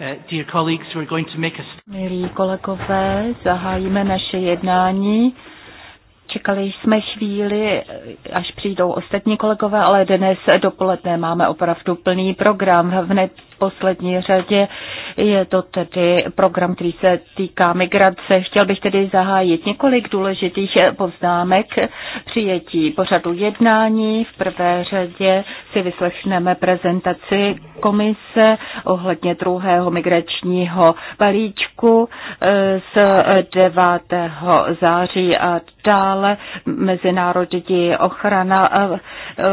Uh, dear colleagues, we're going to make a... Milí kolegové, zahájíme naše jednání. Čekali jsme chvíli, až přijdou ostatní kolegové, ale dnes dopoledne máme opravdu plný program. Hned neposlední řadě je to tedy program, který se týká migrace. Chtěl bych tedy zahájit několik důležitých poznámek přijetí pořadu jednání. V prvé řadě si vyslechneme prezentaci komise ohledně druhého migračního balíčku eh, z 9. září a dále mezinárodní ochrana eh, eh,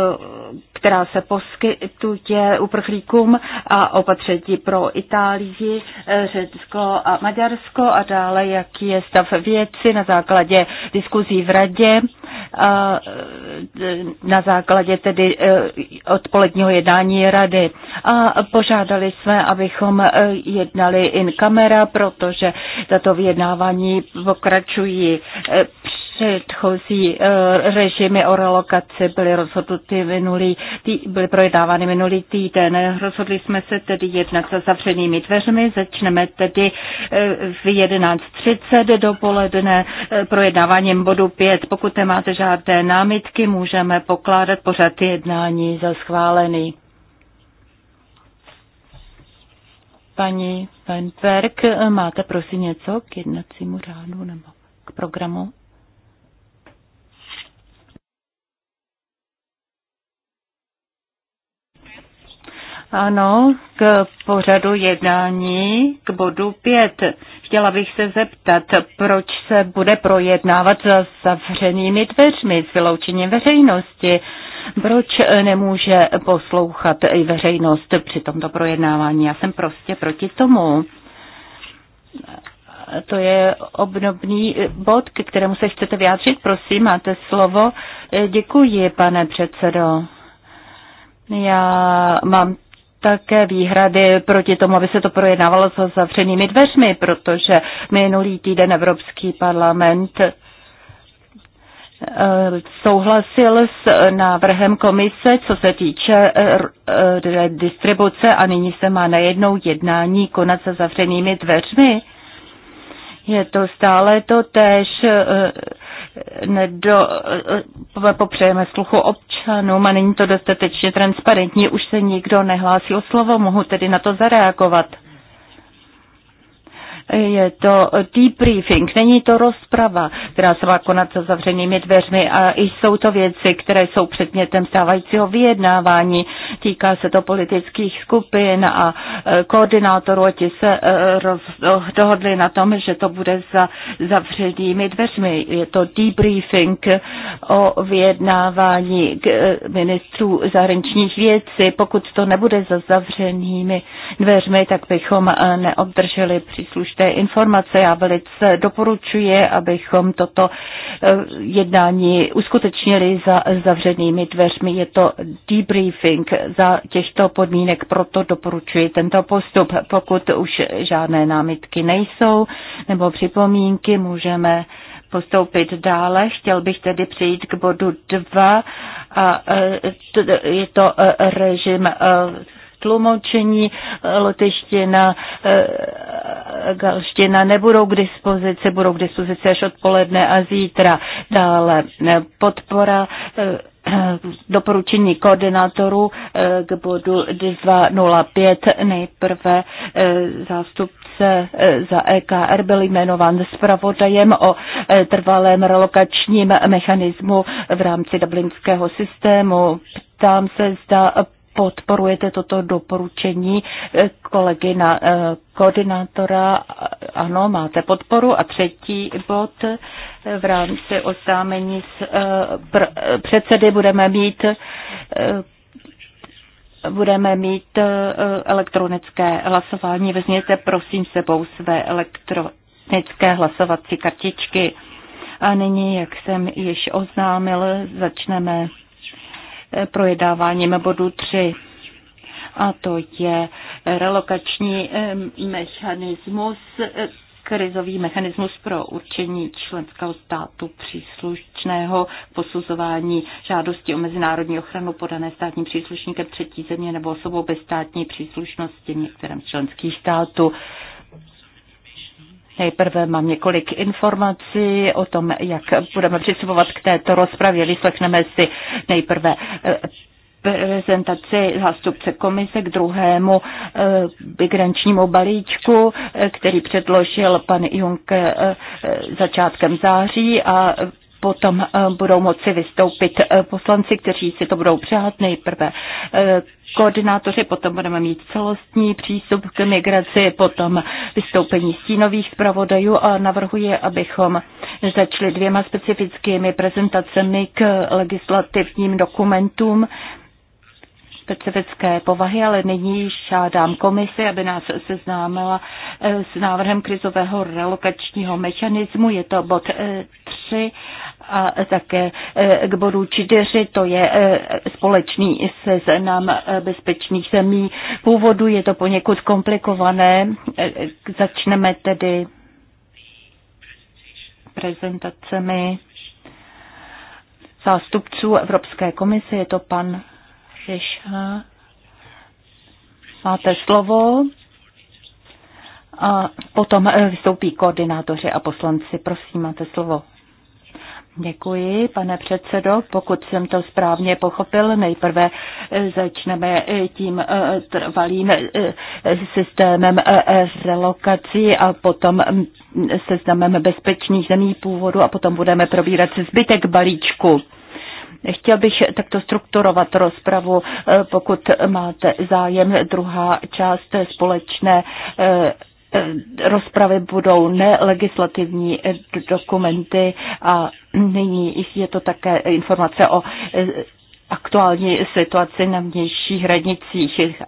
která se poskytuje uprchlíkům a opatření pro Itálii, eh, Řecko a Maďarsko a dále, jaký je stav věci na základě diskuzí v radě, a eh, na základě tedy eh, odpoledního jednání rady. A požádali jsme, abychom jednali in camera, protože tato vyjednávání pokračují Předchozí eh, režimy o relokaci byly rozhodnuty minulý, tý, byly projednávány minulý týden. Rozhodli jsme se tedy jednat za zavřenými dveřmi. Začneme tedy eh, v 11.30 dopoledne eh, projednáváním bodu 5. Pokud nemáte žádné námitky, můžeme pokládat pořad jednání za schválený. Paní Weinberg, máte prosím něco k jednacímu řádu nebo k programu? Ano, k pořadu jednání, k bodu 5. Chtěla bych se zeptat, proč se bude projednávat za zavřenými dveřmi s vyloučením veřejnosti? Proč nemůže poslouchat i veřejnost při tomto projednávání? Já jsem prostě proti tomu to je obdobný bod, ke kterému se chcete vyjádřit. Prosím, máte slovo. Děkuji, pane předsedo. Já mám také výhrady proti tomu, aby se to projednávalo za zavřenými dveřmi, protože minulý týden Evropský parlament eh, souhlasil s návrhem komise, co se týče eh, eh, distribuce a nyní se má najednou jednání konat se zavřenými dveřmi. Je to stále to též nedo, eh, popřejeme sluchu občanům a není to dostatečně transparentní, už se nikdo nehlásí o slovo, mohu tedy na to zareagovat. Je to debriefing, není to rozprava, která se má konat za zavřenými dveřmi a jsou to věci, které jsou předmětem stávajícího vyjednávání. Týká se to politických skupin a e, koordinátorů, a ti se e, roz, dohodli na tom, že to bude za zavřenými dveřmi. Je to debriefing o vyjednávání e, ministrů zahraničních věcí. Pokud to nebude za zavřenými dveřmi, tak bychom neobdrželi příslušné důležité informace. Já velice doporučuji, abychom toto eh, jednání uskutečnili za zavřenými dveřmi. Je to debriefing za těchto podmínek, proto doporučuji tento postup. Pokud už žádné námitky nejsou nebo připomínky, můžeme postoupit dále. Chtěl bych tedy přejít k bodu 2 a eh, je to eh, režim tlumočení, lotyština, e, galština nebudou k dispozici, budou k dispozici až odpoledne a zítra. Dále e, podpora e, doporučení koordinátorů k bodu 205 nejprve zástupce za EKR byl jmenován zpravodajem o trvalém relokačním mechanismu v rámci dublinského systému. Ptám se, zda podporujete toto doporučení eh, kolegy na eh, koordinátora. Ano, máte podporu. A třetí bod eh, v rámci oznámení předsedy budeme mít budeme mít elektronické hlasování. Vezměte prosím sebou své elektronické hlasovací kartičky. A nyní, jak jsem již oznámil, začneme projednáváním bodu 3. A to je relokační eh, mechanismus, eh, krizový mechanismus pro určení členského státu příslušného posuzování žádosti o mezinárodní ochranu podané státním příslušníkem třetí země nebo osobou bez státní příslušnosti v některém členských států. Nejprve mám několik informací o tom, jak budeme přistupovat k této rozpravě. Vyslechneme si nejprve eh, prezentaci zástupce komise k druhému eh, migrančnímu balíčku, eh, který předložil pan Junk začátkem září a potom budou moci vystoupit poslanci, kteří si to budou přát. Nejprve koordinátoři, potom budeme mít celostní přístup k migraci, potom vystoupení stínových zpravodajů a navrhuji, abychom začali dvěma specifickými prezentacemi k legislativním dokumentům specifické povahy, ale nyní žádám komisi, aby nás seznámila eh, s návrhem krizového relokačního mechanismu. Je to bod 3 eh, a také eh, k bodu 4, to je společný seznam bezpečných zemí. Původu je to poněkud komplikované. Začneme tedy prezentacemi zástupců Evropské komise. Je to pan když máte slovo, a potom eh, vystoupí koordinátoři a poslanci. Prosím, máte slovo. Děkuji, pane předsedo. Pokud jsem to správně pochopil, nejprve eh, začneme eh, tím trvalým systémem relokací a potom mm, seznamem bezpečných zemí původu a potom budeme probírat zbytek balíčku. Chtěl bych takto strukturovat rozpravu, eh, pokud máte zájem. Druhá část společné eh, eh, rozpravy budou nelegislativní dokumenty a nyní je to také informace o aktuální situaci na vnějších hranicích.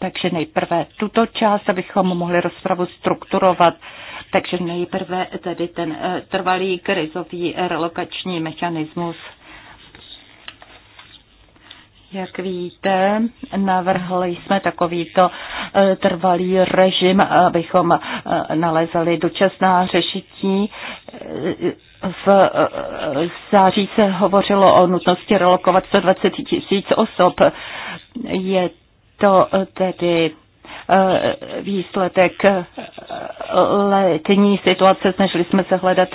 Takže nejprve tuto část, abychom mohli rozpravu strukturovat. Takže nejprve tedy ten trvalý krizový relokační mechanismus. Jak víte, navrhli jsme takovýto e, trvalý režim, abychom e, nalezali dočasná řešití. E, v září se hovořilo o nutnosti relokovat 120 tisíc osob. Je to tedy Eh, výsledek letní situace. Snažili jsme se hledat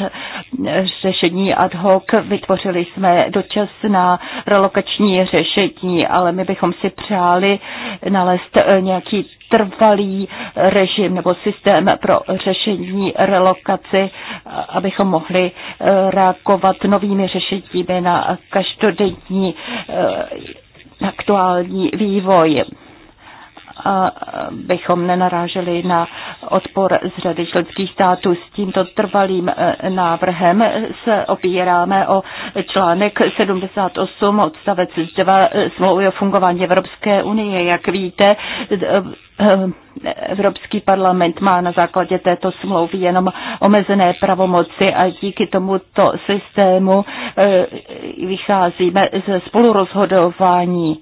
řešení ad hoc, vytvořili jsme dočasná relokační řešení, ale my bychom si přáli nalézt nějaký trvalý režim nebo systém pro řešení relokaci, abychom mohli reagovat novými řešeními na každodenní eh, aktuální vývoj bychom nenaráželi na odpor z řady členských států. S tímto trvalým e, návrhem se opíráme o článek 78 odstavec 2 e, smlouvy o fungování Evropské unie. Jak víte, e, Evropský parlament má na základě této smlouvy jenom omezené pravomoci a díky tomuto systému vycházíme ze spolurozhodování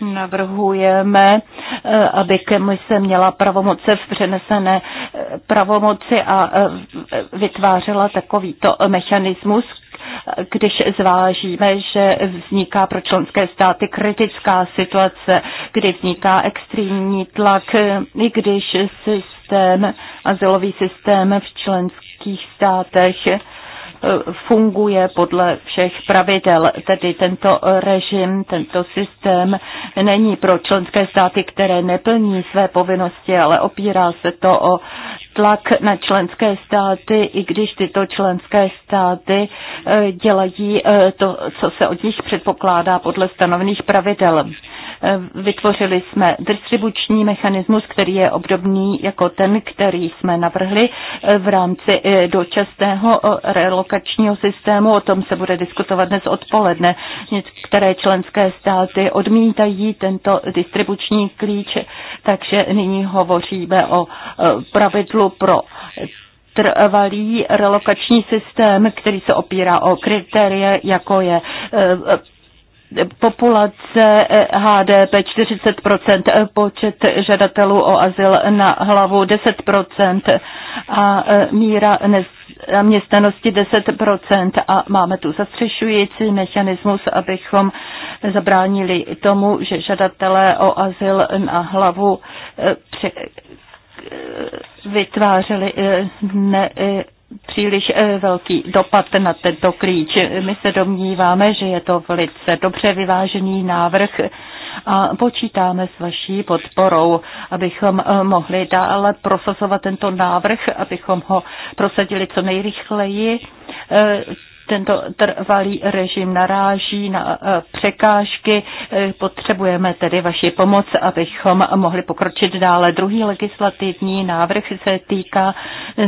Navrhujeme, eh, aby komise měla pravomoce v přenesené eh, pravomoci a eh, vytvářela takovýto mechanismus, když zvážíme, že vzniká pro členské státy kritická situace, kdy vzniká extrémní tlak, i když systém, azylový systém v členských státech E, funguje podle všech pravidel. Tedy tento režim, tento systém není pro členské státy, které neplní své povinnosti, ale opírá se to o tlak na členské státy, i když tyto členské státy e, dělají e, to, co se od nich předpokládá podle stanovených pravidel. Vytvořili jsme distribuční mechanismus, který je obdobný jako ten, který jsme navrhli v rámci eh, dočasného eh, relokačního systému. O tom se bude diskutovat dnes odpoledne. Některé členské státy odmítají tento distribuční klíč, takže nyní hovoříme o eh, pravidlu pro trvalý relokační systém, který se opírá o kritérie, jako je populace HDP eh, 40%, eh, počet žadatelů o azyl na hlavu 10% a eh, míra zaměstnanosti 10% a máme tu zastřešující mechanismus, abychom zabránili tomu, že žadatelé o azyl na hlavu vytvářeli ne, příliš eh, velký dopad na tento klíč. My se domníváme, že je to velice dobře vyvážený návrh a počítáme s vaší podporou, abychom eh, mohli dále prosazovat tento návrh, abychom ho prosadili co nejrychleji eh, tento trvalý režim naráží na eh, překážky. Eh, potřebujeme tedy vaši pomoc, abychom mohli pokročit dále. Druhý legislativní návrh se týká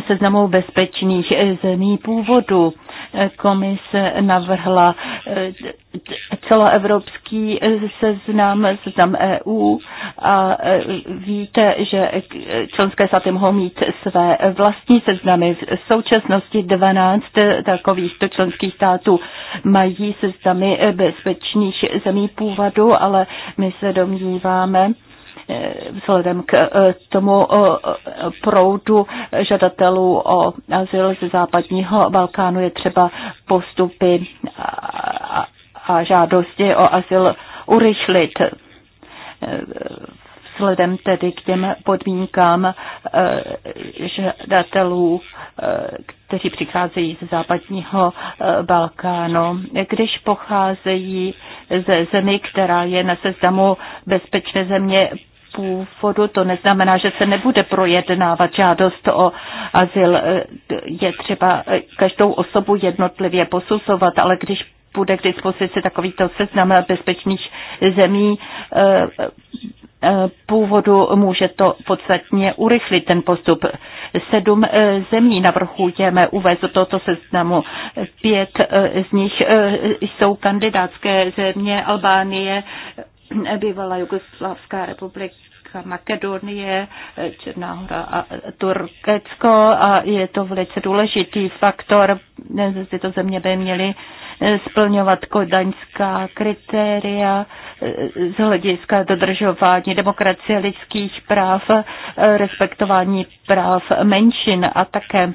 seznamu bezpečných eh, zemí původu. Komise navrhla eh, celoevropský eh, seznam, seznam EU a eh, víte, že členské státy mohou mít své vlastní seznamy. V současnosti 12 takovýchto členských států mají seznamy bezpečných zemí původu, ale my se domníváme, vzhledem k eh, tomu eh, proudu žadatelů o azyl ze západního Balkánu je třeba postupy a žádosti o azyl urychlit eh, vzhledem tedy k těm podmínkám eh, žadatelů, eh, kteří přicházejí ze západního eh, Balkánu. Když pocházejí ze zemi, která je na seznamu bezpečné země původu, to neznamená, že se nebude projednávat žádost o azyl. Je třeba každou osobu jednotlivě posuzovat, ale když bude k dispozici takovýto seznam bezpečných zemí, Eh, původu může to podstatně urychlit ten postup. Sedm eh, zemí navrhujeme uvést do tohoto seznamu. Pět eh, z nich jsou kandidátské země Albánie, bývalá Jugoslávská republika Makedonie, Černá hora a Turkecko a je to velice důležitý faktor. Tyto země by měly Eh, splňovat kodaňská kritéria eh, z hlediska dodržování demokracie lidských práv, eh, respektování práv menšin a také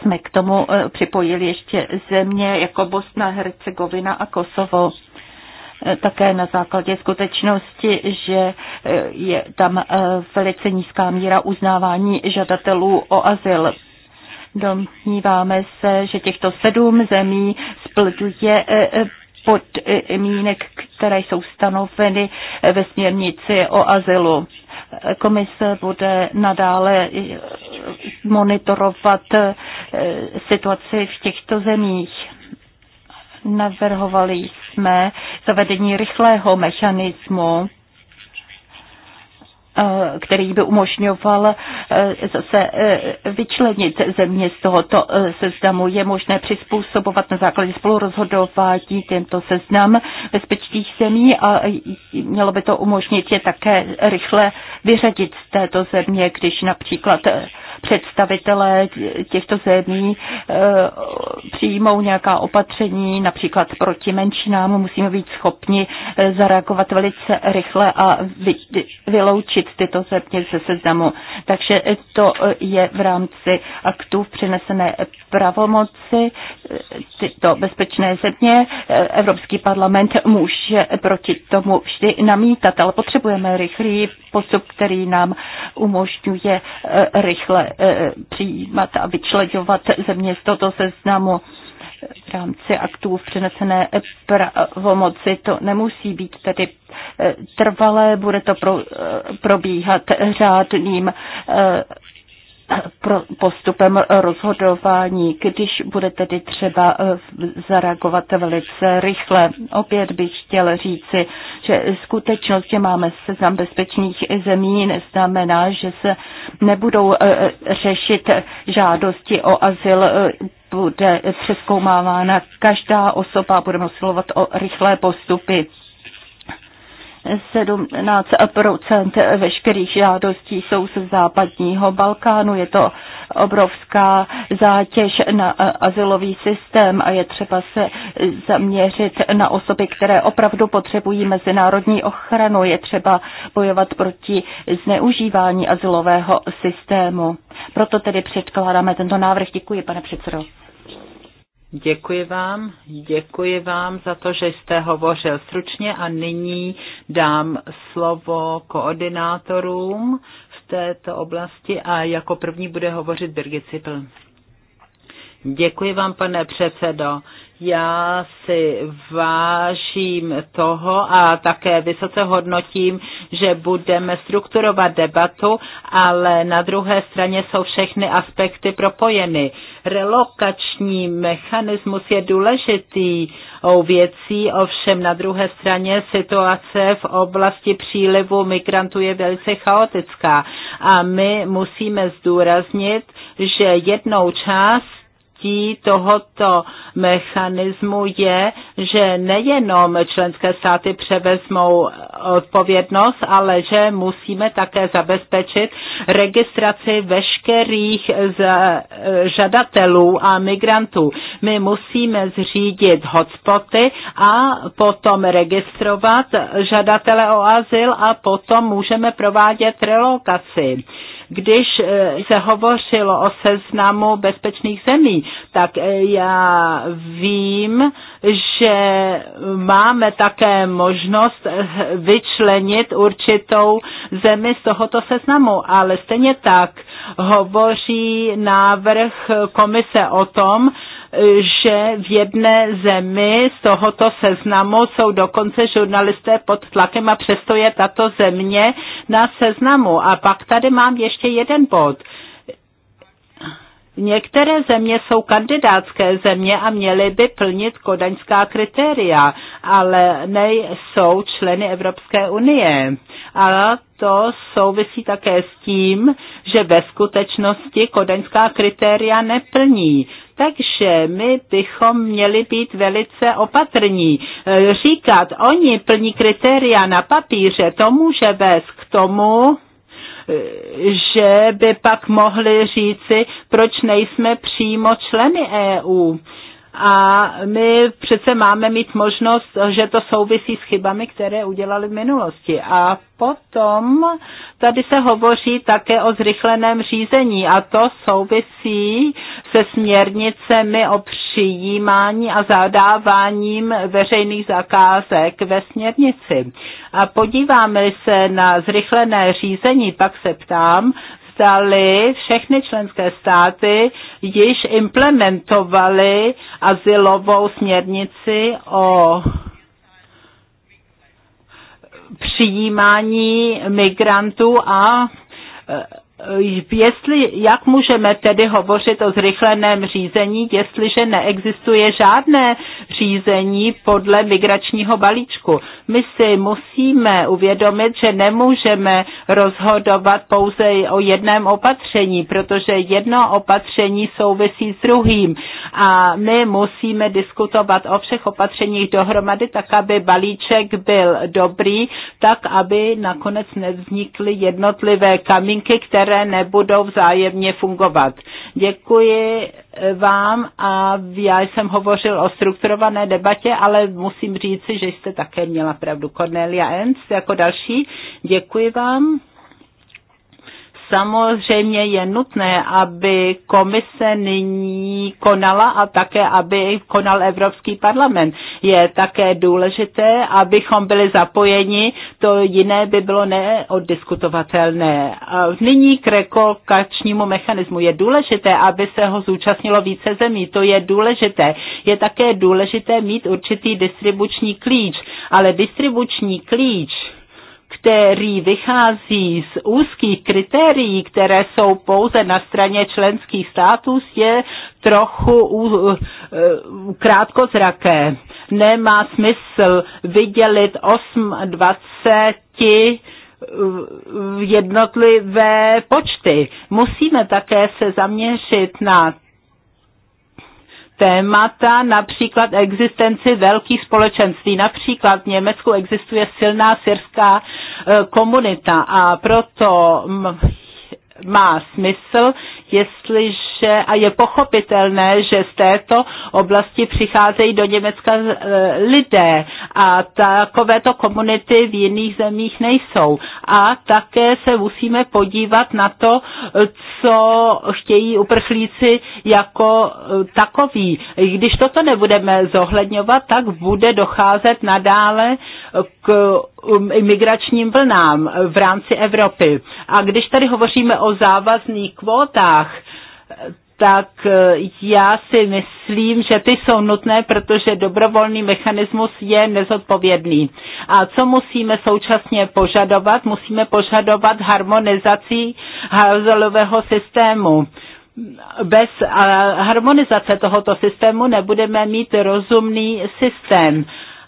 jsme k tomu připojili ještě země jako Bosna, Hercegovina a Kosovo také na základě skutečnosti, že je tam velice nízká míra uznávání žadatelů o azyl. Domníváme se, že těchto sedm zemí splňuje eh, eh, podmínek, které jsou stanoveny eh, ve směrnici o azylu. Komise bude nadále monitorovat situaci v těchto zemích. Navrhovali jsme zavedení rychlého mechanismu Eh, který by umožňoval eh, zase eh, vyčlenit země z tohoto seznamu. Je možné přizpůsobovat na základě spolurozhodování tento seznam bezpečných zemí a mělo by to umožnit je také rychle vyřadit z této země, když například představitelé těchto zemí eh, přijmou nějaká opatření, například proti menšinám, musíme být schopni eh, zareagovat velice rychle a vyloučit tyto země ze seznamu. Takže eh, to je v rámci aktů v přenesené pravomoci tyto bezpečné země. Evropský parlament může proti tomu vždy namítat, ale potřebujeme rychlý způsob, který nám umožňuje eh, rychle eh, přijímat a vyčleňovat země z tohoto seznamu v rámci aktů v přenesené eh, pravomoci. To nemusí být tedy trvalé, bude to probíhat řádným postupem rozhodování, když bude tedy třeba eh, zareagovat velice rychle. Opět bych chtěl říci, že skutečnost, že máme seznam bezpečných zemí, neznamená, že se nebudou eh, řešit žádosti o azyl eh, bude přeskoumávána každá osoba, budeme usilovat o rychlé postupy. 17 veškerých žádostí jsou z západního Balkánu. Je to obrovská zátěž na eh, asilový systém a je třeba se zaměřit na osoby, které opravdu potřebují mezinárodní ochranu. Je třeba bojovat proti zneužívání asilového systému. Proto tedy předkládáme tento návrh. Děkuji, pane předsedo. Děkuji vám, děkuji vám za to, že jste hovořil stručně a nyní dám slovo koordinátorům v této oblasti a jako první bude hovořit Birgit Cipl. Děkuji vám, pane předsedo. Já si vážím toho a také vysoce hodnotím, že budeme strukturovat debatu, ale na druhé straně jsou všechny aspekty propojeny. Relokační mechanismus je důležitý věcí, ovšem na druhé straně situace v oblasti přílivu migrantů je velice chaotická a my musíme zdůraznit, že jednou část součástí tohoto mechanismu je, že nejenom členské státy převezmou odpovědnost, ale že musíme také zabezpečit registraci veškerých e, žadatelů a migrantů. My musíme zřídit hotspoty a potom registrovat žadatele o azyl a potom můžeme provádět relokaci. Když eh, se hovořilo o seznamu bezpečných zemí, tak eh, já vím, že máme také možnost eh, vyčlenit určitou zemi z tohoto seznamu, ale stejně tak hovoří návrh komise o tom, že v jedné zemi z tohoto seznamu jsou dokonce žurnalisté pod tlakem a přesto je tato země na seznamu. A pak tady mám ještě jeden bod. Některé země jsou kandidátské země a měly by plnit kodaňská kritéria, ale nejsou členy Evropské unie. A to souvisí také s tím, že ve skutečnosti kodaňská kritéria neplní. Takže my bychom měli být velice opatrní. E, říkat, oni plní kritéria na papíře, to může vést k tomu, e, že by pak mohli říci, proč nejsme přímo členy EU a my přece máme mít možnost, že to souvisí s chybami, které udělali v minulosti. A potom tady se hovoří také o zrychleném řízení a to souvisí se směrnicemi o přijímání a zadáváním veřejných zakázek ve směrnici. A podíváme se na zrychlené řízení, pak se ptám, staly všechny členské státy již implementovaly asilovou směrnici o přijímání migrantů a Eh, jestli, jak můžeme tedy hovořit o zrychleném řízení, jestliže neexistuje žádné řízení podle migračního balíčku. My si musíme uvědomit, že nemůžeme rozhodovat pouze o jednom opatření, protože jedno opatření souvisí s druhým a my musíme diskutovat o všech opatřeních dohromady, tak aby balíček byl dobrý, tak aby nakonec nevznikly jednotlivé kamínky, které které nebudou vzájemně fungovat. Děkuji vám a já jsem hovořil o strukturované debatě, ale musím říci, že jste také měla pravdu. Cornelia Enz jako další. Děkuji vám. Samozřejmě je nutné, aby komise nyní konala a také, aby konal Evropský parlament. Je také důležité, abychom byli zapojeni, to jiné by bylo neoddiskutovatelné. Nyní k rekolkačnímu mechanismu je důležité, aby se ho zúčastnilo více zemí, to je důležité. Je také důležité mít určitý distribuční klíč, ale distribuční klíč který vychází z úzkých kritérií, které jsou pouze na straně členských států, je trochu uh, uh, krátkozraké. Nemá smysl vydělit 28 eh, jednotlivé počty. Musíme také se zaměřit na témata, například existenci velkých společenství. Například v Německu existuje silná syrská Eh, komunita a proto má smysl, jestliže že a je pochopitelné, že z této oblasti přicházejí do Německa e, lidé a takovéto komunity v jiných zemích nejsou. A také se musíme podívat na to, co chtějí uprchlíci jako e, takový. Když toto nebudeme zohledňovat, tak bude docházet nadále k um, imigračním vlnám v rámci Evropy. A když tady hovoříme o závazných kvótách, tak eh, já si myslím, že ty jsou nutné, protože dobrovolný mechanismus je nezodpovědný. A co musíme současně požadovat? Musíme požadovat harmonizaci hazelového systému. Bez harmonizace tohoto systému nebudeme mít rozumný systém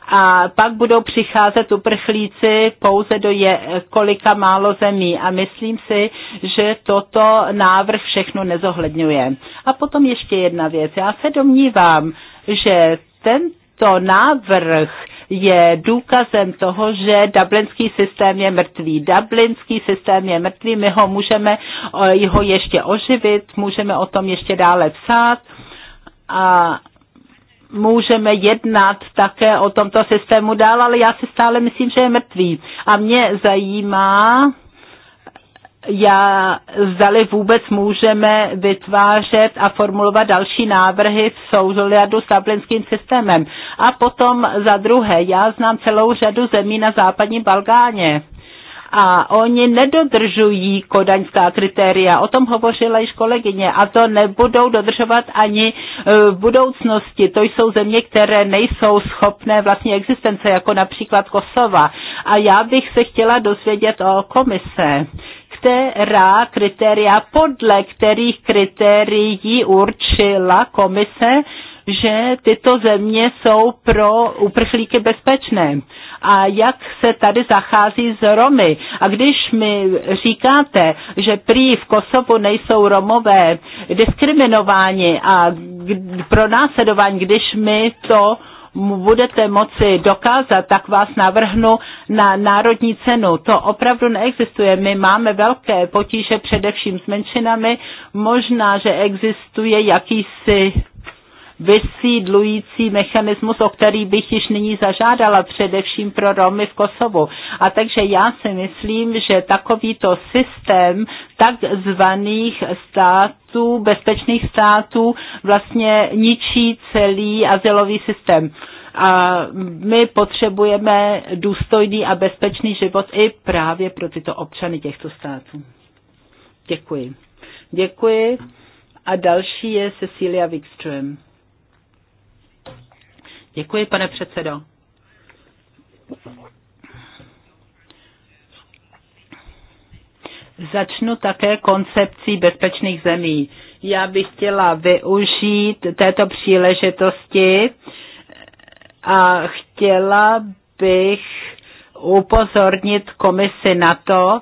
a pak budou přicházet uprchlíci pouze do je, kolika málo zemí a myslím si, že toto návrh všechno nezohledňuje. A potom ještě jedna věc. Já se domnívám, že tento návrh je důkazem toho, že dublinský systém je mrtvý. Dublinský systém je mrtvý, my ho můžeme eh, ho ještě oživit, můžeme o tom ještě dále psát. A můžeme jednat také o tomto systému dál, ale já si stále myslím, že je mrtvý. A mě zajímá, já, zdali vůbec můžeme vytvářet a formulovat další návrhy v souladu s dublinským systémem. A potom za druhé, já znám celou řadu zemí na západním Balkáně, a oni nedodržují kodaňská kritéria. O tom hovořila již kolegyně a to nebudou dodržovat ani e, v budoucnosti. To jsou země, které nejsou schopné vlastně existence, jako například Kosova. A já bych se chtěla dozvědět o komise která kritéria, podle kterých kritérií určila komise, že tyto země jsou pro uprchlíky bezpečné a jak se tady zachází s Romy. A když mi říkáte, že prý v Kosovu nejsou Romové diskriminováni a pro když mi to budete moci dokázat, tak vás navrhnu na národní cenu. To opravdu neexistuje. My máme velké potíže především s menšinami. Možná, že existuje jakýsi vysídlující mechanismus, o který bych již nyní zažádala, především pro Romy v Kosovu. A takže já si myslím, že takovýto systém takzvaných států, bezpečných států, vlastně ničí celý azylový systém a my potřebujeme důstojný a bezpečný život i právě pro tyto občany těchto států. Děkuji. Děkuji. A další je Cecilia Wikström. Děkuji, pane předsedo. Začnu také koncepcí bezpečných zemí. Já bych chtěla využít této příležitosti a chtěla bych upozornit komisi na to,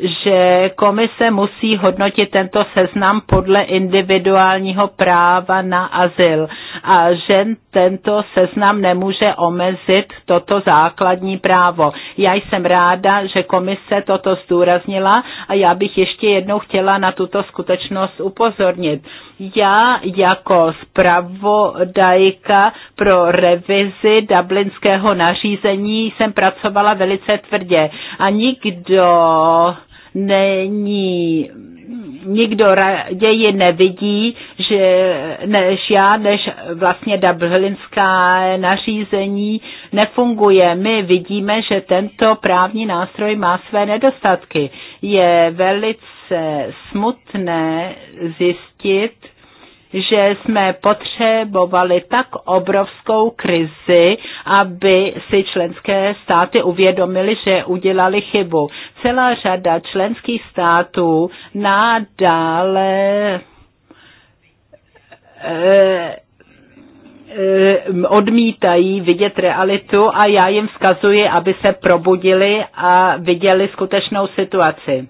že komise musí hodnotit tento seznam podle individuálního práva na azyl a že tento seznam nemůže omezit toto základní právo. Já jsem ráda, že komise toto zdůraznila a já bych ještě jednou chtěla na tuto skutečnost upozornit. Já jako zpravodajka pro revizi dublinského nařízení jsem pracovala velice tvrdě a nikdo není nikdo raději nevidí, že než já, než vlastně dublinská nařízení nefunguje. My vidíme, že tento právní nástroj má své nedostatky. Je velice smutné zjistit, že jsme potřebovali tak obrovskou krizi, aby si členské státy uvědomili, že udělali chybu. Celá řada členských států nadále eh, eh, odmítají vidět realitu a já jim vzkazuji, aby se probudili a viděli skutečnou situaci.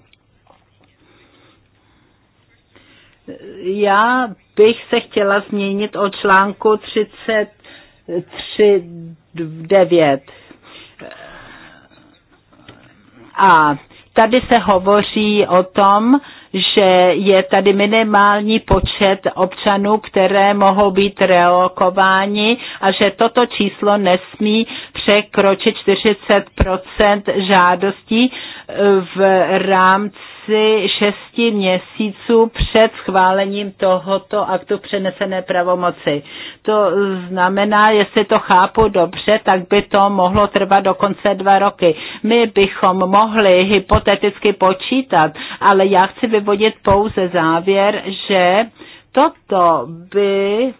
já bych se chtěla změnit o článku 33.9. A tady se hovoří o tom, že je tady minimální počet občanů, které mohou být relokováni a že toto číslo nesmí překročit 40 žádostí v rámci šesti měsíců před schválením tohoto aktu přenesené pravomoci. To znamená, jestli to chápu dobře, tak by to mohlo trvat dokonce dva roky. My bychom mohli hypoteticky počítat, ale já chci vyvodit pouze závěr, že toto by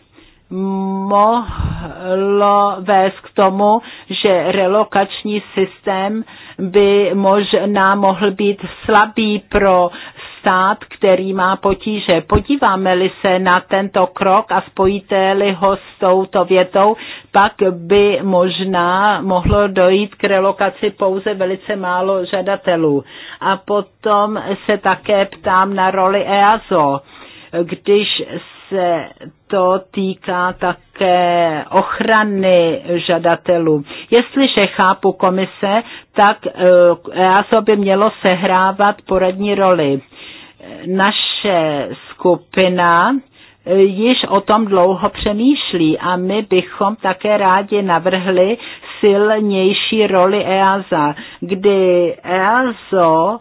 mohlo vést k tomu, že relokační systém by možná mohl být slabý pro stát, který má potíže. Podíváme-li se na tento krok a spojíte-li ho s touto větou, pak by možná mohlo dojít k relokaci pouze velice málo žadatelů. A potom se také ptám na roli EASO. Když se to týká také ochrany žadatelů. Jestliže chápu komise, tak eh, EASO by mělo sehrávat poradní roli. Naše skupina eh, již o tom dlouho přemýšlí a my bychom také rádi navrhli silnější roli EASA, kdy EASO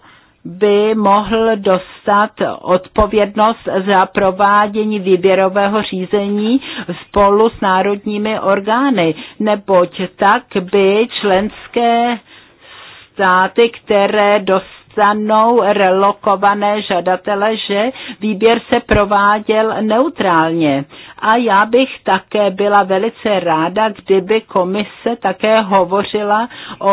by mohl dostat odpovědnost za provádění výběrového řízení spolu s národními orgány, neboť tak by členské státy, které dostanou relokované žadatele, že výběr se prováděl neutrálně. A já bych také byla velice ráda, kdyby komise také hovořila o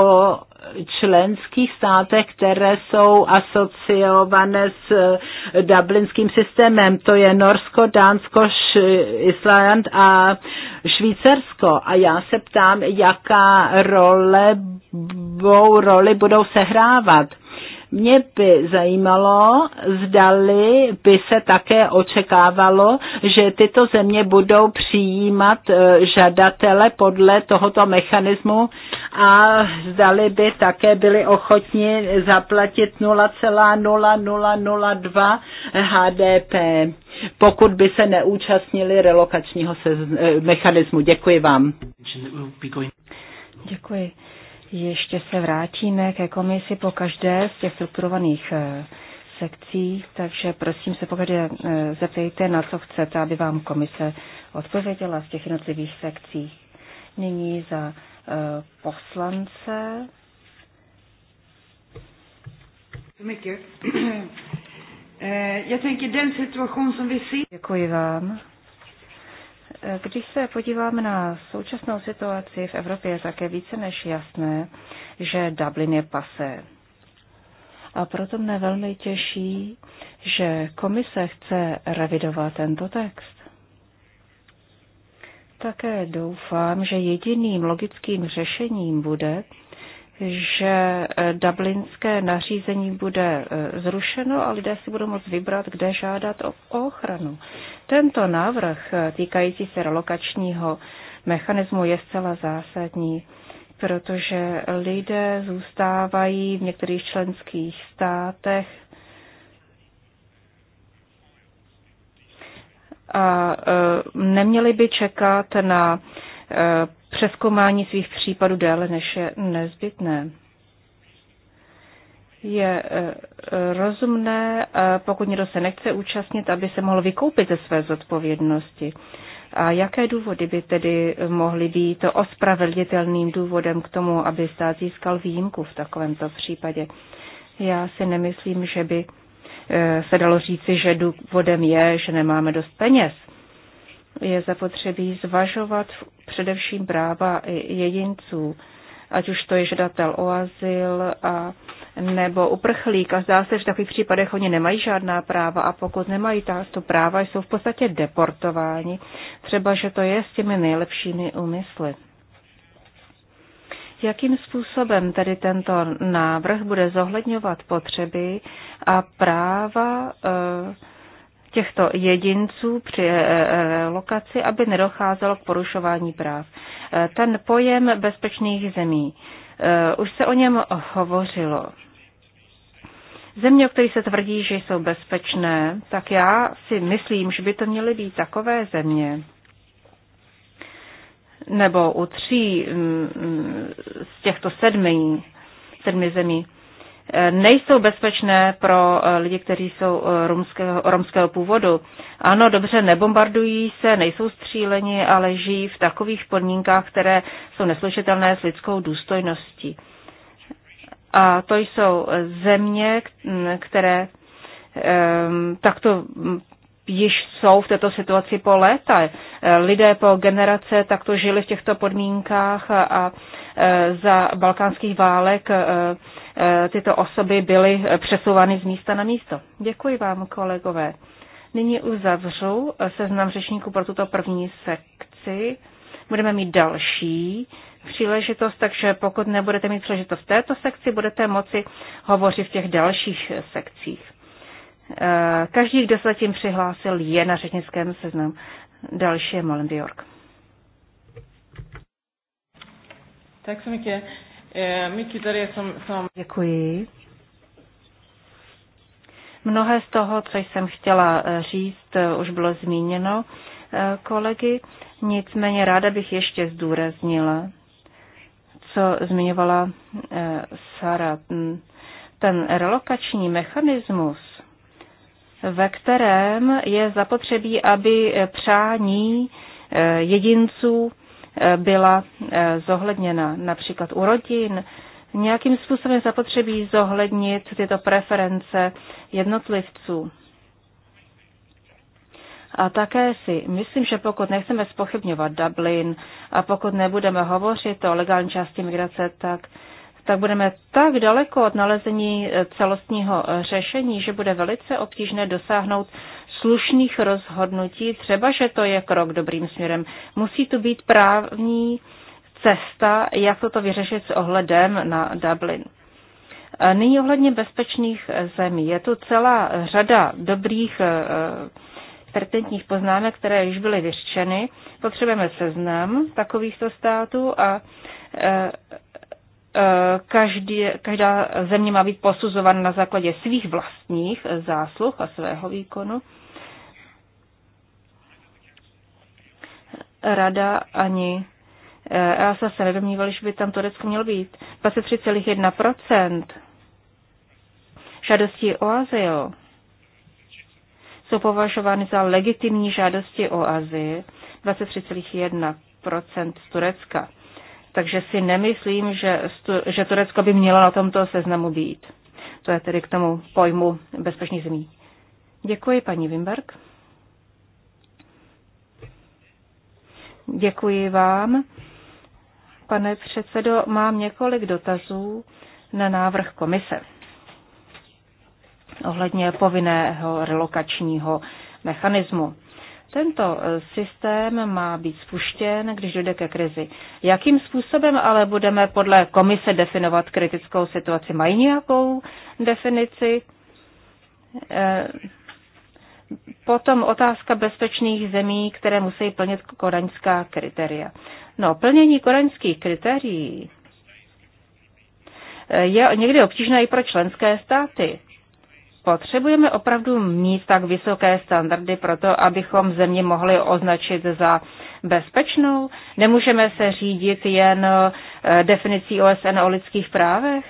členských státech, které jsou asociované s eh, dublinským systémem. To je Norsko, Dánsko, Island a Švýcarsko. A já se ptám, jaká role, roli budou sehrávat. Mě by zajímalo, zdali by se také očekávalo, že tyto země budou přijímat eh, žadatele podle tohoto mechanismu a zdali by také byli ochotni zaplatit 0,0002 HDP, pokud by se neúčastnili relokačního eh, mechanismu. Děkuji vám. Děkuji. Ještě se vrátíme ke komisi po každé z těch strukturovaných eh, sekcí, takže prosím se pokud eh, zeptejte, na co chcete, aby vám komise odpověděla z těch jednotlivých sekcí. Nyní za poslance. Děkuji vám. Když se podíváme na současnou situaci v Evropě, tak je více než jasné, že Dublin je pasé. A proto mne velmi těší, že komise chce revidovat tento text. Také doufám, že jediným logickým řešením bude, že eh, dublinské nařízení bude eh, zrušeno a lidé si budou moct vybrat, kde žádat o ochranu. Tento návrh eh, týkající se relokačního mechanismu je zcela zásadní, protože lidé zůstávají v některých členských státech a e, neměli by čekat na e, přeskomání svých případů déle, než je nezbytné. Je e, rozumné, pokud někdo se nechce účastnit, aby se mohl vykoupit ze své zodpovědnosti. A jaké důvody by tedy mohly být ospravedlitelným důvodem k tomu, aby stát získal výjimku v takovémto případě? Já si nemyslím, že by Eh, se dalo říci, že důvodem je, že nemáme dost peněz. Je zapotřebí zvažovat především práva jedinců, ať už to je žadatel o azyl a, nebo uprchlík. A zdá se, že v takových případech oni nemají žádná práva a pokud nemají tato práva, jsou v podstatě deportováni. Třeba, že to je s těmi nejlepšími úmysly. Jakým způsobem tedy tento návrh bude zohledňovat potřeby a práva eh, těchto jedinců při eh, eh, lokaci, aby nedocházelo k porušování práv? Ten pojem bezpečných zemí, už se o něm hovořilo. Země, o kterých se tvrdí, že jsou bezpečné, tak já si myslím, že by to měly být takové země, nebo u tří mm, mm, z těchto sedmi, sedmi zemí eh, nejsou bezpečné pro eh, lidi, kteří jsou eh, romského, romského původu. Ano, dobře, nebombardují se, nejsou stříleni, ale žijí v takových podmínkách, které jsou neslučitelné s lidskou důstojností. A to jsou země, mm, které ehm, takto již jsou v této situaci po léta. E, lidé po generace takto žili v těchto podmínkách a e, za balkánských válek e, tyto osoby byly přesouvány z místa na místo. Děkuji vám, kolegové. Nyní uzavřu seznam řečníků pro tuto první sekci. Budeme mít další příležitost, takže pokud nebudete mít příležitost v této sekci, budete moci hovořit v těch dalších sekcích. Eh, každý, kdo se zatím přihlásil, je na řečnickém seznamu. Další je Malin Bjork. Tak se mycket. Eh, mycket tady som, som... Děkuji. Mnohé z toho, co jsem chtěla eh, říct, už bylo zmíněno kolegy, nicméně ráda bych ještě zdůraznila, co zmiňovala Sara. Ten relokační mechanismus ve kterém je zapotřebí, aby přání eh, jedinců eh, byla eh, zohledněna, například u rodin. Nějakým způsobem zapotřebí zohlednit tyto preference jednotlivců. A také si myslím, že pokud nechceme spochybňovat Dublin a pokud nebudeme hovořit o legální části migrace, tak tak budeme tak daleko od nalezení eh, celostního eh, řešení, že bude velice obtížné dosáhnout slušných rozhodnutí, třeba že to je krok dobrým směrem. Musí tu být právní cesta, jak toto vyřešit s ohledem na Dublin. Nyní ohledně bezpečných eh, zemí. Je tu celá řada dobrých pertinentních poznámek, které již byly vyřčeny. Potřebujeme seznam takovýchto států a Eh, každý, každá země má být posuzována na základě svých vlastních eh, zásluh a svého výkonu. Rada ani eh, EASA se nedomnívali, že by tam Turecko mělo být. 23,1% žádostí o azyl jsou považovány za legitimní žádosti o azyl 23,1% z Turecka. Takže si nemyslím, že, že Turecko by mělo na tomto seznamu být. To je tedy k tomu pojmu bezpečných zemí. Děkuji, paní Wimberg. Děkuji vám. Pane předsedo, mám několik dotazů na návrh komise ohledně povinného relokačního mechanismu. Tento eh, systém má být spuštěn, když dojde ke krizi. Jakým způsobem ale budeme podle komise definovat kritickou situaci? Mají nějakou definici? Eh, potom otázka bezpečných zemí, které musí plnit koraňská kritéria. No, plnění koraňských kritérií eh, je někdy obtížné i pro členské státy. Potřebujeme opravdu mít tak vysoké standardy pro to, abychom země mohli označit za bezpečnou? Nemůžeme se řídit jen eh, definicí OSN o lidských právech?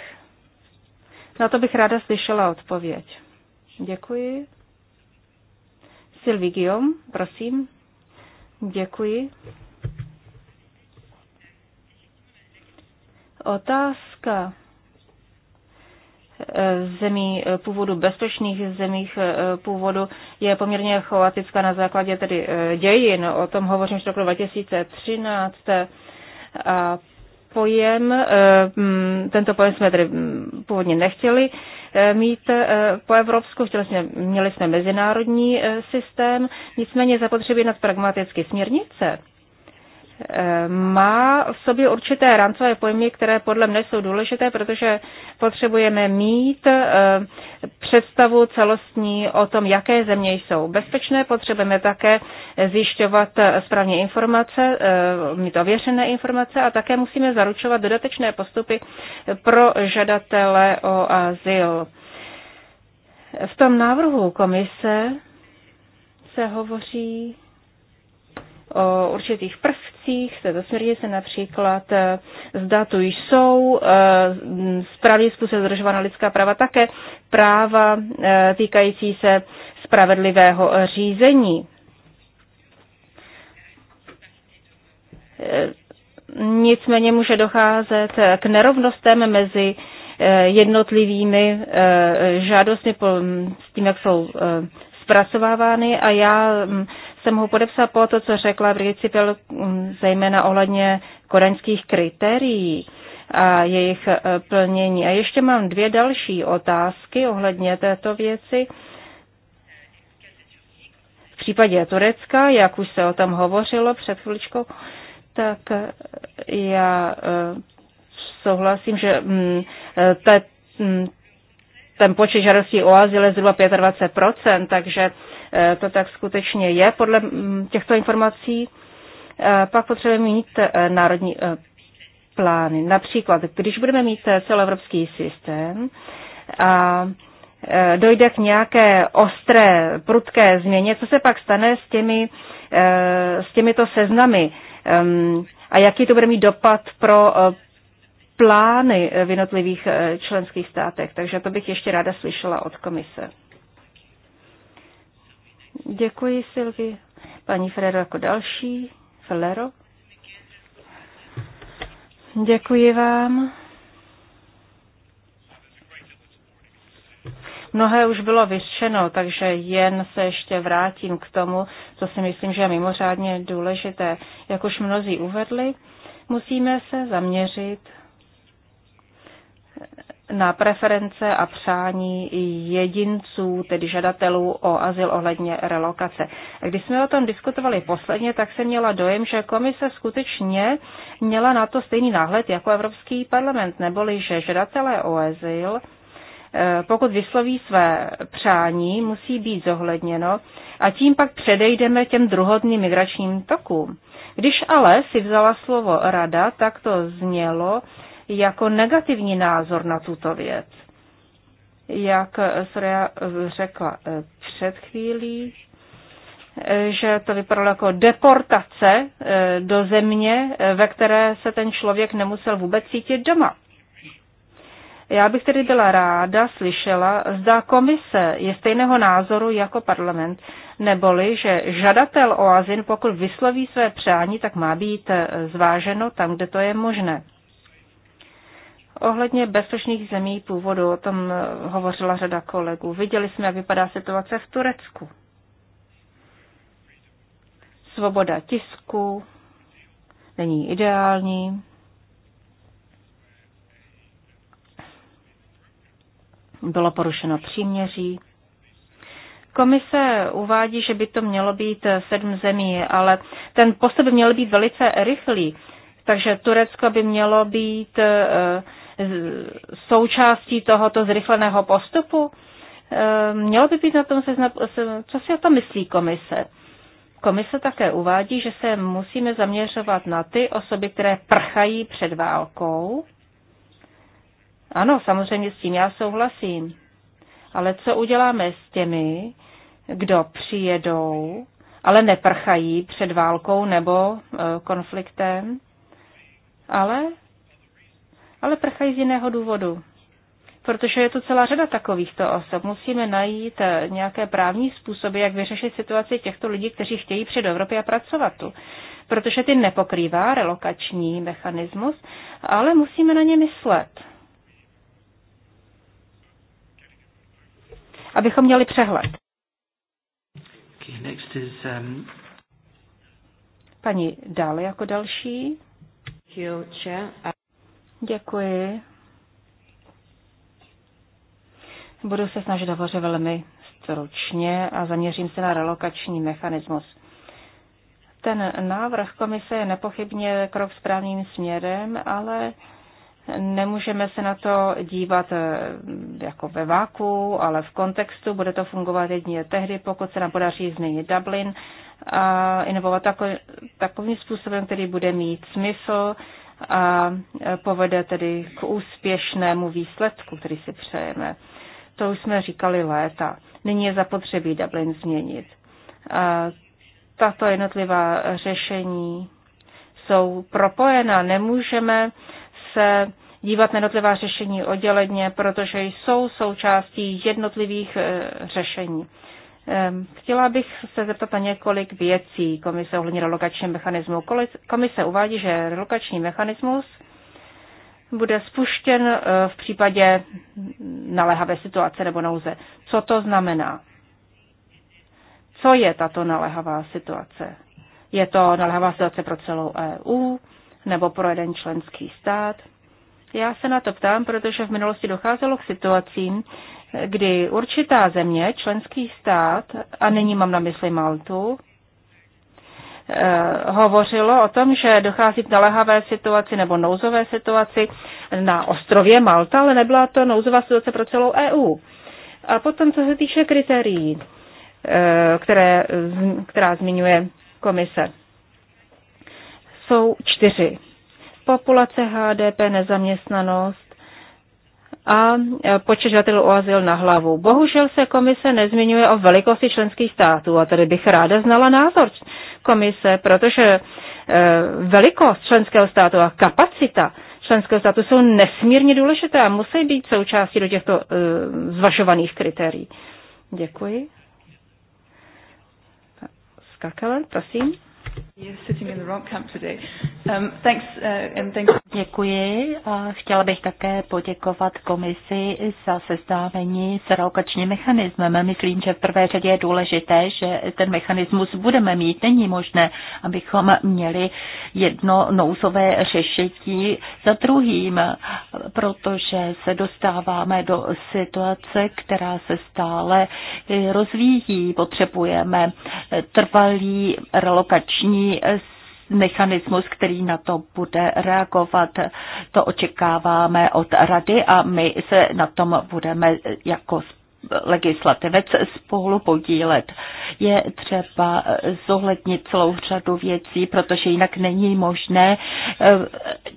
Na to bych ráda slyšela odpověď. Děkuji. Sylvie Guillaume, prosím. Děkuji. Otázka zemí původu, bezpečných zemích eh, původu je poměrně chaotická na základě tedy eh, dějin. O tom hovořím z roku 2013. A pojem, eh, mm, tento pojem jsme tedy mm, původně nechtěli mít po Evropsku, chtěli jsme, měli jsme mezinárodní systém, nicméně zapotřebí nad pragmaticky směrnice Eh, má v sobě určité rancové pojmy, které podle mne jsou důležité, protože potřebujeme mít eh, představu celostní o tom, jaké země jsou bezpečné. Potřebujeme také zjišťovat správně informace, eh, mít ověřené informace a také musíme zaručovat dodatečné postupy pro žadatele o azyl. V tom návrhu komise se hovoří o určitých prvcích se zasměrně se například e, zda tu jsou e, správný způsob zdržována lidská práva také práva e, týkající se spravedlivého řízení. Nicméně může docházet k nerovnostem mezi jednotlivými žádostmi s tím, jak jsou zpracovávány a já se mohu podepsat po to, co řekla Principil, mm, zejména ohledně koreňských kritérií a jejich e, plnění. A ještě mám dvě další otázky ohledně této věci. V případě Turecka, jak už se o tom hovořilo před chvíličkou, tak e, já e, souhlasím, že mm, mm, ten počet žádostí o azyl je zhruba 25%, takže Eh, to tak skutečně je podle mm, těchto informací. Eh, pak potřebujeme mít eh, národní plány. Například, když budeme mít celoevropský systém a dojde k nějaké ostré, prudké změně, co se pak stane s, těmi, s těmito seznamy ehm, a jaký to bude mít dopad pro plány v jednotlivých členských státech. Takže to bych ještě ráda slyšela od komise. Děkuji, Silvi. Paní Ferrero jako další. Flero. Děkuji vám. Mnohé už bylo vyřčeno, takže jen se ještě vrátím k tomu, co si myslím, že je mimořádně důležité. Jak už mnozí uvedli, musíme se zaměřit na preference a přání jedinců, tedy žadatelů o azyl ohledně relokace. A když jsme o tom diskutovali posledně, tak se měla dojem, že komise skutečně měla na to stejný náhled jako Evropský parlament, neboli že žadatelé o azyl eh, pokud vysloví své přání, musí být zohledněno a tím pak předejdeme těm druhodným migračním tokům. Když ale si vzala slovo rada, tak to znělo, jako negativní názor na tuto věc. Jak Freja řekla eh, před chvílí, eh, že to vypadalo jako deportace eh, do země, ve které se ten člověk nemusel vůbec cítit doma. Já bych tedy byla ráda slyšela, zda komise je stejného názoru jako parlament, neboli, že žadatel o azyl, pokud vysloví své přání, tak má být zváženo tam, kde to je možné. Ohledně bezpečných zemí původu, o tom eh, hovořila řada kolegů. Viděli jsme, jak vypadá situace v Turecku. Svoboda tisku není ideální. Bylo porušeno příměří. Komise uvádí, že by to mělo být sedm zemí, ale ten postup by měl být velice rychlý. Takže Turecko by mělo být uh, součástí tohoto zrychleného postupu? Ehm, mělo by být na tom co si o tom myslí komise? Komise také uvádí, že se musíme zaměřovat na ty osoby, které prchají před válkou. Ano, samozřejmě s tím já souhlasím. Ale co uděláme s těmi, kdo přijedou, ale neprchají před válkou nebo eh, konfliktem, ale ale prchají z jiného důvodu. Protože je to celá řada takovýchto osob. Musíme najít eh, nějaké právní způsoby, jak vyřešit situaci těchto lidí, kteří chtějí přijít do Evropy a pracovat tu. Protože ty nepokrývá relokační mechanismus, ale musíme na ně myslet. Abychom měli přehled. Okay, next is, um... Paní dále jako další. Děkuji. Budu se snažit hovořit velmi stručně a zaměřím se na relokační mechanismus. Ten návrh komise je nepochybně krok správným směrem, ale nemůžeme se na to dívat eh, jako ve váku, ale v kontextu. Bude to fungovat jedině tehdy, pokud se nám podaří změnit Dublin a inovovat takovým způsobem, který bude mít smysl a e, povede tedy k úspěšnému výsledku, který si přejeme. To už jsme říkali léta. Nyní je zapotřebí Dublin změnit. A tato jednotlivá řešení jsou propojena. Nemůžeme se dívat na jednotlivá řešení odděleně, protože jsou součástí jednotlivých e, řešení. Chtěla bych se zeptat na několik věcí komise ohledně relokačního mechanismu. Komise uvádí, že relokační mechanismus bude spuštěn eh, v případě naléhavé situace nebo nouze. Co to znamená? Co je tato naléhavá situace? Je to naléhavá situace pro celou EU nebo pro jeden členský stát? Já se na to ptám, protože v minulosti docházelo k situacím, kdy určitá země, členský stát, a nyní mám na mysli Maltu, eh, hovořilo o tom, že dochází k naléhavé situaci nebo nouzové situaci na ostrově Malta, ale nebyla to nouzová situace pro celou EU. A potom, co se týče kritérií, eh, které, která zmiňuje komise, jsou čtyři. Populace, HDP, nezaměstnanost, a počet žadatelů o azyl na hlavu. Bohužel se komise nezmiňuje o velikosti členských států a tady bych ráda znala názor komise, protože e, velikost členského státu a kapacita členského státu jsou nesmírně důležité a musí být součástí do těchto e, zvažovaných kritérií. Děkuji. Skakelen, prosím. Děkuji a chtěla bych také poděkovat komisi za sestávení s relokačním mechanismem. Myslím, že v prvé řadě je důležité, že ten mechanismus budeme mít. Není možné, abychom měli jedno nouzové řešení za druhým, protože se dostáváme do situace, která se stále rozvíjí. Potřebujeme trvalý relokační mechanismus, který na to bude reagovat. To očekáváme od rady a my se na tom budeme jako legislativec spolu podílet. Je třeba zohlednit celou řadu věcí, protože jinak není možné eh,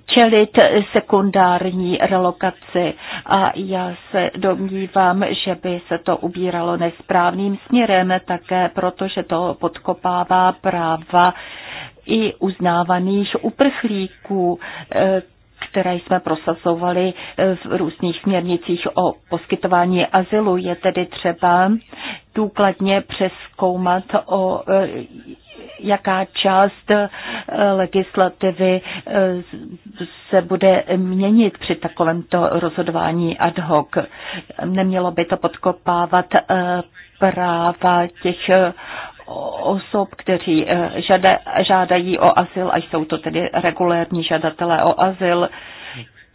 čelit sekundární relokaci. A já se domnívám, že by se to ubíralo nesprávným směrem také, protože to podkopává práva i uznávaných uprchlíků, eh, které jsme prosazovali eh, v různých směrnicích o poskytování azylu. Je tedy třeba důkladně přeskoumat, o eh, jaká část eh, legislativy se bude měnit při takovémto rozhodování ad hoc. Nemělo by to podkopávat práva těch osob, kteří eh, žada, žádají o azyl, a jsou to tedy regulérní žadatelé o azyl,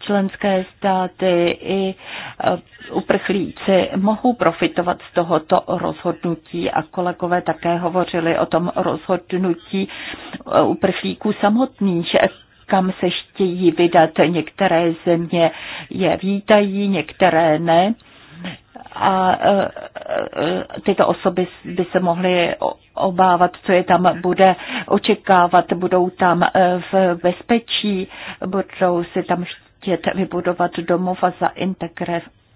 členské státy i eh, uprchlíci mohou profitovat z tohoto rozhodnutí a kolegové také hovořili o tom rozhodnutí eh, uprchlíků samotných, kam se chtějí vydat. Některé země je vítají, některé ne a e, e, tyto osoby by se mohly obávat, co je tam bude očekávat, budou tam e, v bezpečí, budou si tam chtět vybudovat domov a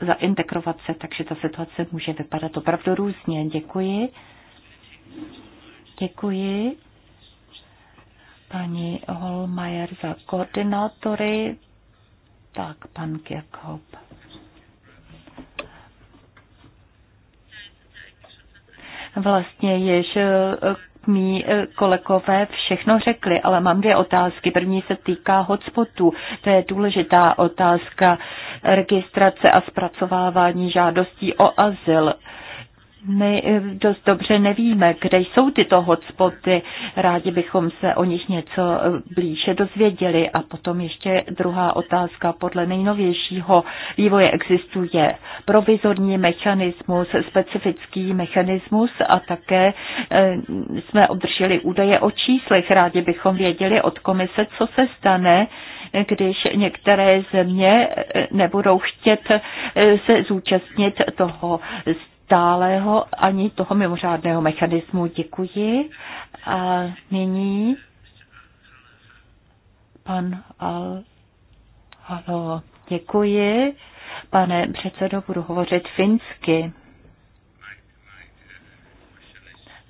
zaintegrovat, se, takže ta situace může vypadat opravdu různě. Děkuji. Děkuji paní Holmajer za koordinátory. Tak, pan Kirchhoff. vlastně již e, mý e, kolegové všechno řekli, ale mám dvě otázky. První se týká hotspotů. To je důležitá otázka registrace a zpracovávání žádostí o azyl my eh, dost dobře nevíme, kde jsou tyto hotspoty. Rádi bychom se o nich něco eh, blíže dozvěděli. A potom ještě druhá otázka. Podle nejnovějšího vývoje existuje provizorní mechanismus, specifický mechanismus a také eh, jsme obdrželi údaje o číslech. Rádi bychom věděli od komise, co se stane, když některé země nebudou chtět se zúčastnit toho stálého ani toho mimořádného mechanismu. Děkuji. A nyní pan Al. Halo, děkuji. Pane předsedo, budu hovořit finsky.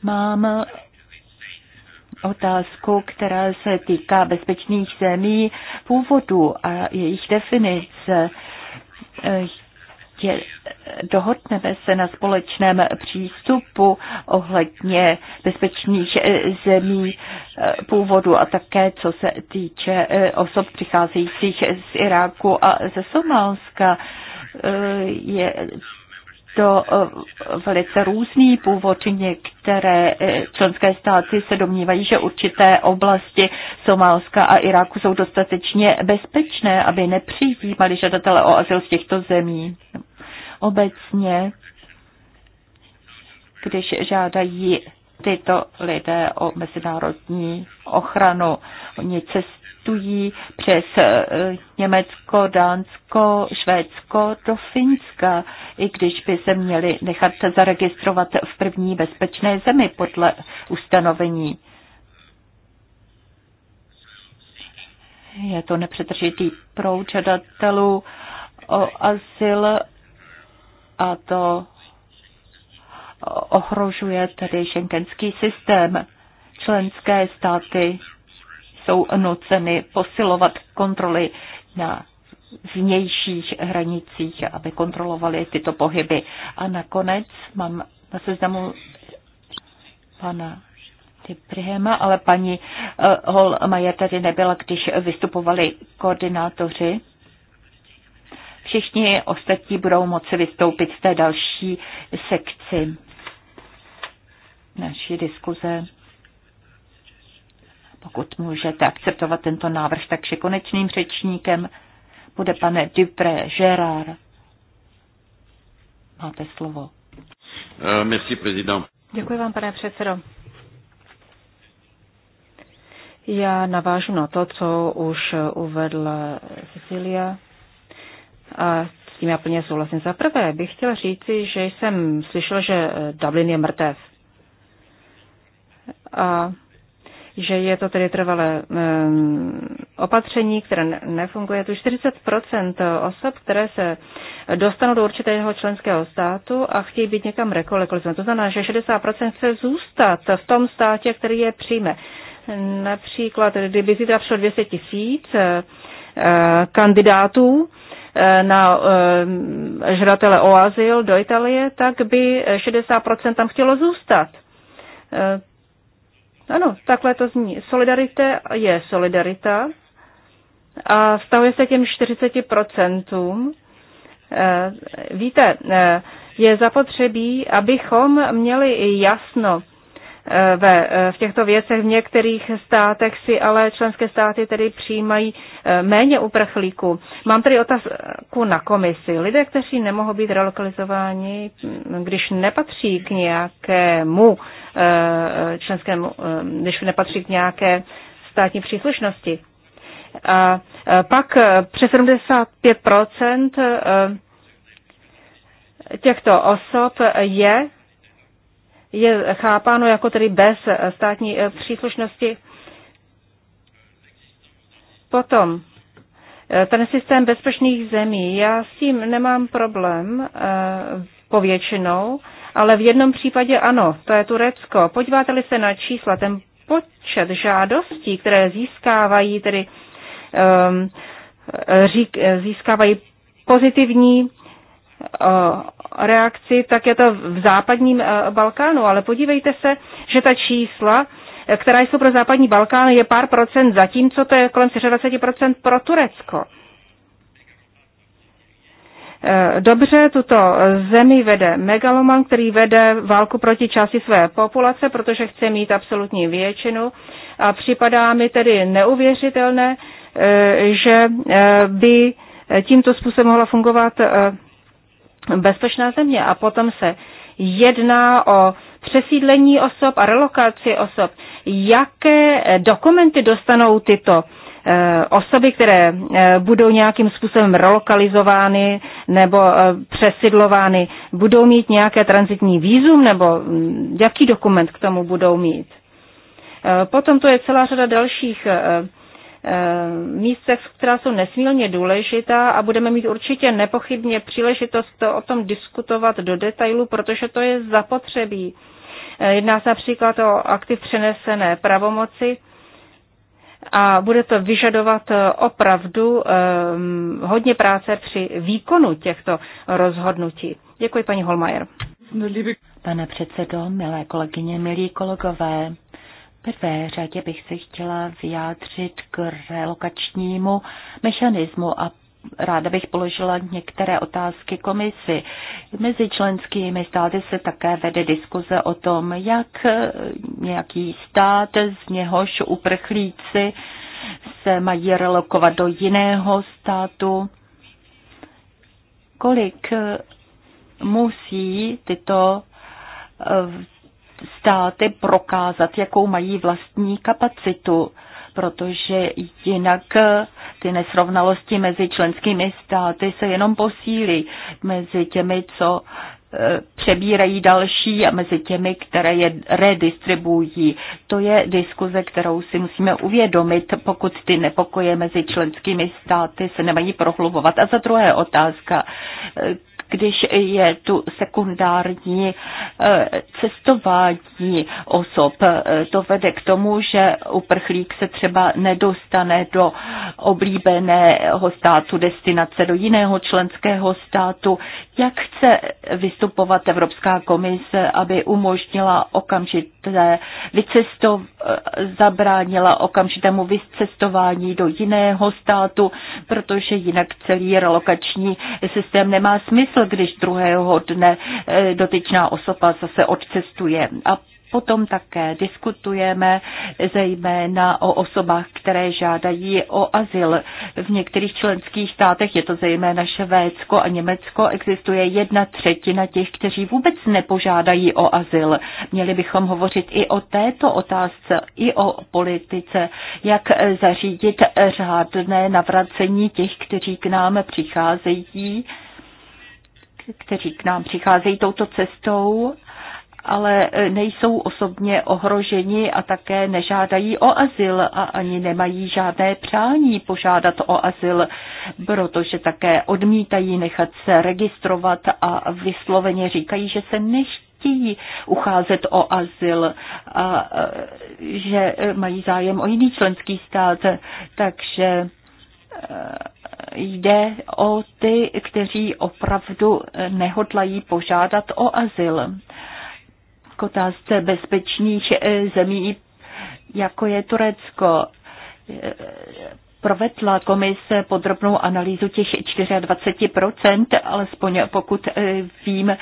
Mám otázku, která se týká bezpečných zemí původu a jejich definice jistě dohodneme se na společném přístupu ohledně bezpečných eh, zemí eh, původu a také co se týče eh, osob přicházejících z Iráku a ze Somálska. Je to velice různý původ. Některé členské státy se domnívají, že určité oblasti Somálska a Iráku jsou dostatečně bezpečné, aby nepřijímali žadatele o azyl z těchto zemí. Obecně, když žádají tyto lidé o mezinárodní ochranu, oni cestují přes eh, Německo, Dánsko, Švédsko do Finska, i když by se měli nechat zaregistrovat v první bezpečné zemi podle ustanovení. je to nepřetržitý proud žadatelů o azyl a to ohrožuje tedy šenkenský systém. Členské státy jsou nuceny posilovat kontroly na vnějších hranicích, aby kontrolovali tyto pohyby. A nakonec mám na seznamu pana Tiprihema, ale paní eh, Holmajer tady nebyla, když vystupovali koordinátoři. Všichni ostatní budou moci vystoupit v té další sekci naší diskuze. Pokud můžete akceptovat tento návrh, takže konečným řečníkem bude pane Dupré Gerard. Máte slovo. Eh, merci, président. Děkuji vám, pane předsedo. Já navážu na to, co už uvedla Cecilia. A s tím já plně souhlasím. Za prvé bych chtěla říci, že jsem slyšela, že eh, Dublin je mrtev. A že je to tedy trvalé ehm, opatření, které nefunguje. Tu 40 osob, které se dostanou do určitého členského státu a chtějí být někam rekolekolizovány. To znamená, že 60 chce zůstat v tom státě, který je přijme. Například, kdyby zítra přišlo 200 tisíc eh, kandidátů, Eh, na eh, žadatele o azyl do Itálie, tak by 60% tam chtělo zůstat. Eh, ano, takhle to zní. Solidarita je solidarita a stavuje se těm 40%. Víte, je zapotřebí, abychom měli jasno, Eh, ve, eh, v těchto věcech. V některých státech si ale členské státy tedy přijímají eh, méně uprchlíků. Mám tedy otázku na komisi. Lidé, kteří nemohou být relokalizováni, když nepatří k nějakému členskému, když nepatří k nějaké státní příslušnosti. A pak přes 75 těchto osob je je chápáno jako tedy bez státní eh, příslušnosti. Potom eh, ten systém bezpečných zemí. Já s tím nemám problém eh, povětšinou, ale v jednom případě ano, to je Turecko. Podíváte-li se na čísla, ten počet žádostí, které získávají tedy um, řík, získávají pozitivní reakci, tak je to v západním e, Balkánu. Ale podívejte se, že ta čísla, e, která jsou pro západní Balkán, je pár procent, zatímco to je kolem 23 procent pro Turecko. E, dobře, tuto zemi vede megaloman, který vede válku proti části své populace, protože chce mít absolutní většinu. A připadá mi tedy neuvěřitelné, že by tímto způsobem mohla fungovat bezpečná země. A potom se jedná o přesídlení osob a relokaci osob. Jaké dokumenty dostanou tyto eh, osoby, které eh, budou nějakým způsobem relokalizovány nebo eh, přesidlovány, budou mít nějaké transitní výzum nebo mm, jaký dokument k tomu budou mít? Potom to je celá řada dalších Eh, místech, která jsou nesmírně důležitá a budeme mít určitě nepochybně příležitost to o tom diskutovat do detailu, protože to je zapotřebí. Eh, jedná se například o aktiv přenesené pravomoci a bude to vyžadovat eh, opravdu hodně práce při výkonu těchto rozhodnutí. Děkuji, paní Holmajer. Pane předsedo, milé kolegyně, milí kolegové, prvé řadě bych se chtěla vyjádřit k relokačnímu mechanismu a ráda bych položila některé otázky komisi. Mezi členskými státy se také vede diskuze o tom, jak nějaký stát, z něhož uprchlíci se mají relokovat do jiného státu, kolik musí tyto státy prokázat, jakou mají vlastní kapacitu, protože jinak eh, ty nesrovnalosti mezi členskými státy se jenom posílí mezi těmi, co eh, přebírají další a mezi těmi, které je redistribují. To je diskuze, kterou si musíme uvědomit, pokud ty nepokoje mezi členskými státy se nemají prohlubovat. A za druhé otázka, eh, když je tu sekundární eh, cestování osob. Eh, to vede k tomu, že uprchlík se třeba nedostane do oblíbeného státu destinace, do jiného členského státu. Jak chce vystupovat Evropská komise, aby umožnila okamžité vycestov, zabránila okamžitému vycestování do jiného státu, protože jinak celý relokační systém nemá smysl smysl, když druhého dne eh, dotyčná osoba zase odcestuje. A Potom také diskutujeme zejména o osobách, které žádají o azyl. V některých členských státech, je to zejména Švédsko a Německo, existuje jedna třetina těch, kteří vůbec nepožádají o azyl. Měli bychom hovořit i o této otázce, i o politice, jak eh, zařídit řádné navracení těch, kteří k nám přicházejí kteří k nám přicházejí touto cestou, ale nejsou osobně ohroženi a také nežádají o azyl a ani nemají žádné přání požádat o azyl, protože také odmítají nechat se registrovat a vysloveně říkají, že se nechtějí chtějí ucházet o azyl a e, že mají zájem o jiný členský stát. Takže e, jde o ty, kteří opravdu nehodlají požádat o azyl. K otázce bezpečných eh, zemí, jako je Turecko, eh, provedla komise podrobnou analýzu těch 24%, alespoň pokud eh, vím eh,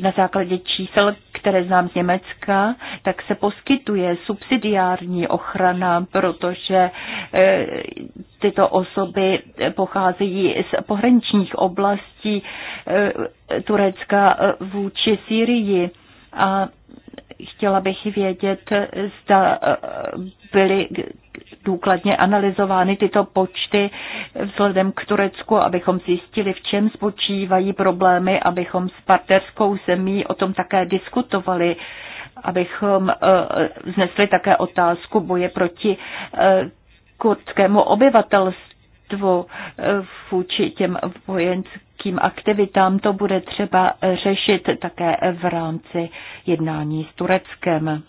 na základě čísel, které znám z Německa, tak se poskytuje subsidiární ochrana, protože eh, tyto osoby pocházejí z pohraničních oblastí Turecka vůči Syrii A chtěla bych vědět, zda byly důkladně analyzovány tyto počty vzhledem k Turecku, abychom zjistili, v čem spočívají problémy, abychom s partnerskou zemí o tom také diskutovali abychom eh, vznesli také otázku boje proti eh, kurdskému obyvatelstvu eh, vůči těm vojenským aktivitám. To bude třeba řešit také v rámci jednání s Tureckem.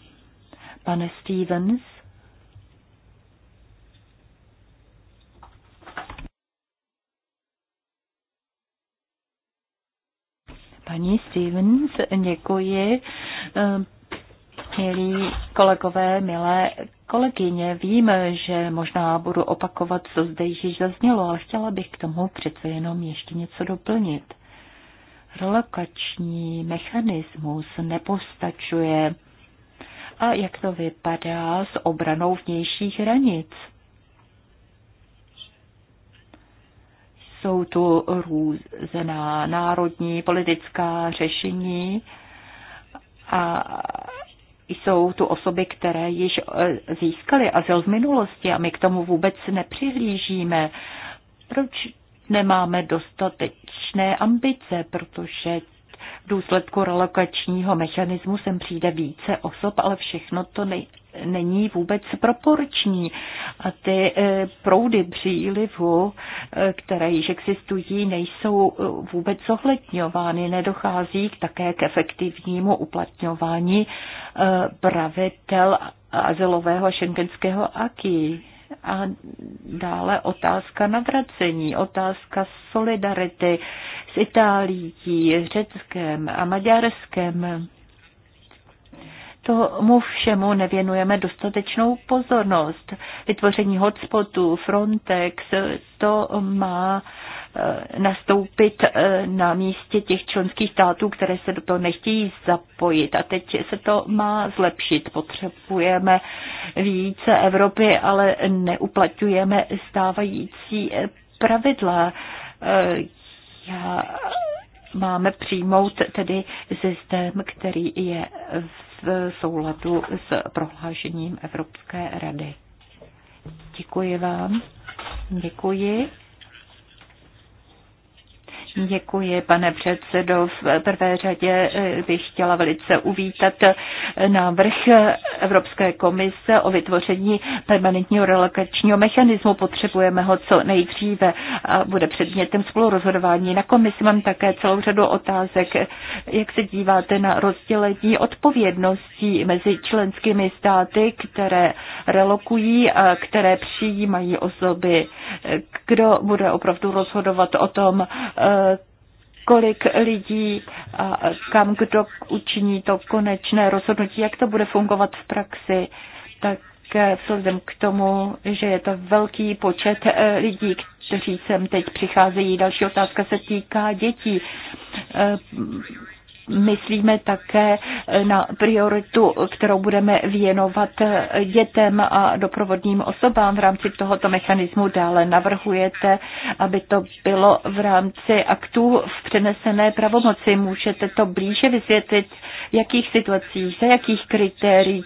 Pane Stevens? Paní Stevens, děkuji. Eh, milí kolegové, milé kolegyně, vím, že možná budu opakovat, co zde již zaznělo, ale chtěla bych k tomu přece jenom ještě něco doplnit. Relokační mechanismus nepostačuje. A jak to vypadá s obranou vnějších hranic? Jsou tu různá národní politická řešení a jsou tu osoby, které již eh, získaly azyl v minulosti a my k tomu vůbec nepřihlížíme. Proč nemáme dostatečné ambice, protože v důsledku relokačního mechanismu sem přijde více osob, ale všechno to nej- není vůbec proporční. A ty e, proudy přílivu, e, které již existují, nejsou e, vůbec zohledňovány. Nedochází k také k efektivnímu uplatňování pravitel azylového a šengenského aky. A dále otázka navracení, otázka solidarity s Itálií, Řeckem a Maďarskem tomu všemu nevěnujeme dostatečnou pozornost. Vytvoření hotspotů, Frontex, to má eh, nastoupit eh, na místě těch členských států, které se do toho nechtějí zapojit. A teď se to má zlepšit. Potřebujeme více Evropy, ale neuplatňujeme stávající eh, pravidla. Já máme přijmout tedy systém, který je v souladu s prohlášením Evropské rady. Děkuji vám. Děkuji. Děkuji, pane předsedo. V prvé řadě eh, bych chtěla velice uvítat eh, návrh Evropské komise o vytvoření permanentního relokačního mechanismu. Potřebujeme ho co nejdříve a bude předmětem spolurozhodování. Na komisi mám také celou řadu otázek. Jak se díváte na rozdělení odpovědností mezi členskými státy, které relokují a které přijímají osoby? Kdo bude opravdu rozhodovat o tom, eh, kolik lidí a kam kdo učiní to konečné rozhodnutí, jak to bude fungovat v praxi, tak eh, vzhledem k tomu, že je to velký počet eh, lidí, kteří sem teď přicházejí. Další otázka se týká dětí. Eh, myslíme také na prioritu, kterou budeme věnovat dětem a doprovodným osobám v rámci tohoto mechanismu. Dále navrhujete, aby to bylo v rámci aktů v přenesené pravomoci. Můžete to blíže vysvětlit, v jakých situacích, za jakých kritérií,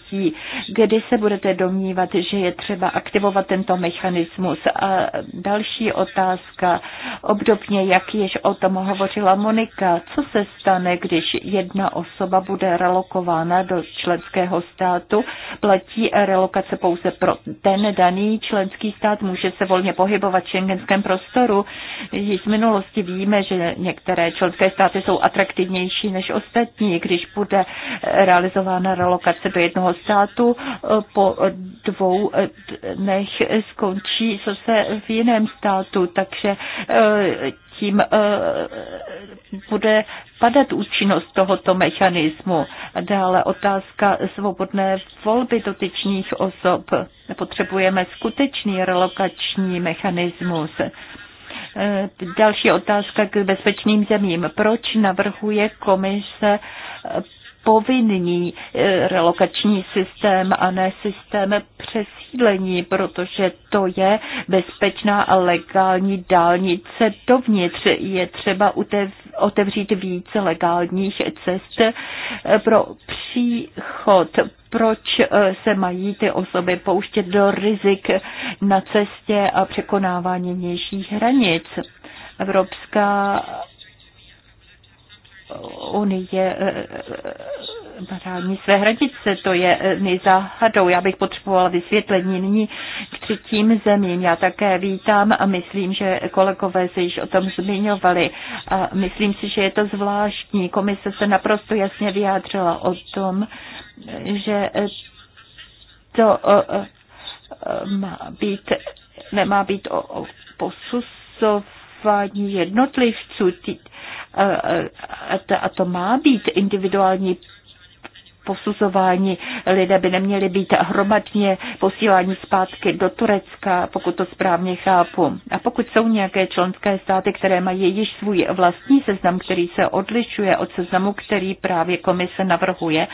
kdy se budete domnívat, že je třeba aktivovat tento mechanismus. A další otázka, obdobně jak již o tom hovořila Monika, co se stane, když jedna osoba bude relokována do členského státu, platí relokace pouze pro ten daný členský stát, může se volně pohybovat v šengenském prostoru. Z minulosti víme, že některé členské státy jsou atraktivnější než ostatní. Když bude realizována relokace do jednoho státu, po dvou dnech skončí co se v jiném státu, takže eh, zatím eh, bude padat účinnost tohoto mechanismu. Dále otázka svobodné volby dotyčných osob. Potřebujeme skutečný relokační mechanismus. Eh, další otázka k bezpečným zemím. Proč navrhuje komise povinný eh, relokační systém a ne systém přesídlení, protože to je bezpečná a legální dálnice dovnitř. Je třeba otevřít více legálních cest eh, pro příchod proč eh, se mají ty osoby pouštět do rizik na cestě a překonávání vnějších hranic. Evropská unie eh, brání své hranice, to je mi eh, záhadou. Já bych potřebovala vysvětlení nyní k třetím zemím. Já také vítám a myslím, že kolegové se již o tom zmiňovali. A myslím si, že je to zvláštní. Komise se naprosto jasně vyjádřila o tom, že eh, to má být, nemá být o, posusování posuzování jednotlivců. Tý, Eh, eh, a to má být individuální posuzování. Lidé by neměli být hromadně posílání zpátky do Turecka, pokud to správně chápu. A pokud jsou nějaké členské státy, které mají již svůj vlastní seznam, který se odlišuje od seznamu, který právě komise navrhuje,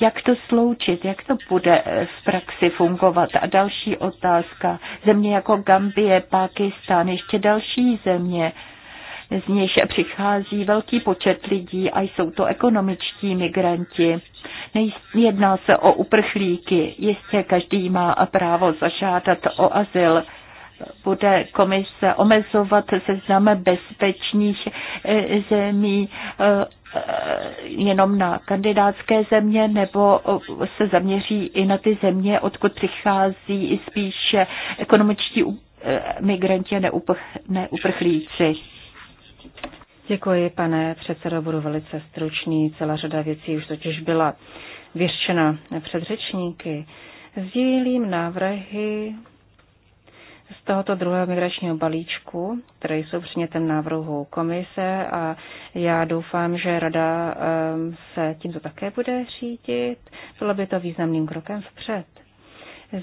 jak to sloučit, jak to bude eh, v praxi fungovat. A další otázka, země jako Gambie, Pákistán, ještě další země, z nich přichází velký počet lidí a jsou to ekonomičtí migranti. Nejedná se o uprchlíky, jistě každý má právo zažádat o azyl bude komise omezovat seznam bezpečných e, zemí e, e, jenom na kandidátské země nebo se zaměří i na ty země, odkud přichází spíše ekonomičtí migranti a neuprchlíci. Děkuji, pane předsedo, budu velice stručný. Celá řada věcí už totiž byla vyřčena řečníky. Sdílím návrhy z tohoto druhého migračního balíčku, které jsou předmětem návrhu komise a já doufám, že rada ehm, se tímto také bude řídit. Bylo by to významným krokem vpřed,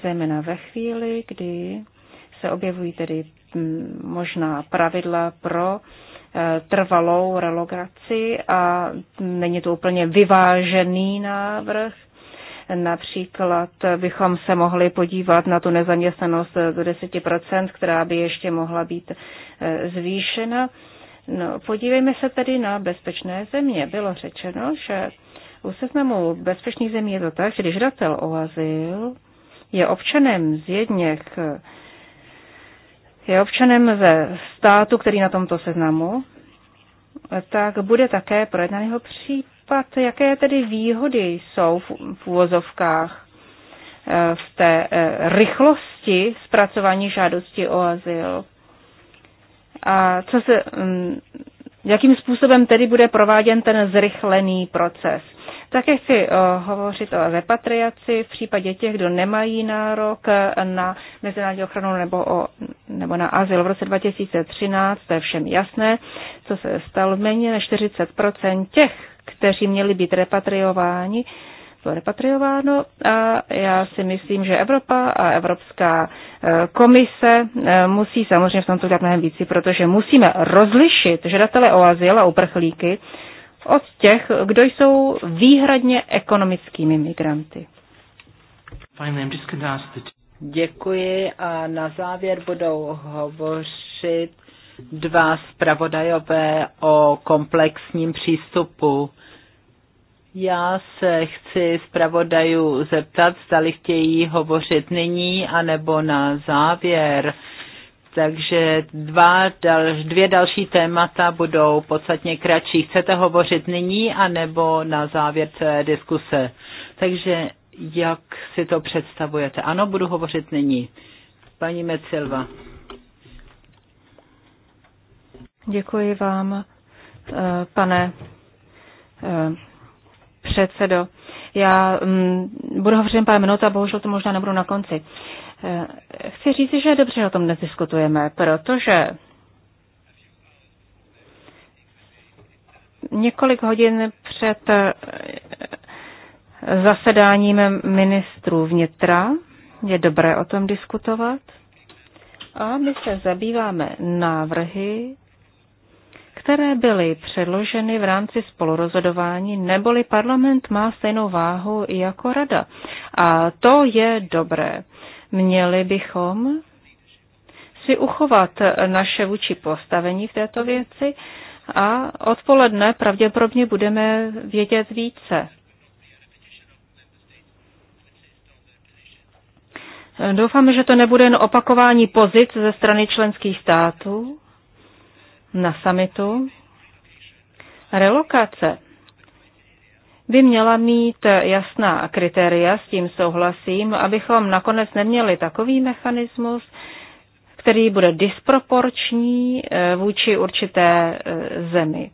zejména ve chvíli, kdy se objevují tedy hm, možná pravidla pro uh, trvalou relokaci a není to úplně vyvážený návrh. Například bychom se mohli podívat na tu nezaměstnanost do 10%, která by ještě mohla být e, zvýšena. No, podívejme se tedy na bezpečné země. Bylo řečeno, že u seznamu bezpečných zemí je to tak, že když žadatel o azyl je občanem z jedněch je občanem ze státu, který na tomto seznamu, tak bude také projednán jeho případ, jaké tedy výhody jsou v úvozovkách eh, v té eh, rychlosti zpracování žádosti o azyl. A co se mm, Jakým způsobem tedy bude prováděn ten zrychlený proces? Také chci eh, hovořit o repatriaci v případě těch, kdo nemají nárok eh, na mezinárodní ochranu nebo, o, nebo na azyl. V roce 2013 to je všem jasné, co se stalo. Méně než 40 těch, kteří měli být repatriováni, repatriováno a já si myslím, že Evropa a Evropská e, komise e, musí samozřejmě v tomto dělat mnohem víc, protože musíme rozlišit žadatele o azyl a uprchlíky od těch, kdo jsou výhradně ekonomickými migranty. Děkuji a na závěr budou hovořit dva zpravodajové o komplexním přístupu já se chci zpravodajů zeptat, zdali chtějí hovořit nyní anebo na závěr. Takže dva, dal, dvě další témata budou podstatně kratší. Chcete hovořit nyní anebo na závěr té diskuse? Takže jak si to představujete? Ano, budu hovořit nyní. Paní Mecilva. Děkuji vám, eh, pane eh, předsedo. Já m, mm, budu hovořit pár minut a bohužel to možná nebudu na konci. Eh, chci říct, že je dobře, že o tom nediskutujeme, diskutujeme, protože několik hodin před eh, zasedáním ministrů vnitra je dobré o tom diskutovat. A my se zabýváme návrhy které byly předloženy v rámci spolurozhodování, neboli parlament má stejnou váhu jako rada. A to je dobré. Měli bychom si uchovat naše vůči postavení v této věci a odpoledne pravděpodobně budeme vědět více. Doufám, že to nebude jen opakování pozic ze strany členských států, na samitu. Relokace by měla mít jasná kritéria, s tím souhlasím, abychom nakonec neměli takový mechanismus, který bude disproporční eh, vůči určité eh, zemi.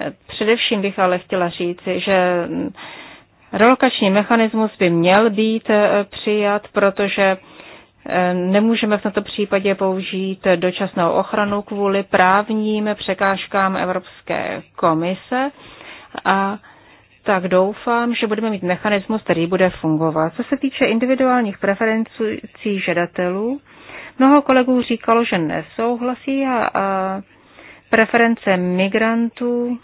Eh, především bych ale chtěla říci, že mm, relokační mechanismus by měl být přijat, protože Nemůžeme v tomto případě použít dočasnou ochranu kvůli právním překážkám Evropské komise a tak doufám, že budeme mít mechanismus, který bude fungovat. Co se týče individuálních preferencí žadatelů, mnoho kolegů říkalo, že nesouhlasí a, a preference migrantů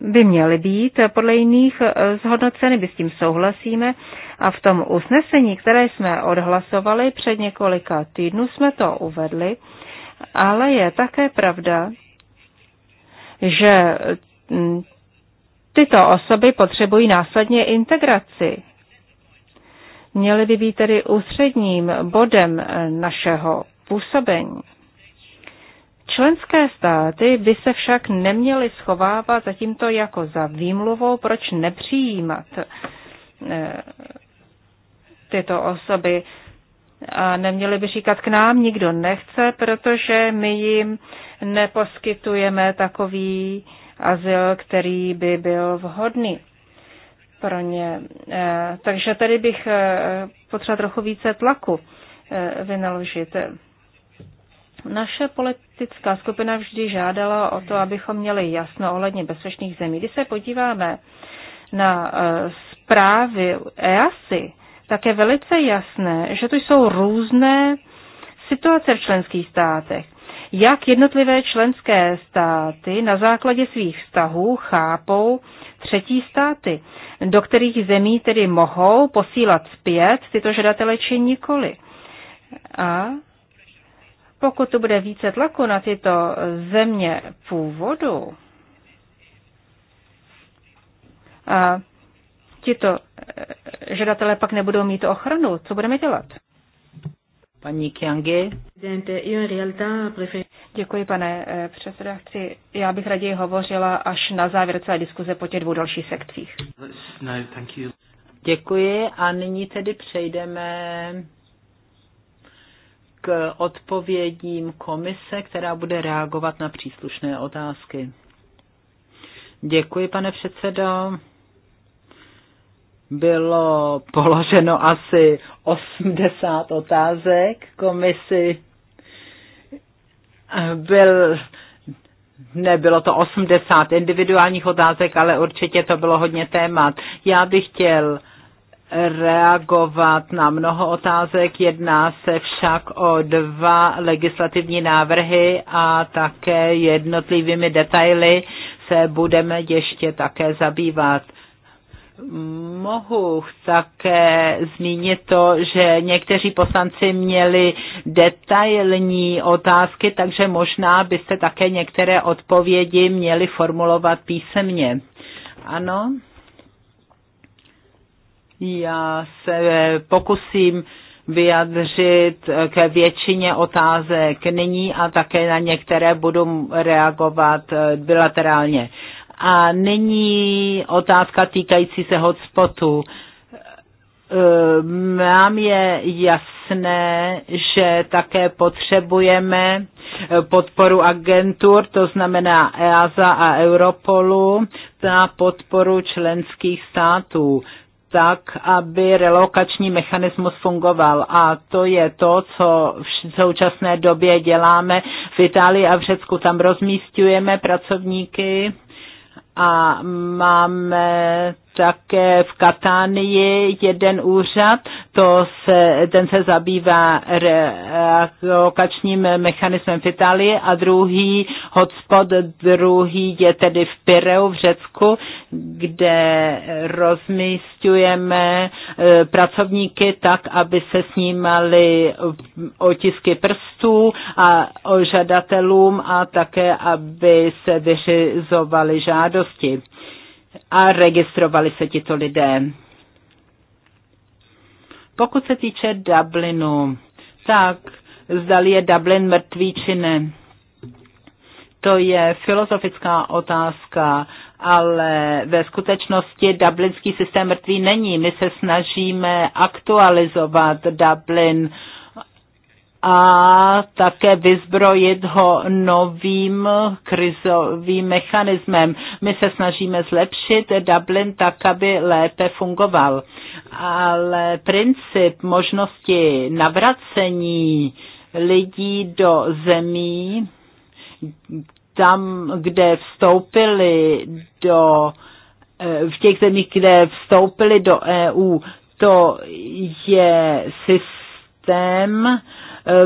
by měly být podle jiných eh, zhodnoceny, by s tím souhlasíme. A v tom usnesení, které jsme odhlasovali před několika týdnů, jsme to uvedli, ale je také pravda, že mm, tyto osoby potřebují následně integraci. Měly by být tedy ústředním bodem našeho působení. Členské státy by se však neměly schovávat zatímto jako za výmluvou, proč nepřijímat eh, tyto osoby. A neměli by říkat, k nám nikdo nechce, protože my jim neposkytujeme takový azyl, který by byl vhodný pro ně. E, takže tady bych e, potřeba trochu více tlaku e, vynaložit. Naše politická skupina vždy žádala o to, abychom měli jasno ohledně bezpečných zemí. Když se podíváme na zprávy EASY, tak je velice jasné, že tu jsou různé situace v členských státech. Jak jednotlivé členské státy na základě svých vztahů chápou třetí státy, do kterých zemí tedy mohou posílat zpět tyto žadatele či nikoli. A pokud tu bude více tlaku na tyto země původu, a tito eh, žadatelé pak nebudou mít ochranu, co budeme dělat? Paní Kiangi. Děkuji, pane eh, předseda. Chci, já bych raději hovořila až na závěr celé diskuze po těch dvou dalších sekcích. No, Děkuji a nyní tedy přejdeme k odpovědím komise, která bude reagovat na příslušné otázky. Děkuji, pane předsedo bylo položeno asi 80 otázek komisi. Byl, nebylo to 80 individuálních otázek, ale určitě to bylo hodně témat. Já bych chtěl reagovat na mnoho otázek. Jedná se však o dva legislativní návrhy a také jednotlivými detaily se budeme ještě také zabývat mohu také zmínit to, že někteří poslanci měli detailní otázky, takže možná byste také některé odpovědi měli formulovat písemně. Ano? Já se pokusím vyjadřit ke většině otázek nyní a také na některé budu reagovat bilaterálně. A není otázka týkající se hotspotu. Mám ehm, je jasné, že také potřebujeme eh, podporu agentur, to znamená EASA a Europolu, na podporu členských států tak, aby relokační mechanismus fungoval. A to je to, co v současné době děláme v Itálii a v Řecku. Tam rozmístujeme pracovníky a máme také v Katánii jeden úřad, to se, ten se zabývá relokačním mechanismem v Itálii a druhý hotspot, druhý je tedy v Pireu v Řecku, kde rozmístujeme e, pracovníky tak, aby se snímali otisky prstů a žadatelům a také, aby se vyřizovaly žádosti a registrovali se tito lidé. Pokud se týče Dublinu, tak zdali je Dublin mrtvý či ne. To je filozofická otázka, ale ve skutečnosti dublinský systém mrtvý není. My se snažíme aktualizovat Dublin a také vyzbrojit ho novým krizovým mechanismem. My se snažíme zlepšit Dublin tak, aby lépe fungoval. Ale princip možnosti navracení lidí do zemí, tam, kde vstoupili do eh, v těch zemích, kde vstoupili do EU, to je systém,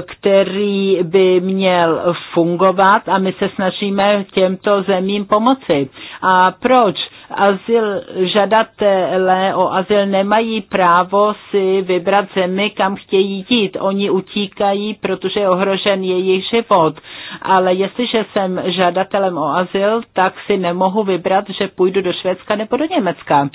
který by měl fungovat a my se snažíme těmto zemím pomoci. A proč? Azyl, žadatelé o azyl nemají právo si vybrat zemi, kam chtějí jít. Oni utíkají, protože je ohrožen jejich život. Ale jestliže jsem žadatelem o azyl, tak si nemohu vybrat, že půjdu do Švédska nebo do Německa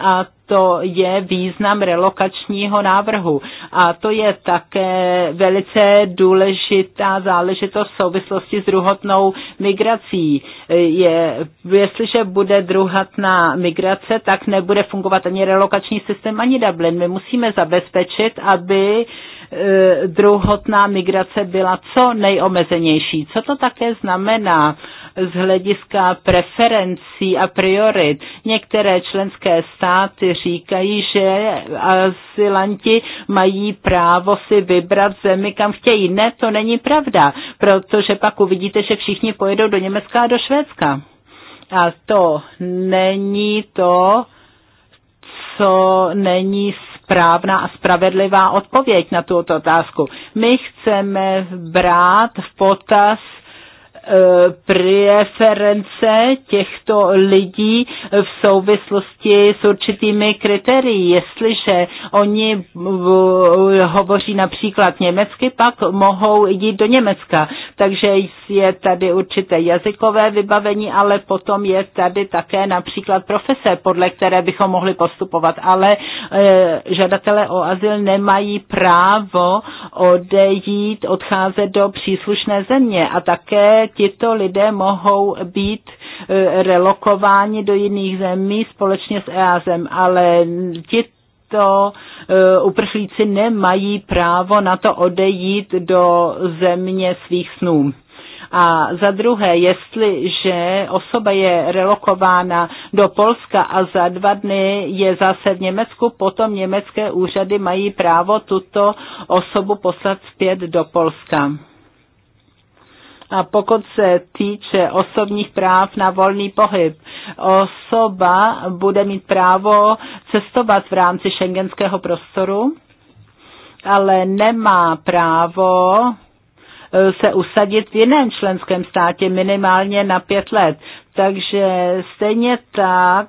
a to je význam relokačního návrhu. A to je také velice důležitá záležitost v souvislosti s druhotnou migrací. Je, jestliže bude druhotná migrace, tak nebude fungovat ani relokační systém, ani Dublin. My musíme zabezpečit, aby e, druhotná migrace byla co nejomezenější. Co to také znamená? z hlediska preferencí a priorit. Některé členské státy říkají, že asilanti mají právo si vybrat zemi, kam chtějí. Ne, to není pravda, protože pak uvidíte, že všichni pojedou do Německa a do Švédska. A to není to, co není správná a spravedlivá odpověď na tuto otázku. My chceme brát v potaz preference těchto lidí v souvislosti s určitými kritérii. Jestliže oni hovoří například německy, pak mohou jít do Německa. Takže je tady určité jazykové vybavení, ale potom je tady také například profese, podle které bychom mohli postupovat. Ale eh, žadatelé o azyl nemají právo odejít, odcházet do příslušné země a také tito lidé mohou být e, relokováni do jiných zemí společně s EASem, ale tito e, uprchlíci nemají právo na to odejít do země svých snů. A za druhé, jestliže osoba je relokována do Polska a za dva dny je zase v Německu, potom německé úřady mají právo tuto osobu poslat zpět do Polska. A pokud se týče osobních práv na volný pohyb, osoba bude mít právo cestovat v rámci šengenského prostoru, ale nemá právo e, se usadit v jiném členském státě minimálně na pět let. Takže stejně tak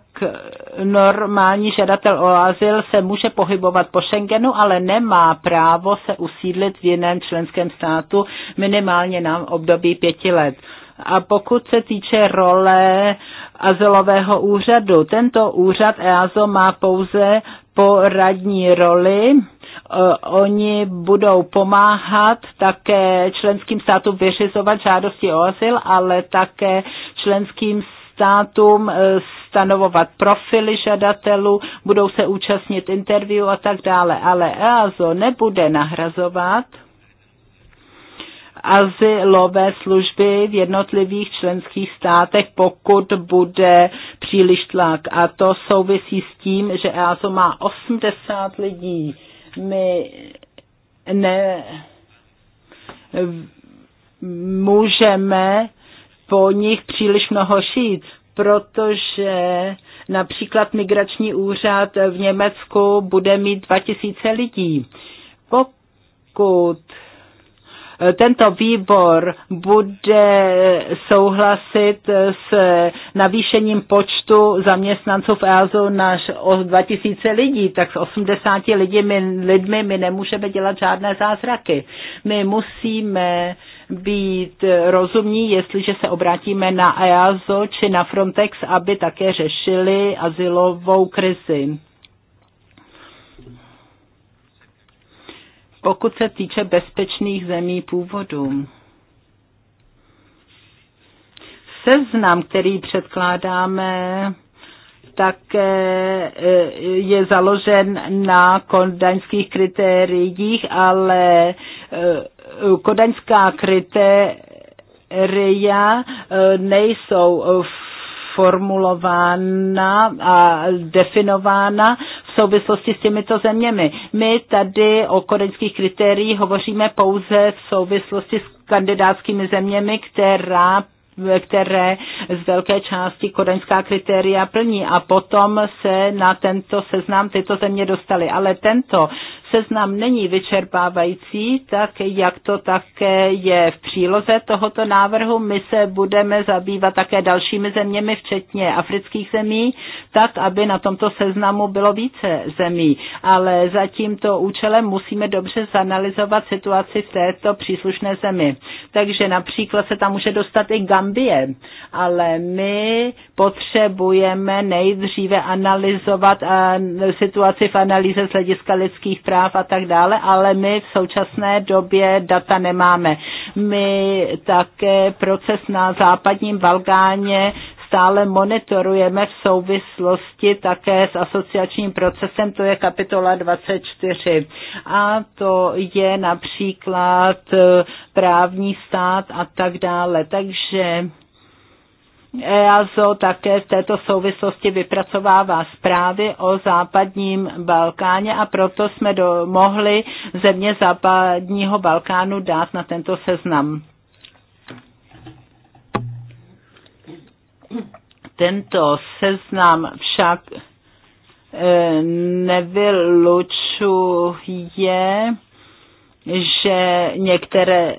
normální žadatel o azyl se může pohybovat po Schengenu, ale nemá právo se usídlit v jiném členském státu minimálně na období pěti let. A pokud se týče role azylového úřadu, tento úřad EASO má pouze poradní roli. E, oni budou pomáhat také členským státům vyřizovat žádosti o azyl, ale také členským státům eh, stanovovat profily žadatelů, budou se účastnit interview a tak dále, ale EASO nebude nahrazovat azylové služby v jednotlivých členských státech, pokud bude příliš tlak. A to souvisí s tím, že EASO má 80 lidí. My ne můžeme po nich příliš mnoho šít, protože například migrační úřad v Německu bude mít 2000 lidí. Pokud eh, tento výbor bude souhlasit s navýšením počtu zaměstnanců v EASu na 2000 lidí, tak s 80 lidmi, lidmi my nemůžeme dělat žádné zázraky. My musíme být rozumní, jestliže se obrátíme na EASO či na Frontex, aby také řešili asilovou krizi. Pokud se týče bezpečných zemí původu. Seznam, který předkládáme, také e, je založen na kodaňských kritériích, ale e, kodaňská kritéria e, nejsou formulována a definována v souvislosti s těmito zeměmi. My tady o kodeňských kritériích hovoříme pouze v souvislosti s kandidátskými zeměmi, která které z velké části kodaňská kritéria plní a potom se na tento seznam tyto země dostaly. Ale tento seznam není vyčerpávající, tak jak to také je v příloze tohoto návrhu, my se budeme zabývat také dalšími zeměmi, včetně afrických zemí, tak, aby na tomto seznamu bylo více zemí. Ale za tímto účelem musíme dobře zanalizovat situaci v této příslušné zemi. Takže například se tam může dostat i Gambie, ale my potřebujeme nejdříve analyzovat eh, situaci v analýze z hlediska lidských práv zpráv a tak dále, ale my v současné době data nemáme. My také proces na západním Balkáně stále monitorujeme v souvislosti také s asociačním procesem, to je kapitola 24. A to je například eh, právní stát a tak dále. Takže EASO také v této souvislosti vypracovává zprávy o západním Balkáně a proto jsme do, mohli země západního Balkánu dát na tento seznam. Tento seznam však eh, nevylučuje že některé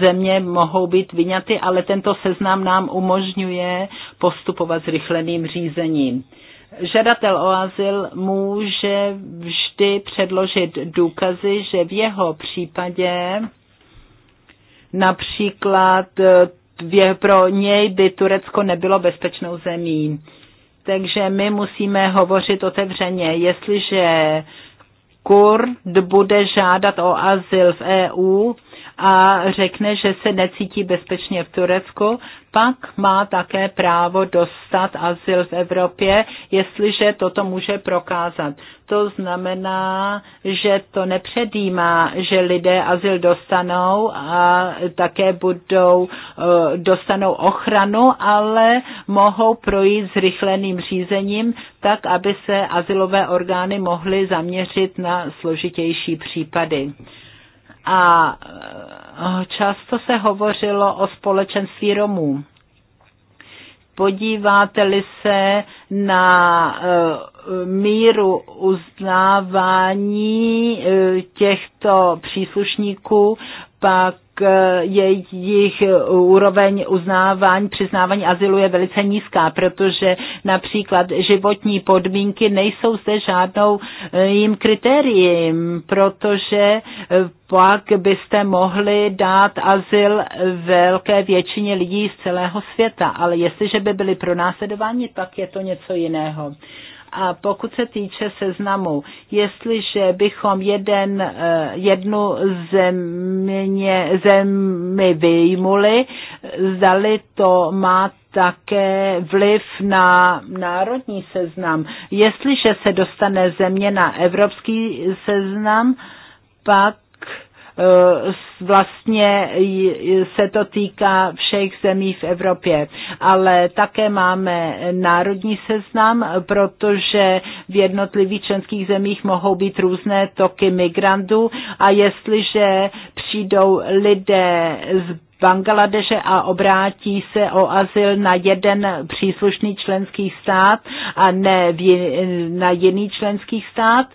země mohou být vyňaty, ale tento seznam nám umožňuje postupovat s rychleným řízením. Žadatel o azyl může vždy předložit důkazy, že v jeho případě například eh, pro něj by Turecko nebylo bezpečnou zemí. Takže my musíme hovořit otevřeně. Jestliže Kurd bude žádat o azyl v EU, a řekne, že se necítí bezpečně v Turecku, pak má také právo dostat azyl v Evropě, jestliže toto může prokázat. To znamená, že to nepředjímá, že lidé azyl dostanou a také budou, eh, dostanou ochranu, ale mohou projít zrychleným řízením, tak aby se azylové orgány mohly zaměřit na složitější případy. A eh, často se hovořilo o společenství Romů. Podíváte-li se na eh, míru uznávání eh, těchto příslušníků pak eh, jejich úroveň uznávání, přiznávání azylu je velice nízká, protože například životní podmínky nejsou zde žádnou eh, jim kritériem, protože eh, pak byste mohli dát azyl velké většině lidí z celého světa, ale jestliže by byli pronásledováni, pak je to něco jiného. A pokud se týče seznamu, jestliže bychom jeden, eh, jednu země, zemi vyjmuli, zdali to má také vliv na národní seznam. Jestliže se dostane země na evropský seznam, pak Eh, vlastně se to týká všech zemí v Evropě. Ale také máme národní seznam, protože v jednotlivých členských zemích mohou být různé toky migrantů a jestliže přijdou lidé z Bangladeše a obrátí se o azyl na jeden příslušný členský stát a ne na jiný členský stát,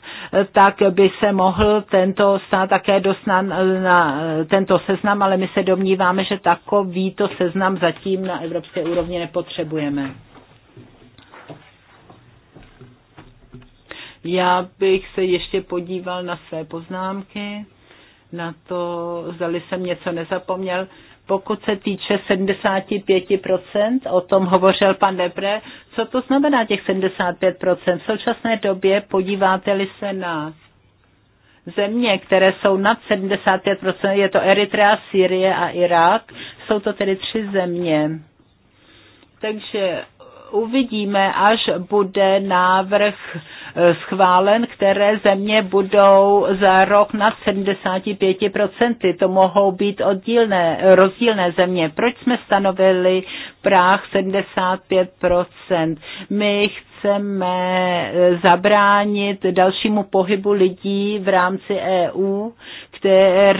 tak by se mohl tento stát také dostat na tento seznam, ale my se domníváme, že takový to seznam zatím na evropské úrovni nepotřebujeme. Já bych se ještě podíval na své poznámky, na to, zdali jsem něco nezapomněl. Pokud se týče 75%, o tom hovořil pan Debre. co to znamená těch 75%? V současné době podíváte-li se na země, které jsou nad 75%, je to Eritrea, Sýrie a Irák, jsou to tedy tři země. Takže uvidíme, až bude návrh eh, schválen, které země budou za rok nad 75%. To mohou být oddílné, rozdílné země. Proč jsme stanovili práh 75%? My chceme eh, zabránit dalšímu pohybu lidí v rámci EU, kter,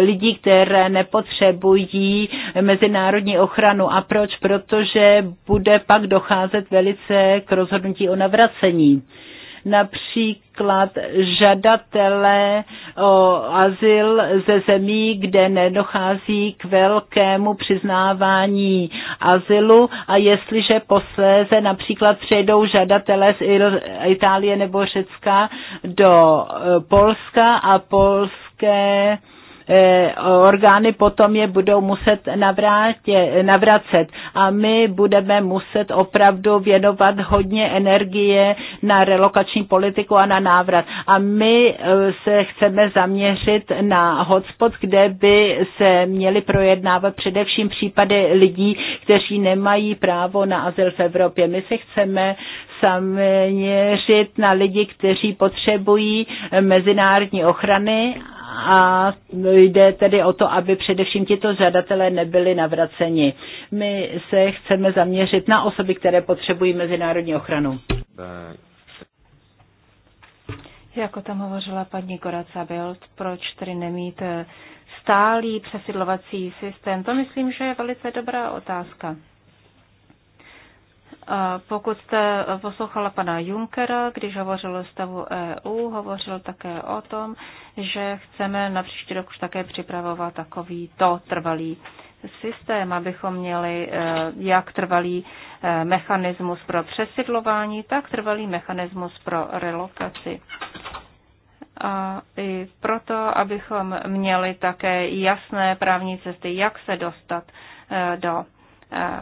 lidí, které nepotřebují mezinárodní ochranu. A proč? Protože bude pak docházet velice k rozhodnutí o navracení například žadatelé o azyl ze zemí, kde nedochází k velkému přiznávání azylu a jestliže posléze například přejdou žadatelé z Itálie nebo Řecka do eh, Polska a polské E, orgány potom je budou muset navrátě, navracet a my budeme muset opravdu věnovat hodně energie na relokační politiku a na návrat. A my e, se chceme zaměřit na hotspot, kde by se měly projednávat především případy lidí, kteří nemají právo na azyl v Evropě. My se chceme zaměřit na lidi, kteří potřebují mezinárodní ochrany a jde tedy o to, aby především tito žadatelé nebyli navraceni. My se chceme zaměřit na osoby, které potřebují mezinárodní ochranu. Jako tam hovořila paní Koraca Bild, proč tedy nemít eh, stálý přesidlovací systém? To myslím, že je velice dobrá otázka. Pokud jste poslouchala pana Junkera, když hovořil o stavu EU, hovořil také o tom, že chceme na příští rok už také připravovat takový to trvalý systém, abychom měli eh, jak trvalý eh, mechanismus pro přesidlování, tak trvalý mechanismus pro relokaci. A i proto, abychom měli také jasné právní cesty, jak se dostat eh, do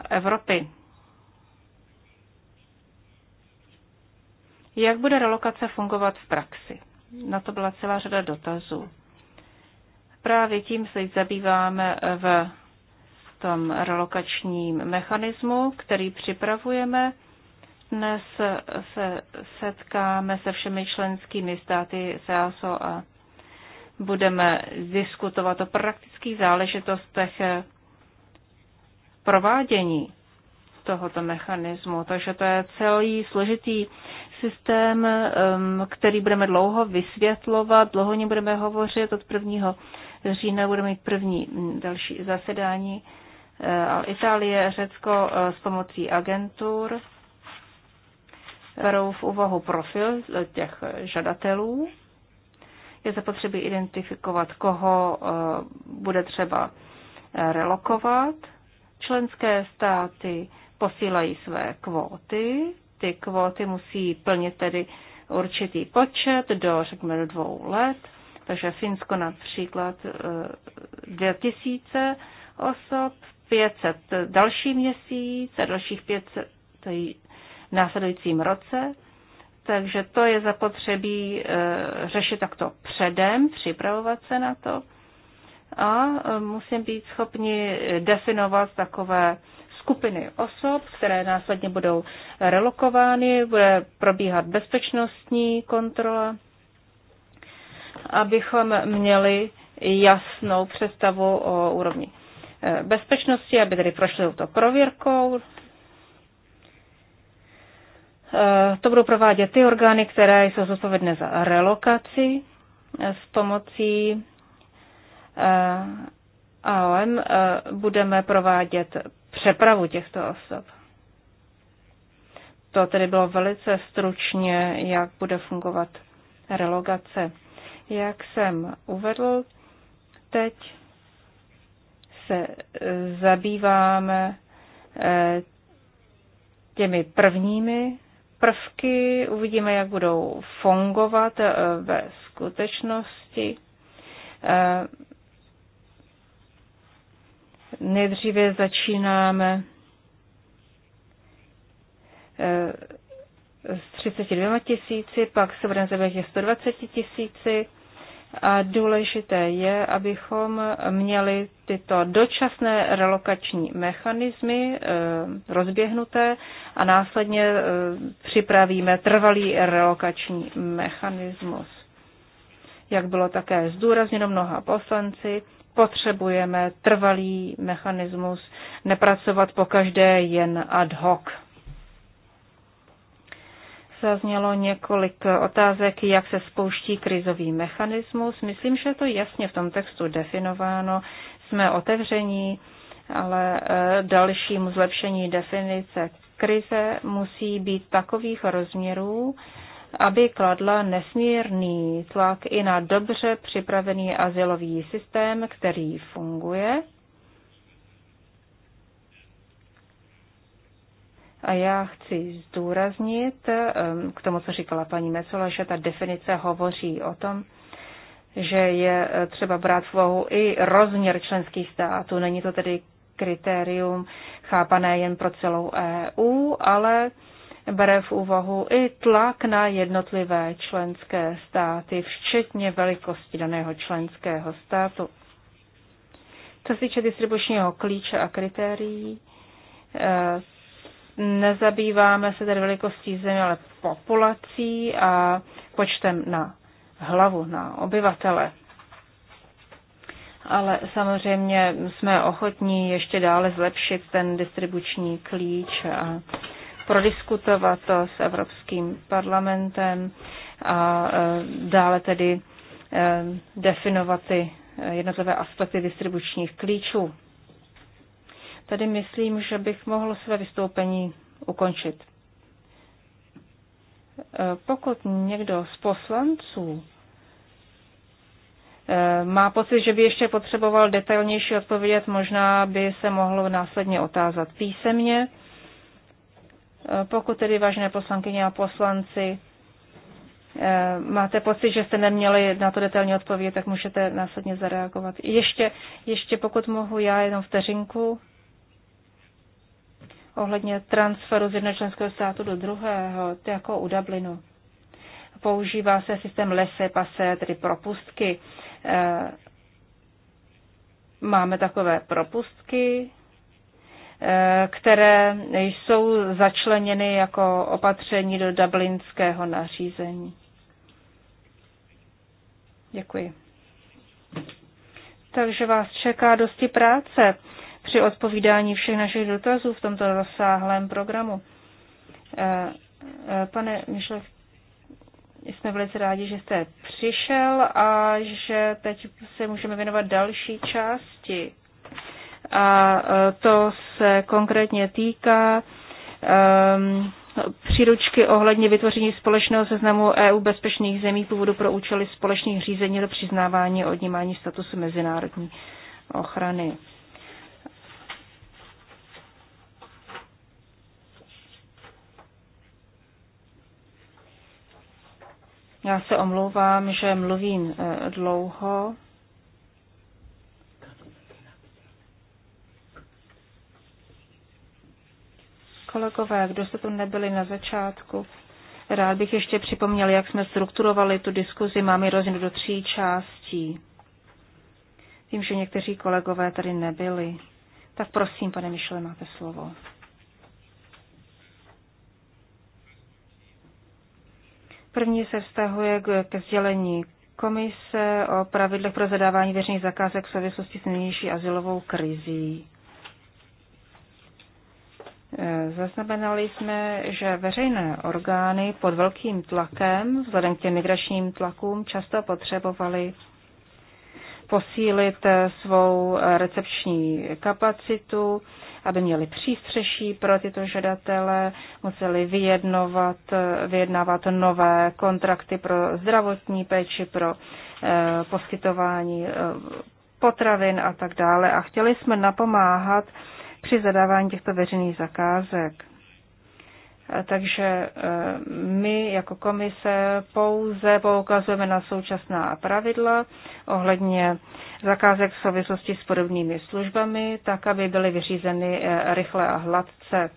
Evropy. Jak bude relokace fungovat v praxi? Na to byla celá řada dotazů. Právě tím se zabýváme v tom relokačním mechanismu, který připravujeme. Dnes se setkáme se všemi členskými státy SEASO a budeme diskutovat o praktických záležitostech provádění tohoto mechanismu. Takže to je celý složitý systém, který budeme dlouho vysvětlovat, dlouho o budeme hovořit. Od 1. října budeme mít první další zasedání eh, Itálie, Řecko eh, s pomocí agentur kterou v úvahu profil eh, těch žadatelů. Je zapotřebí identifikovat, koho bude třeba relokovat. Členské státy posílají své kvóty ty kvóty musí plnit tedy určitý počet do, řekněme, do dvou let. Takže Finsko například 2000 e, osob, 500 další měsíc a dalších 500 v následujícím roce. Takže to je zapotřebí e, řešit takto předem, připravovat se na to a e, musím být schopni definovat takové skupiny osob, které následně budou relokovány, bude probíhat bezpečnostní kontrola, abychom měli jasnou představu o úrovni eh, bezpečnosti, aby tedy prošli to prověrkou. Eh, to budou provádět ty orgány, které jsou zodpovědné za relokaci eh, s pomocí AOM budeme provádět přepravu těchto osob. To tedy bylo velice stručně, jak bude fungovat relogace. Jak jsem uvedl, teď se e, zabýváme e, těmi prvními prvky, uvidíme, jak budou fungovat e, ve skutečnosti. Nejdříve začínáme eh, s 32 tisíci, pak se budeme zabývat 120 tisíci. A důležité je, abychom měli tyto dočasné relokační mechanismy eh, rozběhnuté a následně eh, připravíme trvalý relokační mechanismus. Jak bylo také zdůrazněno mnoha poslanci, potřebujeme trvalý mechanismus, nepracovat po každé jen ad hoc. Zaznělo několik otázek, jak se spouští krizový mechanismus. Myslím, že je to jasně v tom textu definováno. Jsme otevření, ale e, dalšímu zlepšení definice krize musí být takových rozměrů, aby kladla nesmírný tlak i na dobře připravený asilový systém, který funguje. A já chci zdůraznit ehm, k tomu, co říkala paní Mecola, že ta definice hovoří o tom, že je eh, třeba brát v úvahu i rozměr členských států. Není to tedy kritérium chápané jen pro celou EU, ale bere v úvahu i tlak na jednotlivé členské státy, včetně velikosti daného členského státu. Co se týče distribučního klíče a kritérií, eh, nezabýváme se tedy velikostí země, ale populací a počtem na hlavu, na obyvatele. Ale samozřejmě jsme ochotní ještě dále zlepšit ten distribuční klíč a prodiskutovat to s Evropským parlamentem a e, dále tedy e, definovat ty e, jednotlivé aspekty distribučních klíčů. Tady myslím, že bych mohl své vystoupení ukončit. Pokud někdo z poslanců má pocit, že by ještě potřeboval detailnější odpovědět, možná by se mohlo následně otázat písemně. Eh, pokud tedy, vážené poslankyně a poslanci, eh, máte pocit, že jste neměli na to detailní odpověď, tak můžete následně zareagovat. Ještě, ještě pokud mohu já jenom vteřinku ohledně transferu z jednoho členského státu do druhého, to je jako u Dublinu. Používá se systém lese, pase, tedy propustky. Eh, máme takové propustky, které jsou začleněny jako opatření do dublinského nařízení. Děkuji. Takže vás čeká dosti práce při odpovídání všech našich dotazů v tomto rozsáhlém programu. Eh, eh, pane Mišle, jsme velice rádi, že jste přišel a že teď se můžeme věnovat další části a e, to se konkrétně týká um, příručky ohledně vytvoření společného seznamu EU bezpečných zemí původu pro účely společných řízení do přiznávání a odnímání statusu mezinárodní ochrany. Já se omlouvám, že mluvím e, dlouho. Kolegové, kdo jste tu nebyli na začátku, rád bych ještě připomněl, jak jsme strukturovali tu diskuzi. Máme ji rozdělenou do tří částí. Vím, že někteří kolegové tady nebyli. Tak prosím, pane Mišle, máte slovo. První se vztahuje ke sdělení Komise o pravidlech pro zadávání veřejných zakázek v souvislosti s nynější asilovou krizí. Zaznamenali jsme, že veřejné orgány pod velkým tlakem, vzhledem k těm migračním tlakům, často potřebovaly posílit eh, svou eh, recepční kapacitu, aby měli přístřeší pro tyto žadatele, museli vyjednovat, eh, vyjednávat nové kontrakty pro zdravotní péči, pro poskytování potravin a tak dále. A chtěli jsme napomáhat při zadávání těchto veřejných zakázek. Takže e, my jako komise pouze poukazujeme na současná pravidla ohledně zakázek v souvislosti s podobnými službami, tak aby byly vyřízeny e, rychle a hladce.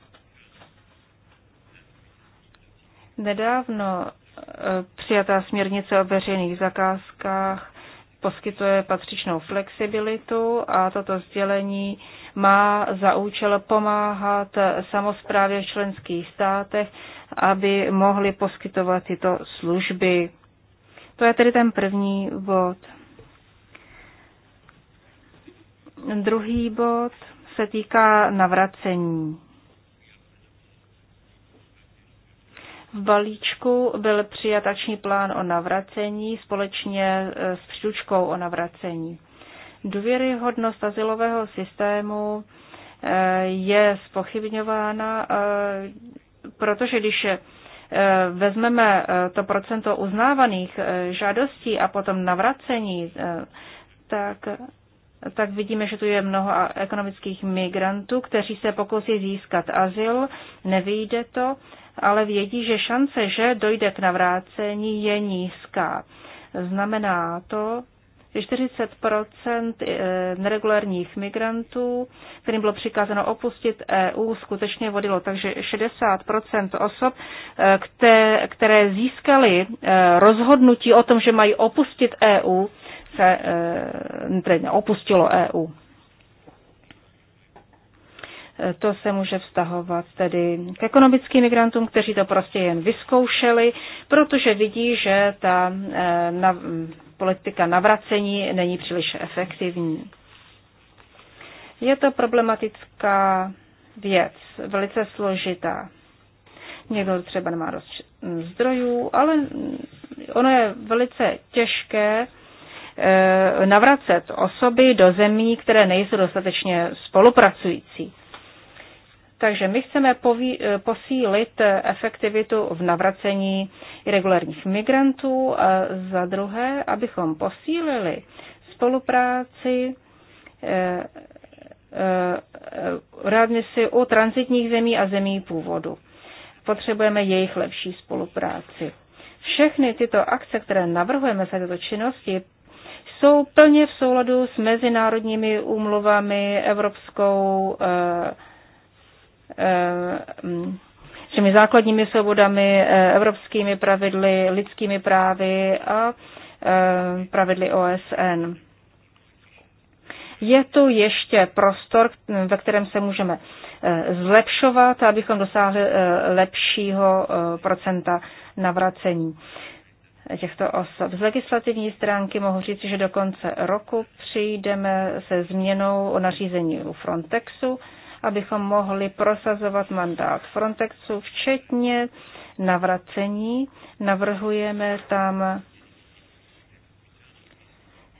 Nedávno e, přijatá směrnice o veřejných zakázkách poskytuje patřičnou flexibilitu a toto sdělení má za účel pomáhat samozprávě v členských státech, aby mohly poskytovat tyto služby. To je tedy ten první bod. Druhý bod se týká navracení. V balíčku byl přijat akční plán o navracení společně e, s příručkou o navracení. Důvěryhodnost asilového systému e, je spochybňována, e, protože když vezmeme to procento uznávaných žádostí a potom navracení, tak, tak vidíme, že tu je mnoho ekonomických migrantů, kteří se pokusí získat azyl, nevyjde to ale vědí, že šance, že dojde k navrácení, je nízká. Znamená to, že 40 eh, neregulárních migrantů, kterým bylo přikázeno opustit EU, skutečně vodilo. Takže 60 osob, eh, které získali eh, rozhodnutí o tom, že mají opustit EU, se opustilo EU. Eh, to se může vztahovat tedy k ekonomickým migrantům, kteří to prostě jen vyzkoušeli, protože vidí, že ta eh, na, mm, politika navracení není příliš efektivní. Je to problematická věc, velice složitá. Někdo třeba nemá dost mm, zdrojů, ale mm, ono je velice těžké eh, navracet osoby do zemí, které nejsou dostatečně spolupracující. Takže my chceme poví, eh, posílit efektivitu v navracení irregulárních migrantů a za druhé, abychom posílili spolupráci eh, eh, rádně si u transitních zemí a zemí původu. Potřebujeme jejich lepší spolupráci. Všechny tyto akce, které navrhujeme za tyto činnosti, jsou plně v souladu s mezinárodními úmluvami, Evropskou Eh, mm, všemi základními svobodami, eh, evropskými pravidly, lidskými právy a eh, pravidly OSN. Je tu ještě prostor, mm, ve kterém se můžeme zlepšovat, abychom dosáhli lepšího procenta navracení těchto osob. Z legislativní stránky mohu říct, že do konce roku přijdeme se změnou o nařízení u Frontexu, abychom mohli prosazovat mandát Frontexu, včetně navracení. Navrhujeme tam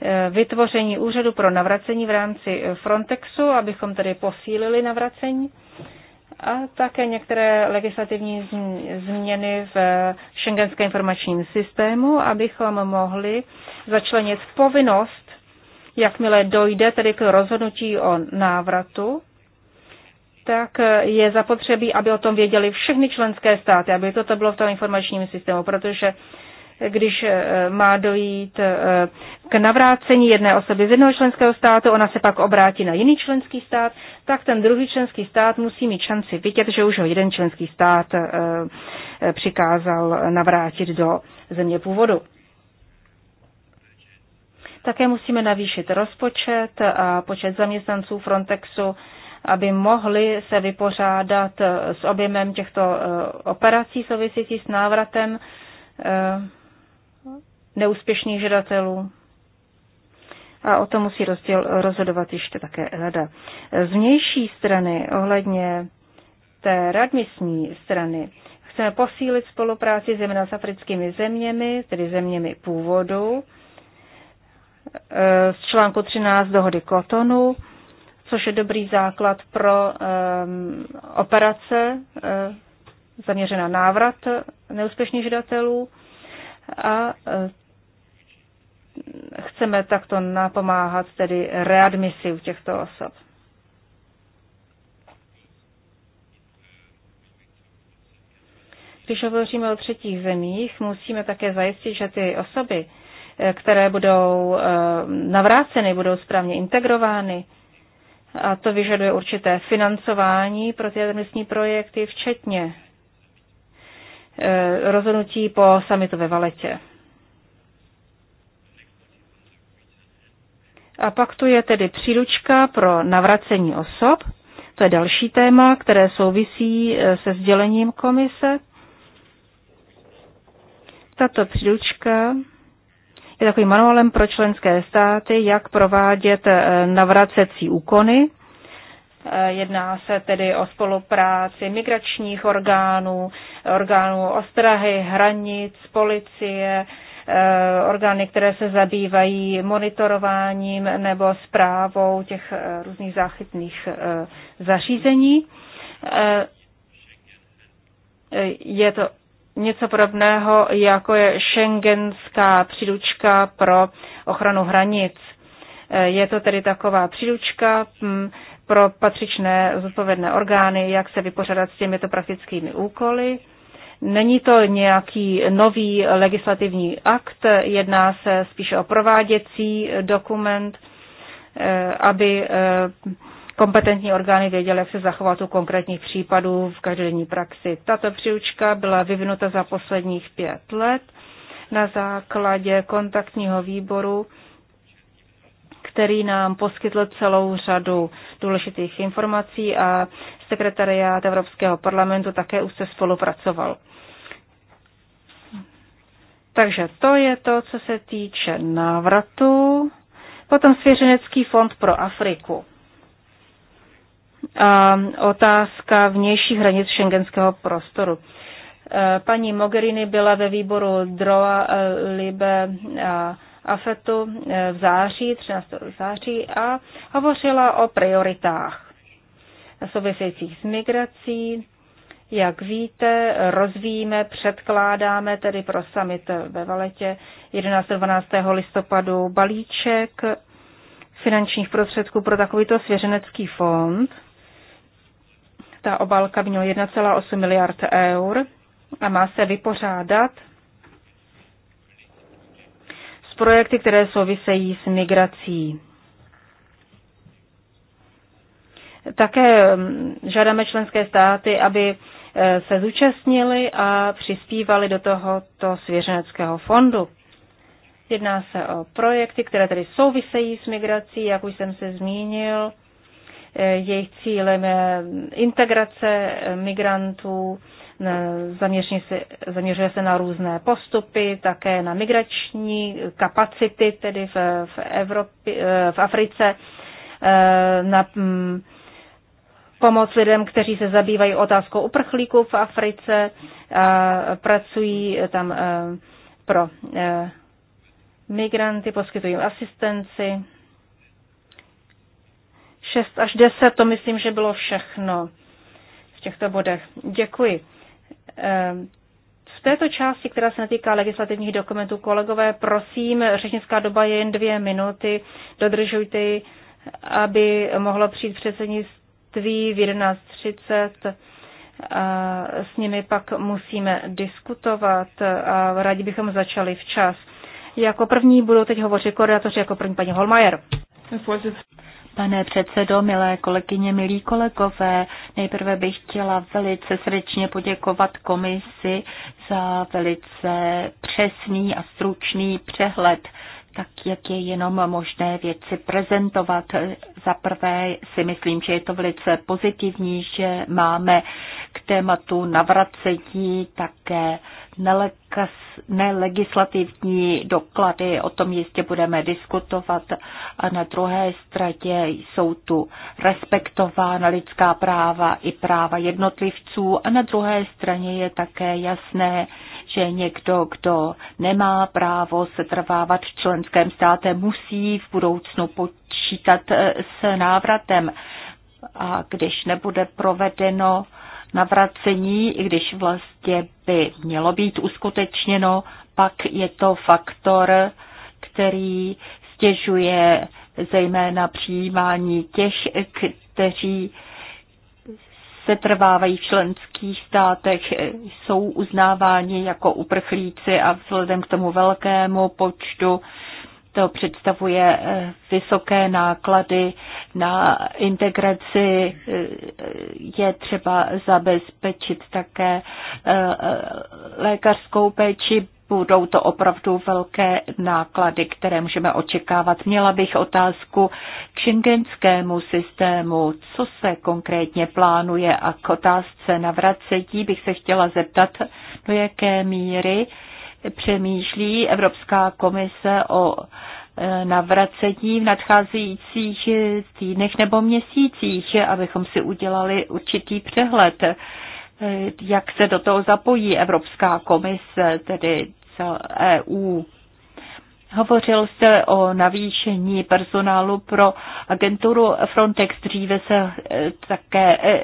eh, vytvoření úřadu pro navracení v rámci eh, Frontexu, abychom tedy posílili navracení a také některé legislativní změny v šengenském eh, informačním systému, abychom mohli začlenit povinnost, jakmile dojde tedy k rozhodnutí o návratu, tak je zapotřebí, aby o tom věděli všechny členské státy, aby toto bylo v tom informačním systému, protože když eh, má dojít eh, k navrácení jedné osoby z jednoho členského státu, ona se pak obrátí na jiný členský stát, tak ten druhý členský stát musí mít šanci vidět, že už ho jeden členský stát eh, přikázal navrátit do země původu. Také musíme navýšit rozpočet a počet zaměstnanců Frontexu aby mohli se vypořádat s objemem těchto eh, operací souvisící s návratem eh, neúspěšných žadatelů. A o tom musí rozděl, rozhodovat ještě také rada. Z vnější strany ohledně té radmisní strany chceme posílit spolupráci zejména s africkými zeměmi, tedy zeměmi původu, eh, z článku 13 dohody Kotonu, což je dobrý základ pro um, operace uh, zaměřená na návrat neúspěšných žadatelů a eh, chceme takto napomáhat tedy readmisi u těchto osob. Když hovoříme o třetích zemích, musíme také zajistit, že ty osoby, eh, které budou navráceny, budou správně integrovány, a to vyžaduje určité financování pro ty jadrnostní projekty, včetně e, rozhodnutí po samitu ve Valetě. A pak tu je tedy příručka pro navracení osob. To je další téma, které souvisí e, se sdělením komise. Tato příručka je takovým manuálem pro členské státy, jak provádět eh, navracecí úkony. Eh, jedná se tedy o spolupráci migračních orgánů, orgánů ostrahy, hranic, policie, eh, orgány, které se zabývají monitorováním nebo zprávou těch různých záchytných zařízení. Je to něco podobného, jako je šengenská příručka pro ochranu hranic. Eh, je to tedy taková příručka hm, pro patřičné zodpovědné orgány, jak se vypořádat s těmito praktickými úkoly. Není to nějaký nový legislativní akt, jedná se spíše o prováděcí dokument, eh, aby eh, kompetentní orgány věděly, jak se zachovat u konkrétních případů v každodenní praxi. Tato příučka byla vyvinuta za posledních pět let na základě kontaktního výboru, který nám poskytl celou řadu důležitých informací a sekretariát Evropského parlamentu také už se spolupracoval. Takže to je to, co se týče návratu. Potom Svěřenecký fond pro Afriku otázka vnějších hranic šengenského prostoru. E, paní Mogherini byla ve výboru DROA, e, LIBE a AFETu e, v září, 13. září a hovořila o prioritách souvisejících s migrací. Jak víte, rozvíjíme, předkládáme tedy pro summit ve Valetě 11. 12. listopadu balíček finančních prostředků pro takovýto svěřenecký fond – ta obálka by měla 1,8 miliard eur a má se vypořádat s projekty, které souvisejí s migrací. Také mm, žádáme členské státy, aby e, se zúčastnili a přispívali do tohoto svěřeneckého fondu. Jedná se o projekty, které tedy souvisejí s migrací, jak už jsem se zmínil. Eh, jejich cílem je integrace migrantů, se, zaměřuje se na různé postupy, také na migrační kapacity, tedy v, v, Evropě, eh, v Africe, eh, na mm, pomoc lidem, kteří se zabývají otázkou uprchlíků v Africe a pracují tam pro migranty, poskytují asistenci. 6 až 10, to myslím, že bylo všechno v těchto bodech. Děkuji. Ehm, v této části, která se netýká legislativních dokumentů, kolegové, prosím, řečnická doba je jen dvě minuty, dodržujte ji, aby mohlo přijít předsednictví v 11.30. A s nimi pak musíme diskutovat a rádi bychom začali včas. Jako první budou teď hovořit koordinátoři, jako první paní Holmajer. Pane předsedo, milé kolegyně, milí kolegové, nejprve bych chtěla velice srdečně poděkovat komisi za velice přesný a stručný přehled tak jak je jenom možné věci prezentovat. Za prvé si myslím, že je to velice pozitivní, že máme k tématu navracení také nelegislativní doklady, o tom jistě budeme diskutovat. A na druhé straně jsou tu respektována lidská práva i práva jednotlivců a na druhé straně je také jasné, že někdo, kdo nemá právo se trvávat v členském státe, musí v budoucnu počítat eh, s návratem. A když nebude provedeno navracení, i když vlastně by mělo být uskutečněno, pak je to faktor, který stěžuje zejména přijímání těch, kteří trvávají v členských státech, jsou uznáváni jako uprchlíci a vzhledem k tomu velkému počtu to představuje eh, vysoké náklady na integraci. Eh, je třeba zabezpečit také eh, lékařskou péči, budou to opravdu velké náklady, které můžeme očekávat. Měla bych otázku k šengenskému systému. Co se konkrétně plánuje a k otázce navracetí bych se chtěla zeptat, do jaké míry přemýšlí Evropská komise o e, navracení v nadcházejících týdnech nebo měsících, abychom si udělali určitý přehled, e, jak se do toho zapojí Evropská komise, tedy EU. E Hovořil jste o navýšení personálu pro agenturu Frontex. Dříve se e, také e,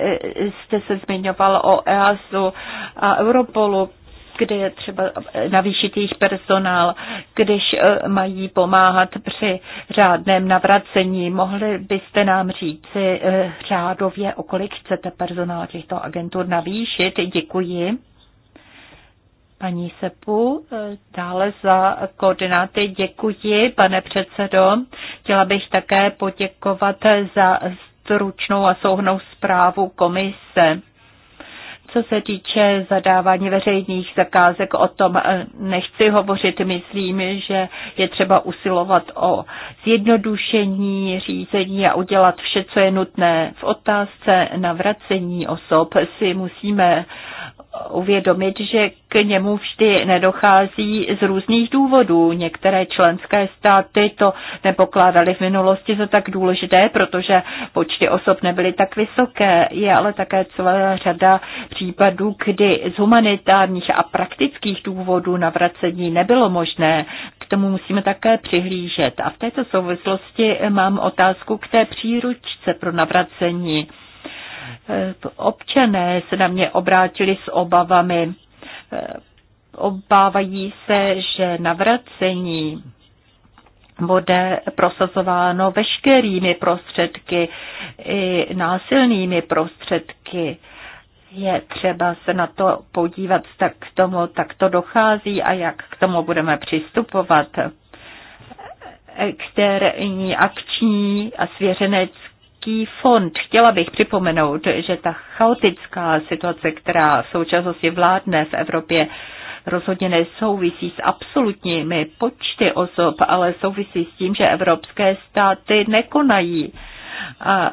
jste se zmiňoval o EASu a Europolu kde je třeba navýšit jejich personál, když mají pomáhat při řádném navracení. Mohli byste nám říci řádově, o kolik chcete personál těchto agentur navýšit? Děkuji. Paní Sepu, eh, dále za koordináty děkuji, pane předsedo. Chtěla bych také poděkovat za stručnou a souhnou zprávu komise. Co se týče zadávání veřejných zakázek, o tom eh, nechci hovořit. Myslím, že je třeba usilovat o zjednodušení řízení a udělat vše, co je nutné. V otázce navracení osob si musíme uvědomit, že k němu vždy nedochází z různých důvodů. Některé členské státy to nepokládaly v minulosti za tak důležité, protože počty osob nebyly tak vysoké. Je ale také celá řada příležitostí případů, kdy z humanitárních a praktických důvodů navracení nebylo možné. K tomu musíme také přihlížet. A v této souvislosti mám otázku k té příručce pro navracení. Občané se na mě obrátili s obavami. Obávají se, že navracení bude prosazováno veškerými prostředky, i násilnými prostředky je třeba se na to podívat, tak k tomu tak to dochází a jak k tomu budeme přistupovat. Externí akční a svěřenecký fond. Chtěla bych připomenout, že ta chaotická situace, která v současnosti vládne v Evropě, rozhodně nesouvisí s absolutními počty osob, ale souvisí s tím, že evropské státy nekonají a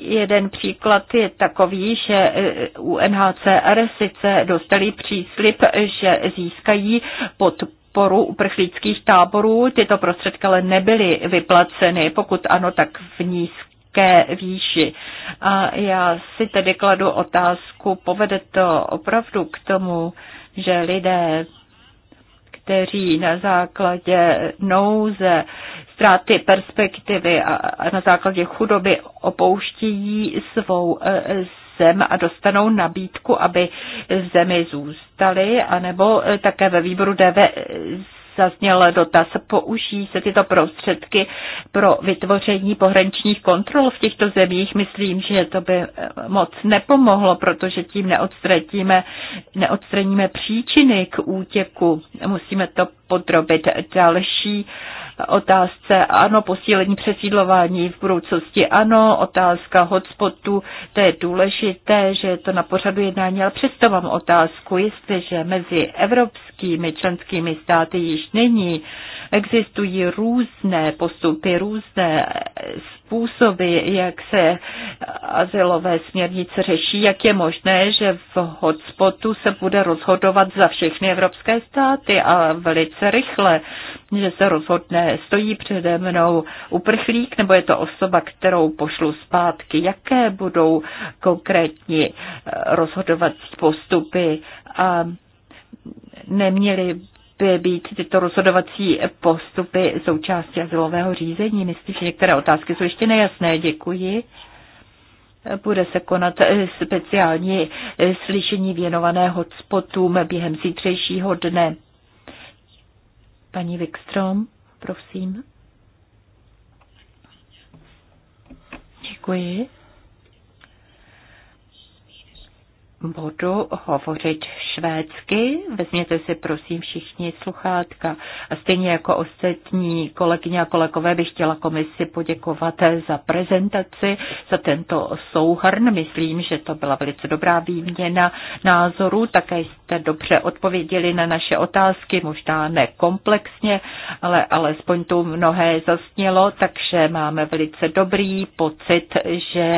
jeden příklad je takový, že e, UNHCR sice dostali příslip, že získají podporu poru uprchlíckých táborů. Tyto prostředky ale nebyly vyplaceny, pokud ano, tak v nízké výši. A já si tedy kladu otázku, povede to opravdu k tomu, že lidé kteří na základě nouze, ztráty perspektivy a na základě chudoby opouštějí svou e, zem a dostanou nabídku, aby v zemi zůstali, anebo e, také ve výboru DV zazněl dotaz, použijí se tyto prostředky pro vytvoření pohraničních kontrol v těchto zemích? Myslím, že to by eh, moc nepomohlo, protože tím neodstraníme, neodstraníme příčiny k útěku. Musíme to podrobit další uh, otázce. Ano, posílení přesídlování v budoucnosti. Ano, otázka hotspotů, to je důležité, že je to na pořadu jednání, ale přesto mám otázku, jestliže mezi evropskými členskými státy již není Existují různé postupy, různé způsoby, jak se azylové směrnice řeší, jak je možné, že v hotspotu se bude rozhodovat za všechny evropské státy a velice rychle, že se rozhodne, stojí přede mnou uprchlík nebo je to osoba, kterou pošlu zpátky, jaké budou konkrétní eh, rozhodovací postupy a neměli by být tyto rozhodovací postupy součástí azylového řízení? Myslím, že některé otázky jsou ještě nejasné. Děkuji. Bude se konat speciální slyšení věnované hotspotům během zítřejšího dne. Paní Wikstrom, prosím. Děkuji. budu hovořit švédsky. Vezměte si prosím všichni sluchátka. A stejně jako ostatní kolegyně a kolegové bych chtěla komisi poděkovat za prezentaci, za tento souhrn. Myslím, že to byla velice dobrá výměna názorů. Také jste dobře odpověděli na naše otázky, možná ne komplexně, ale alespoň tu mnohé zasnělo, takže máme velice dobrý pocit, že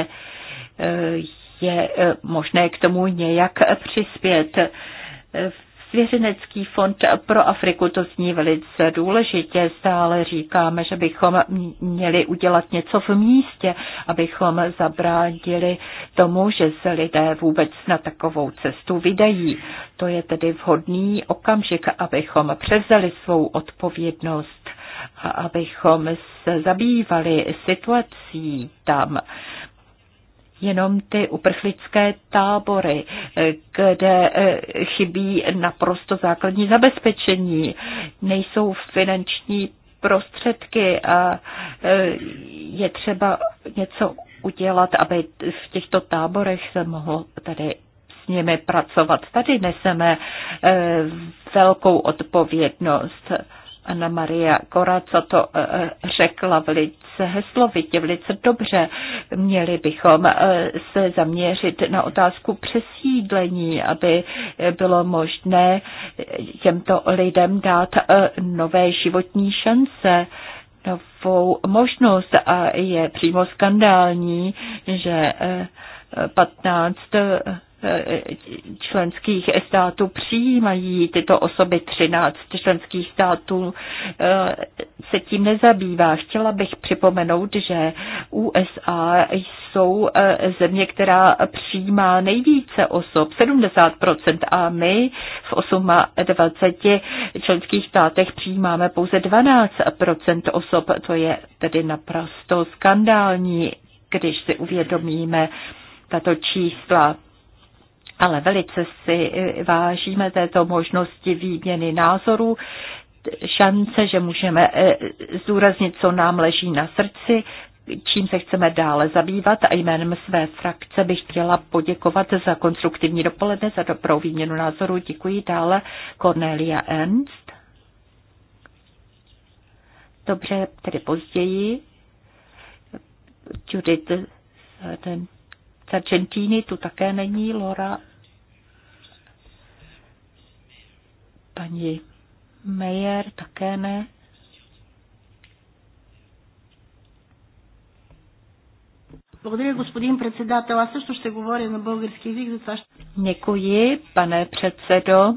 eh, je eh, možné k tomu nějak eh, přispět. Eh, Svěřenecký fond pro Afriku to zní velice důležitě. Stále říkáme, že bychom měli udělat něco v místě, abychom zabránili tomu, že se lidé vůbec na takovou cestu vydají. To je tedy vhodný okamžik, abychom převzali svou odpovědnost a abychom se zabývali situací tam jenom ty uprchlické tábory, kde eh, chybí naprosto základní zabezpečení, nejsou finanční prostředky a eh, je třeba něco udělat, aby v těchto táborech se mohlo tady s nimi pracovat. Tady neseme eh, velkou odpovědnost Anna Maria Koraca to e, e, řekla velice heslovitě, velice dobře. Měli bychom e, se zaměřit na otázku přesídlení, aby bylo možné těmto lidem dát nové životní šance novou možnost a je přímo skandální, že 15 Eh, členských států přijímají tyto osoby. 13 členských států eh, se tím nezabývá. Chtěla bych připomenout, že USA jsou eh, země, která přijímá nejvíce osob, 70%, a my v 28 členských státech přijímáme pouze 12% osob. To je tedy naprosto skandální, když si uvědomíme tato čísla ale velice si eh, vážíme této možnosti výměny názorů, šance, že můžeme eh, zdůraznit, co nám leží na srdci, čím se chceme dále zabývat a jménem své frakce bych chtěla poděkovat za konstruktivní dopoledne, za dobrou výměnu názoru. Děkuji dále Cornelia Ernst. Dobře, tedy později. Judith Sardent z Argentíny, tu také není Lora. Paní Meyer také ne. Благодаря, господин председател. Аз също ще говоря на български язик, затова ще... Děkuji, pane předsedo.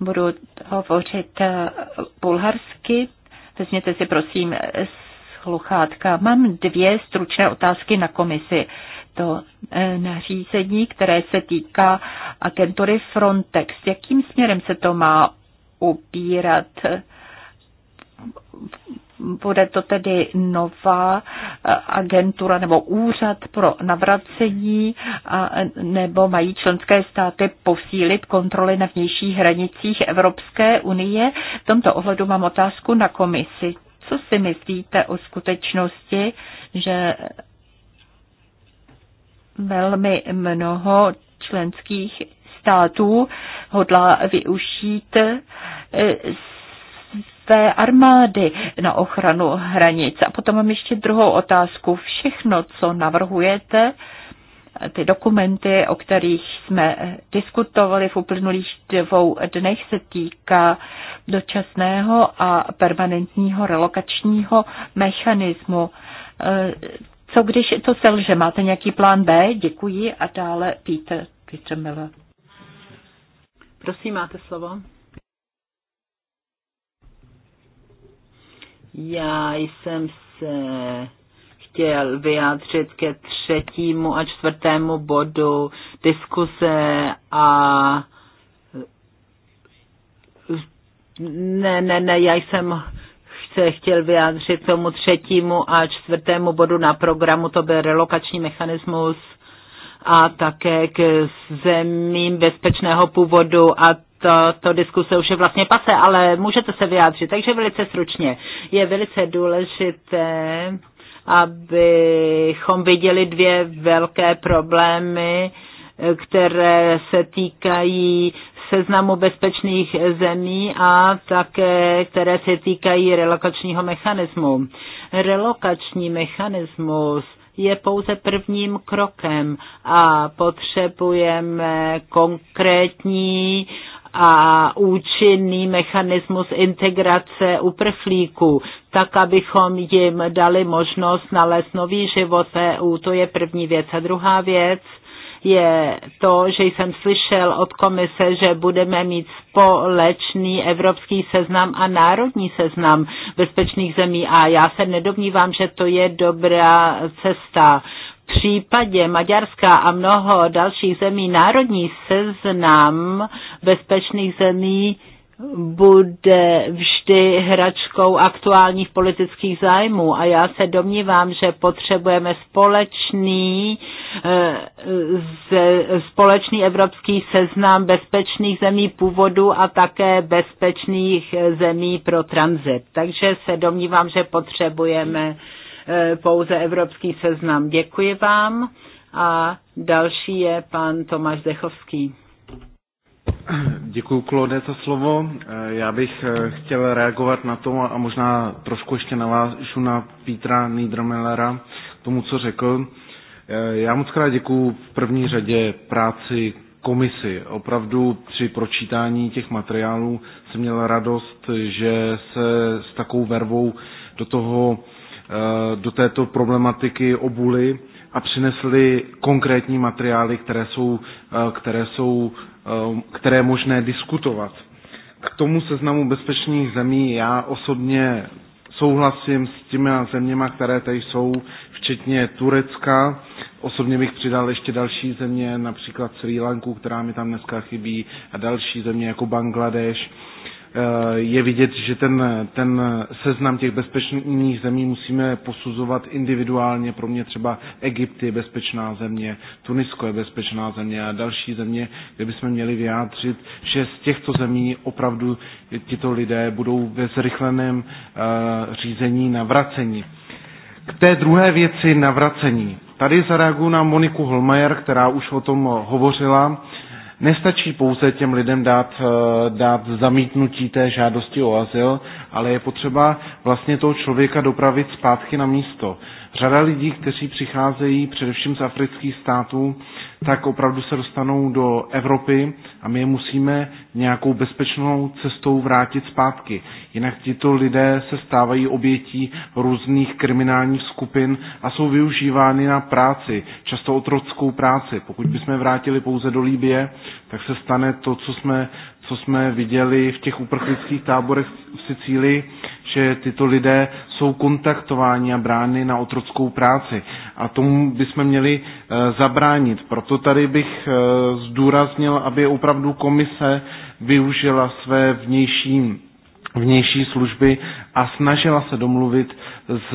Budu hovořit eh, bulharsky. Vezměte si prosím eh, sluchátka. Mám dvě stručné otázky na komisi to eh, nařízení, které se týká agentury Frontex. Jakým směrem se to má upírat? Bude to tedy nová eh, agentura nebo úřad pro navracení, a, nebo mají členské státy posílit kontroly na vnějších hranicích Evropské unie? V tomto ohledu mám otázku na komisi. Co si myslíte o skutečnosti, že velmi mnoho členských států hodlá využít eh, své armády na ochranu hranic. A potom mám ještě druhou otázku. Všechno, co navrhujete, ty dokumenty, o kterých jsme diskutovali v uplynulých dvou dnech, se týká dočasného a permanentního relokačního mechanismu. Eh, co když to selže? Máte nějaký plán B? Děkuji a dále Peter, Peter Miller. Prosím, máte slovo. Já jsem se chtěl vyjádřit ke třetímu a čtvrtému bodu diskuse a ne, ne, ne, já jsem se chtěl vyjádřit tomu třetímu a čtvrtému bodu na programu, to byl relokační mechanismus a také k zemím bezpečného původu a to, to diskuse už je vlastně pase, ale můžete se vyjádřit. Takže velice stručně. Je velice důležité, abychom viděli dvě velké problémy, které se týkají seznamu bezpečných zemí a také, které se týkají relokačního mechanismu. Relokační mechanismus je pouze prvním krokem a potřebujeme konkrétní a účinný mechanismus integrace uprchlíků, tak abychom jim dali možnost nalézt nový život v EU. To je první věc. A druhá věc, je to, že jsem slyšel od komise, že budeme mít společný evropský seznam a národní seznam bezpečných zemí a já se nedomnívám, že to je dobrá cesta. V případě Maďarska a mnoho dalších zemí národní seznam bezpečných zemí bude vždy hračkou aktuálních politických zájmů a já se domnívám, že potřebujeme společný společný evropský seznam bezpečných zemí původu a také bezpečných zemí pro tranzit. Takže se domnívám, že potřebujeme eh, pouze evropský seznam. Děkuji vám a další je pan Tomáš Dechovský. Děkuji, Klode, za slovo. Eh, já bych eh, chtěl reagovat na to a možná trošku ještě navážu na Petra Niedermellera, tomu, co řekl. Eh, já moc krát děkuju v první řadě práci komisi. Opravdu při pročítání těch materiálů jsem měl radost, že se s takovou vervou do, toho, eh, do této problematiky obuli a přinesli konkrétní materiály, které, jsou, eh, které, jsou, které je možné diskutovat. K tomu seznamu bezpečných zemí já osobně souhlasím s těmi zeměma, které tady jsou, včetně Turecka. Osobně bych přidal ještě další země, například Sri Lanku, která mi tam dneska chybí, a další země jako Bangladeš Eh, je vidět, že ten, ten seznam těch bezpečných zemí musíme posuzovat individuálně. Pro mě třeba Egypt je bezpečná země, Tunisko je bezpečná země a další země, kde bychom měli vyjádřit, že z těchto zemí opravdu tito lidé budou ve zrychleném eh, řízení vracení. K té druhé věci navracení. Tady zareaguju na Moniku Holmajer, která už o tom hovořila Nestačí pouze těm lidem dát, eh, dát zamítnutí té žádosti o azyl, ale je potřeba vlastně toho člověka dopravit zpátky na místo. Řada lidí, kteří přicházejí především z afrických států, tak opravdu se dostanou do Evropy a my je musíme nějakou bezpečnou cestou vrátit zpátky. Jinak tito lidé se stávají obětí různých kriminálních skupin a jsou využívány na práci, často otrockou práci. Pokud bychom vrátili pouze do Líbie, tak se stane to, co jsme, co jsme viděli v těch uprchlických táborech v Sicílii, že tyto lidé jsou kontaktováni a brány na otrockou práci. A tomu bychom měli eh, zabránit. Proto tady bych eh, zdůraznil, aby opravdu komise využila své vnější vnější služby a snažila se domluvit s,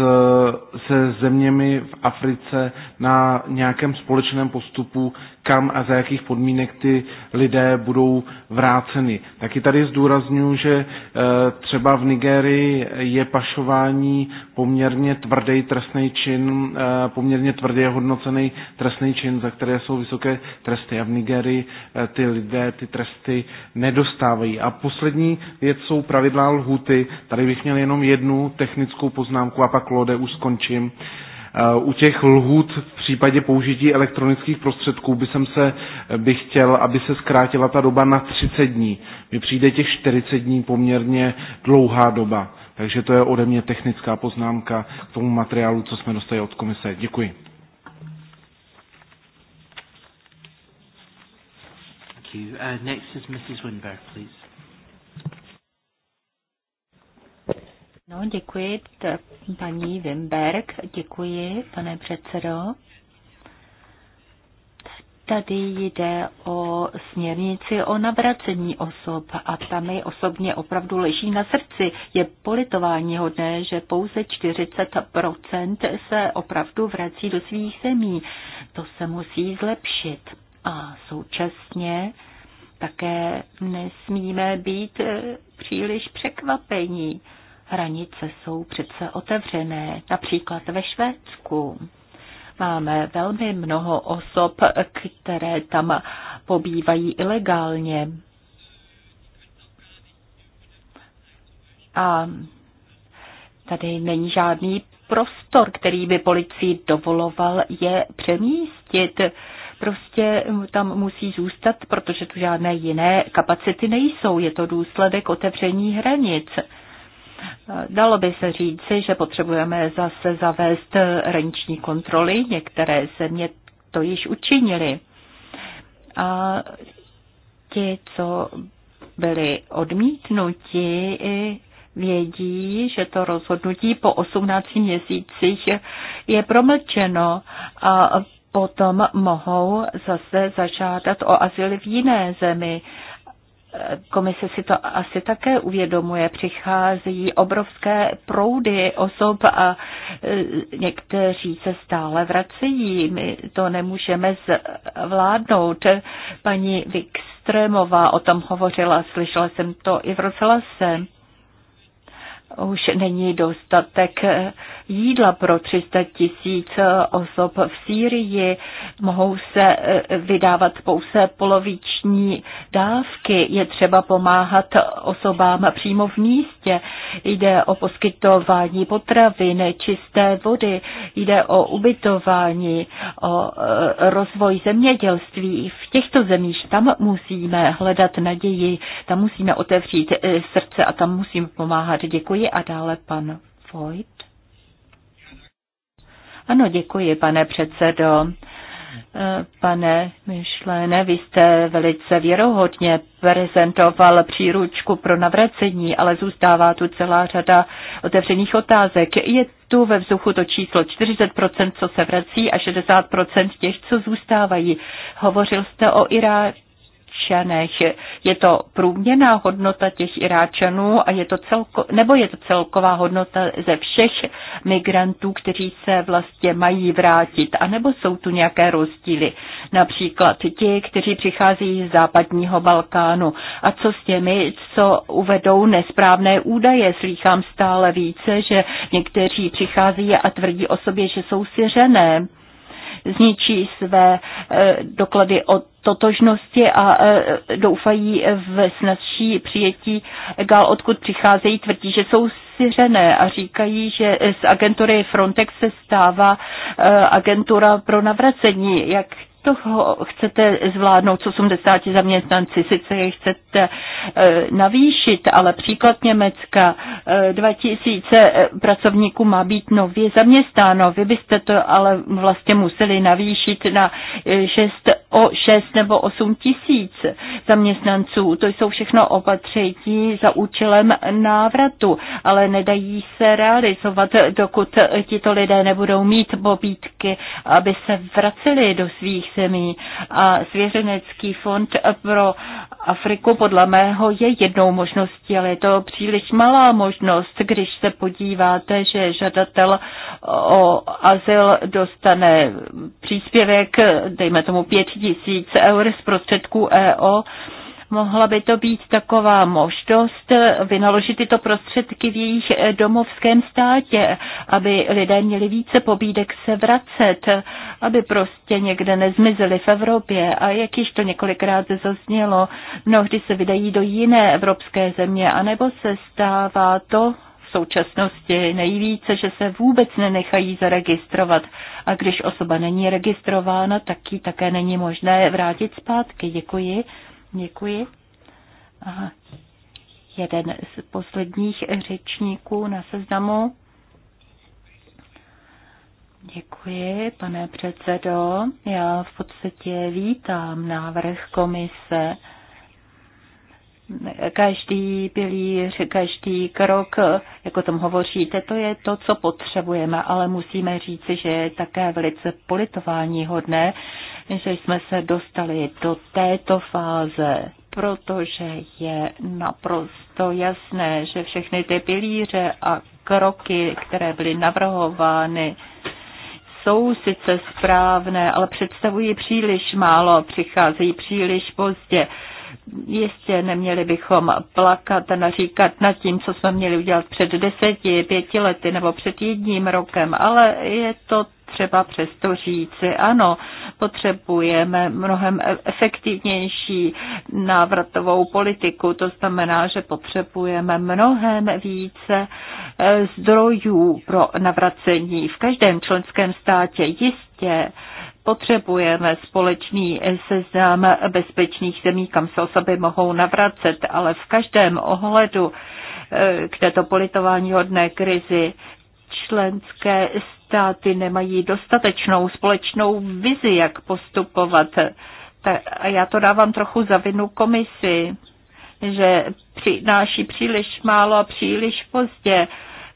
se zeměmi v Africe na nějakém společném postupu, kam a za jakých podmínek ty lidé budou vráceny. Taky tady zdůraznuju, že eh, třeba v Nigerii je pašování poměrně tvrdý trestný čin, eh, poměrně tvrdě hodnocený trestný čin, za které jsou vysoké tresty. A v Nigerii eh, ty lidé ty tresty nedostávají. A poslední věc jsou pravidla lhuty. Tady bych měl jenom jednu technickou poznámku a pak Lode už skončím. Eh, u těch lhůt v případě použití elektronických prostředků by jsem se, eh, bych chtěl, aby se zkrátila ta doba na 30 dní. Mi přijde těch 40 dní poměrně dlouhá doba. Takže to je ode mě technická poznámka k tomu materiálu, co jsme dostali od komise. Děkuji. Thank you. Uh, next is Mrs. Winberg, please. No, děkuji paní Wimberg, děkuji pane předsedo. Tady jde o směrnici o navracení osob a tam mi osobně opravdu leží na srdci. Je politování hodné, že pouze 40% se opravdu vrací do svých zemí. To se musí zlepšit. A současně také nesmíme být příliš překvapení hranice jsou přece otevřené. Například ve Švédsku máme velmi mnoho osob, které tam pobývají ilegálně. A tady není žádný prostor, který by policii dovoloval je přemístit. Prostě tam musí zůstat, protože tu žádné jiné kapacity nejsou. Je to důsledek otevření hranic. Dalo by se říci, že potřebujeme zase zavést hraniční kontroly. Některé země to již učinili. A ti, co byli odmítnuti, vědí, že to rozhodnutí po 18 měsících je promlčeno a potom mohou zase zažádat o azyl v jiné zemi. Komise si to asi také uvědomuje. Přichází obrovské proudy osob a e, někteří se stále vracejí. My to nemůžeme zvládnout. Paní Vikstremová o tom hovořila, slyšela jsem to i v rozhlasem už není dostatek eh, jídla pro 300 tisíc eh, osob v Sýrii. Mohou se eh, vydávat pouze poloviční dávky. Je třeba pomáhat osobám přímo v místě. Jde o poskytování potravy nečisté vody, jde o ubytování, o rozvoj zemědělství. V těchto zemích tam musíme hledat naději, tam musíme otevřít srdce a tam musíme pomáhat. Děkuji Děkuji a dále pan Voigt. Ano, děkuji, pane předsedo. Pane Myšlene, vy jste velice věrohodně prezentoval příručku pro navracení, ale zůstává tu celá řada otevřených otázek. Je tu ve vzduchu to číslo 40%, co se vrací a 60% těch, co zůstávají. Hovořil jste o Iráku Iráčanech. Je to průměrná hodnota těch Iráčanů a je to celko, nebo je to celková hodnota ze všech migrantů, kteří se vlastně mají vrátit, anebo jsou tu nějaké rozdíly. Například ti, kteří přicházejí z západního Balkánu. A co s těmi, co uvedou nesprávné údaje? Slýchám stále více, že někteří přicházejí a tvrdí o sobě, že jsou syřené zničí své eh, doklady o totožnosti a eh, doufají v snazší přijetí Gal, odkud přicházejí, tvrdí, že jsou Syřené a říkají, že z agentury Frontex se stává eh, agentura pro navracení. Jak toho chcete zvládnout s 80 zaměstnanci, sice je chcete e, navýšit, ale příklad Německa, 2000 e, e, pracovníků má být nově zaměstnáno, vy byste to ale vlastně museli navýšit na 6 o 6 nebo 8 tisíc zaměstnanců. To jsou všechno opatření za účelem návratu, ale nedají se realizovat, dokud tito lidé nebudou mít pobítky, aby se vraceli do svých zemí. A svěřenecký fond pro Afriku podle mého je jednou možností, ale je to příliš malá možnost, když se podíváte, že žadatel o azyl dostane příspěvek, dejme tomu 5 tisíc eur z prostředků EO, Mohla by to být taková možnost eh, vynaložit tyto prostředky v jejich eh, domovském státě, aby lidé měli více pobídek se vracet, aby prostě někde nezmizeli v Evropě. A jak již to několikrát zaznělo, mnohdy se vydají do jiné evropské země, anebo se stává to, v současnosti nejvíce, že se vůbec nenechají zaregistrovat a když osoba není registrována, tak ji také není možné vrátit zpátky. Děkuji. Děkuji. Aha. Jeden z posledních řečníků na seznamu. Děkuji, pane předsedo. Já v podstatě vítám návrh komise každý pilíř, každý krok, jako tom hovoříte, to je to, co potřebujeme, ale musíme říci, že je také velice politování hodné, že jsme se dostali do této fáze, protože je naprosto jasné, že všechny ty pilíře a kroky, které byly navrhovány, jsou sice správné, ale představují příliš málo, přicházejí příliš pozdě Jistě neměli bychom plakat a naříkat nad tím, co jsme měli udělat před deseti, pěti lety nebo před jedním rokem, ale je to třeba přesto říci, ano, potřebujeme mnohem efektivnější návratovou politiku, to znamená, že potřebujeme mnohem více eh, zdrojů pro navracení v každém členském státě. Jistě potřebujeme společný seznam bezpečných zemí, kam se osoby mohou navracet, ale v každém ohledu eh, k této politování hodné krizi členské státy nemají dostatečnou společnou vizi, jak postupovat. A já to dávám trochu za vinu komisi, že přináší příliš málo a příliš pozdě,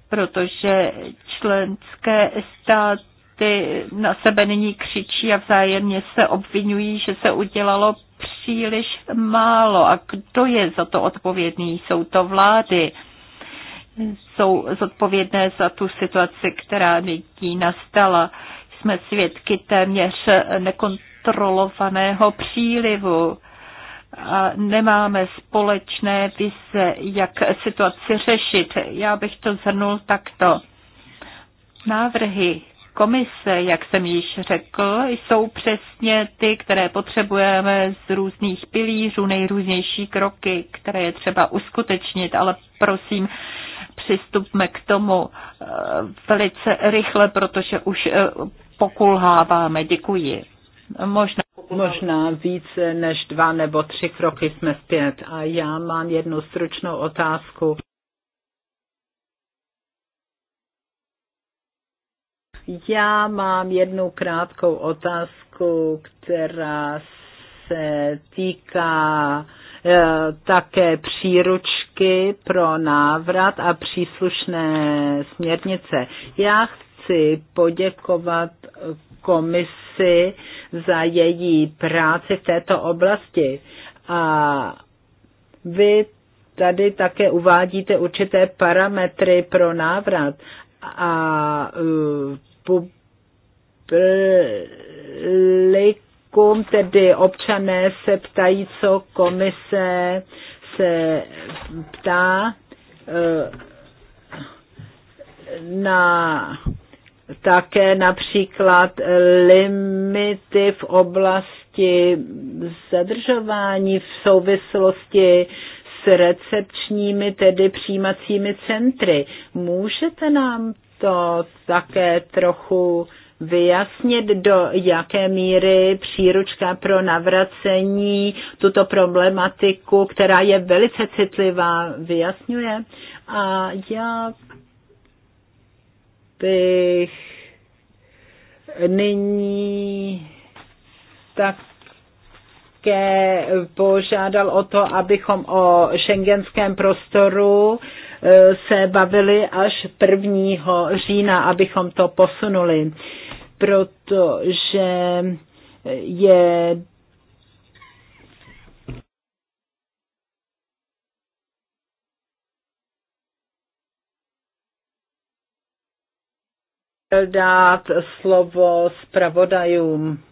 protože členské státy ty na sebe nyní křičí a vzájemně se obvinují, že se udělalo příliš málo. A kdo je za to odpovědný? Jsou to vlády. Jsou zodpovědné za tu situaci, která nyní nastala. Jsme svědky téměř nekontrolovaného přílivu a nemáme společné vize, jak situaci řešit. Já bych to zhrnul takto. Návrhy komise, jak jsem již řekl, jsou přesně ty, které potřebujeme z různých pilířů, nejrůznější kroky, které je třeba uskutečnit, ale prosím, přistupme k tomu eh, velice rychle, protože už eh, pokulháváme. Děkuji. Možná možná více než dva nebo tři kroky jsme zpět. A já mám jednu stručnou otázku Já mám jednu krátkou otázku, která se týká eh, také příručky pro návrat a příslušné směrnice. Já chci poděkovat komisi za její práci v této oblasti. A vy tady také uvádíte určité parametry pro návrat a eh, publikum, tedy občané se ptají, co komise se ptá eh, na také například limity v oblasti zadržování v souvislosti s recepčními, tedy přijímacími centry. Můžete nám to také trochu vyjasnit, do jaké míry příručka pro navracení tuto problematiku, která je velice citlivá, vyjasňuje. A já bych nyní tak také požádal o to, abychom o šengenském prostoru E, se bavili až 1. října, abychom to posunuli, protože je dát slovo zpravodajům.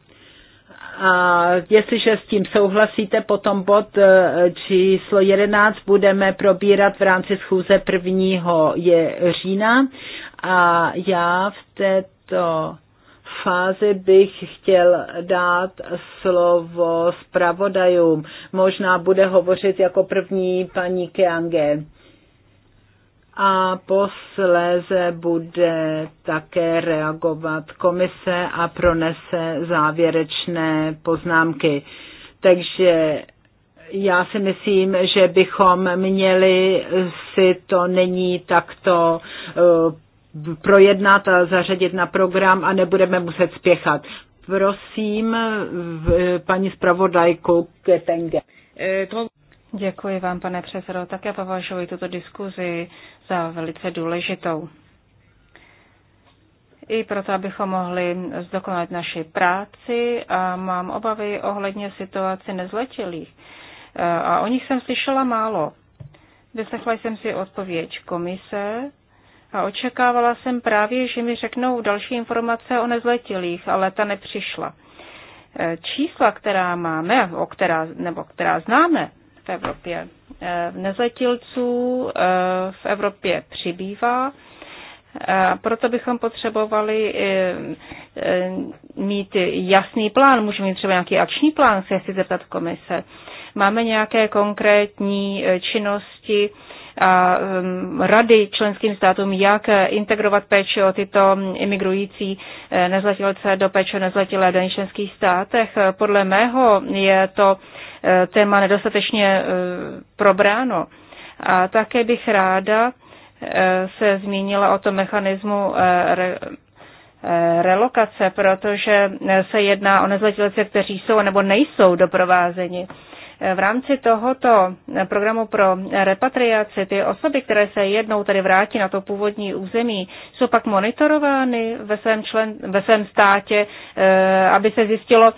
A jestliže s tím souhlasíte, potom bod e, číslo 11 budeme probírat v rámci schůze 1. Je října. A já v této fázi bych chtěl dát slovo zpravodajům. Možná bude hovořit jako první paní Keange a posléze bude také reagovat komise a pronese závěrečné poznámky. Takže já si myslím, že bychom měli si to není takto eh, projednat a zařadit na program a nebudeme muset spěchat. Prosím paní zpravodajku Ketenge. Eh, Děkuji vám, pane předsedo. Také považuji tuto diskuzi za velice důležitou. I proto, abychom mohli zdokonalit naši práci a mám obavy ohledně situace nezletilých. A o nich jsem slyšela málo. Vyslechla jsem si odpověď komise a očekávala jsem právě, že mi řeknou další informace o nezletilých, ale ta nepřišla. Čísla, která máme, o která, nebo která známe, v Evropě eh, Nezletilců eh, v Evropě přibývá. Eh, a proto bychom potřebovali mít jasný plán. Můžeme mít třeba nějaký akční plán, se chci zeptat komise. Máme nějaké konkrétní činnosti a mm, rady členským státům, jak integrovat péči o tyto imigrující nezletilce do péče nezletilé v daných členských státech. Podle mého je to Eh, téma nedostatečně eh, probráno. A také bych ráda eh, se zmínila o tom mechanismu relokace, protože se jedná o nezletilce, kteří jsou nebo nejsou doprovázeni v rámci tohoto programu pro repatriaci ty osoby, které se jednou tedy vrátí na to původní území, jsou pak monitorovány ve svém, člen, ve svém státě, eh, aby se zjistilo,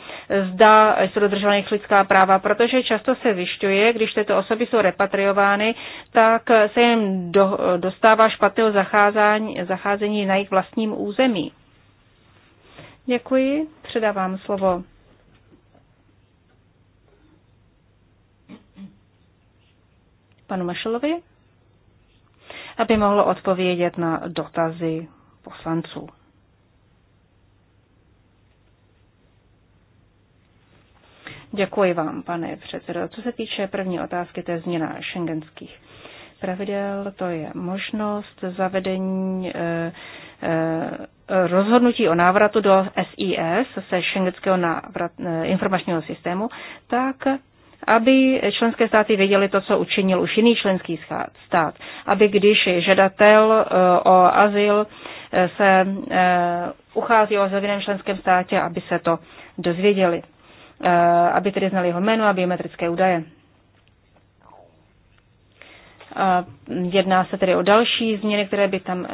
zda jsou dodržovány jejich lidská práva, protože často se zjišťuje, když tyto osoby jsou repatriovány, tak se jim do, dostává špatného zacházání, zacházení na jejich vlastním území. Děkuji, předávám slovo panu Mešelovi, aby mohlo odpovědět na dotazy poslanců. Děkuji vám, pane předsedo. Co se týče první otázky, to je změna šengenských pravidel, to je možnost zavedení eh, eh, rozhodnutí o návratu do SIS, se šengenského návrat, eh, informačního systému, tak aby členské státy věděly to, co učinil už jiný členský stát, aby když žadatel eh, o azyl eh, se eh, uchází o azyl v jiném členském státě, aby se to dozvěděli, aby tedy znali jeho jméno a biometrické údaje. Jedná se tedy o další změny, které by tam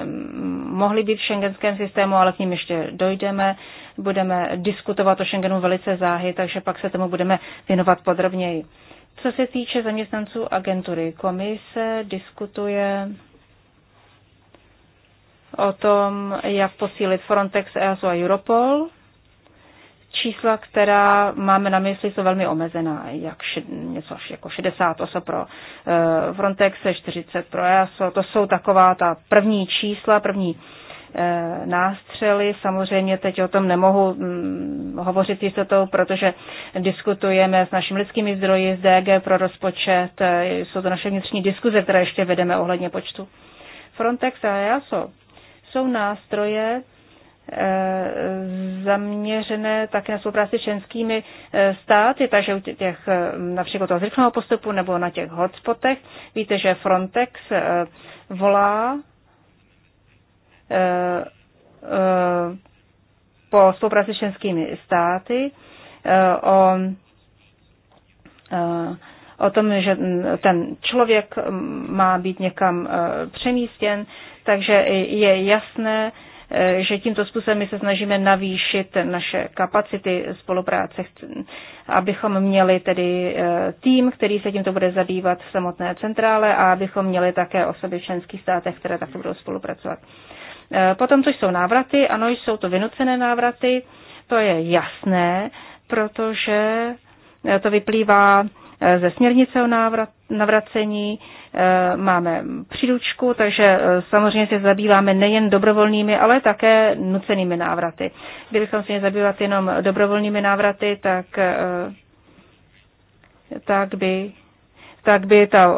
mohly být v šengenském systému, ale k ním ještě dojdeme budeme diskutovat o Schengenu velice záhy, takže pak se tomu budeme věnovat podrobněji. Co se týče zaměstnanců agentury, komise diskutuje o tom, jak posílit Frontex, EASO a Europol. Čísla, která máme na mysli, jsou velmi omezená, jak šed, něco jako 60 osob pro eh, Frontex, 40 pro EASO. To jsou taková ta první čísla, první E, nástřely. Samozřejmě teď o tom nemohu mm, hovořit jistotou, protože diskutujeme s našimi lidskými zdroji, z DG pro rozpočet. E, jsou to naše vnitřní diskuze, které ještě vedeme ohledně počtu. Frontex a EASO jsou nástroje e, zaměřené také na spolupráci s členskými státy, takže u těch například toho zrychleného postupu nebo na těch hotspotech. Víte, že Frontex volá Eh, eh, po spolupráci s členskými státy eh, o, o tom, že ten člověk má být někam přemístěn, takže je jasné, že tímto způsobem my se snažíme navýšit naše kapacity spolupráce, abychom měli tedy tým, který se tímto bude zabývat v samotné centrále a abychom měli také osoby v členských státech, které takto budou spolupracovat. Eh, potom, co jsou návraty, ano, jsou to vynucené návraty, to je jasné, protože eh, to vyplývá eh, ze směrnice o návrat, navracení, máme příručku, takže samozřejmě se zabýváme nejen dobrovolnými, ale také nucenými návraty. Kdybychom se měli zabývat jenom dobrovolnými návraty, tak, tak by tak by ta,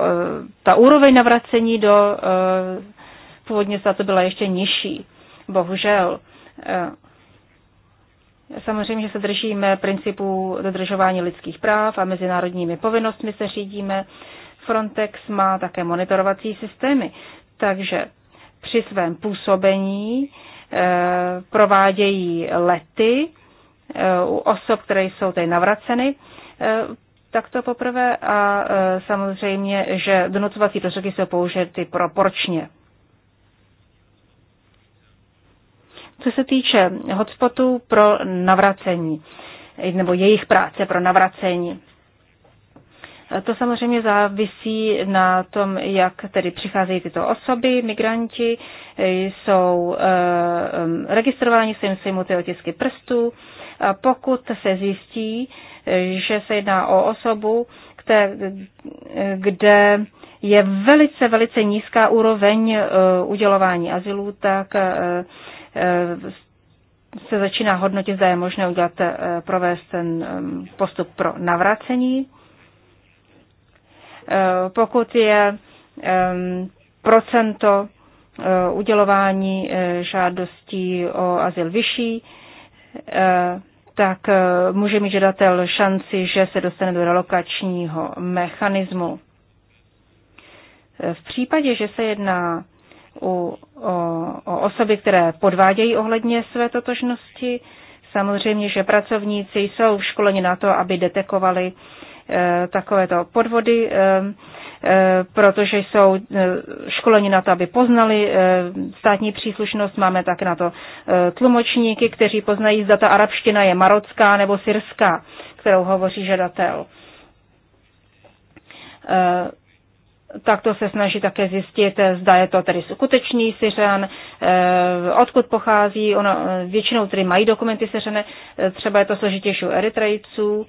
ta úroveň navracení do Původně za to byla ještě nižší. Bohužel. Eh, samozřejmě, že se držíme principů dodržování lidských práv a mezinárodními povinnostmi se řídíme. Frontex má také monitorovací systémy, takže při svém působení eh, provádějí lety eh, u osob, které jsou tady navraceny takto poprvé a samozřejmě, že donucovací prostředky jsou použity proporčně. Co se týče hotspotů pro navracení, nebo jejich práce pro navracení, to samozřejmě závisí na tom, jak tedy přicházejí tyto osoby, migranti, jsou e, registrováni, jsou jim sejmuty otisky prstů. A pokud se zjistí, že se jedná o osobu, které, kde je velice, velice nízká úroveň eh, udělování azylů, tak eh, Eh, se začíná hodnotit, zda je možné udělat, eh, provést ten postup pro navracení. Eh, pokud je procento udělování žádostí o azyl vyšší, tak může mít žadatel šanci, že se dostane do relokačního mechanismu. V případě, že se jedná u, o, o osoby, které podvádějí ohledně své totožnosti. Samozřejmě, že pracovníci jsou školeni na to, aby detekovali e, takovéto podvody, e, e, protože jsou e, školeni na to, aby poznali e, státní příslušnost. Máme tak na to e, tlumočníky, kteří poznají, zda ta arabština je marocká nebo syrská, kterou hovoří žadatel. E, takto se snaží také zjistit, zda je to tedy skutečný Syřan, eh, odkud pochází, ono, eh, většinou tedy mají dokumenty Syřané, eh, třeba je to složitější u Eritrejců,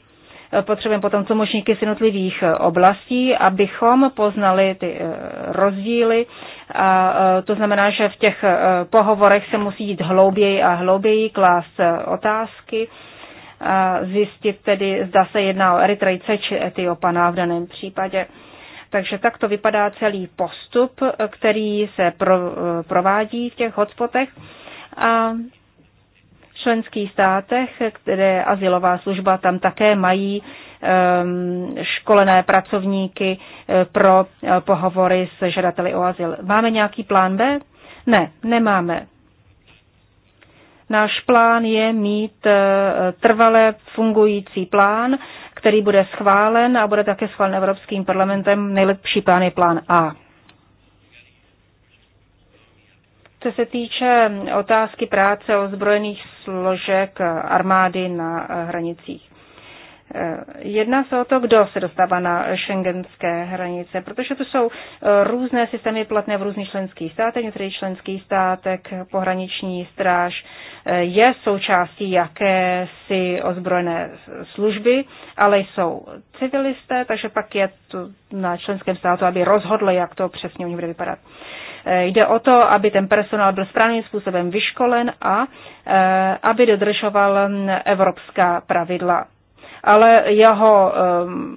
potřebujeme potom tlumočníky z jednotlivých oblastí, abychom poznali ty rozdíly. A to znamená, že v těch pohovorech se musí jít hlouběji a hlouběji, klást otázky, a zjistit tedy, zda se jedná o Eritrejce či Etiopana v daném případě. Takže tak to vypadá celý postup, který se pro, provádí v těch hotspotech a členských státech, které asilová služba tam také mají ehm, školené pracovníky eh, pro eh, pohovory s žadateli o azyl. Máme nějaký plán B? Ne, nemáme. Náš plán je mít eh, trvale fungující plán, který bude schválen a bude také schválen Evropským parlamentem. Nejlepší plán je plán A. Co se týče otázky práce ozbrojených složek armády na hranicích. Eh, jedná se o to, kdo se dostává na šengenské hranice, protože tu jsou eh, různé systémy platné v různých členských státech, některý členský státek, pohraniční stráž eh, je součástí jakési ozbrojené služby, ale jsou civilisté, takže pak je tu na členském státu, aby rozhodli, jak to přesně u nich bude vypadat. Jde o to, aby ten personál byl správným způsobem vyškolen a aby dodržoval mm, evropská pravidla ale jeho ehm,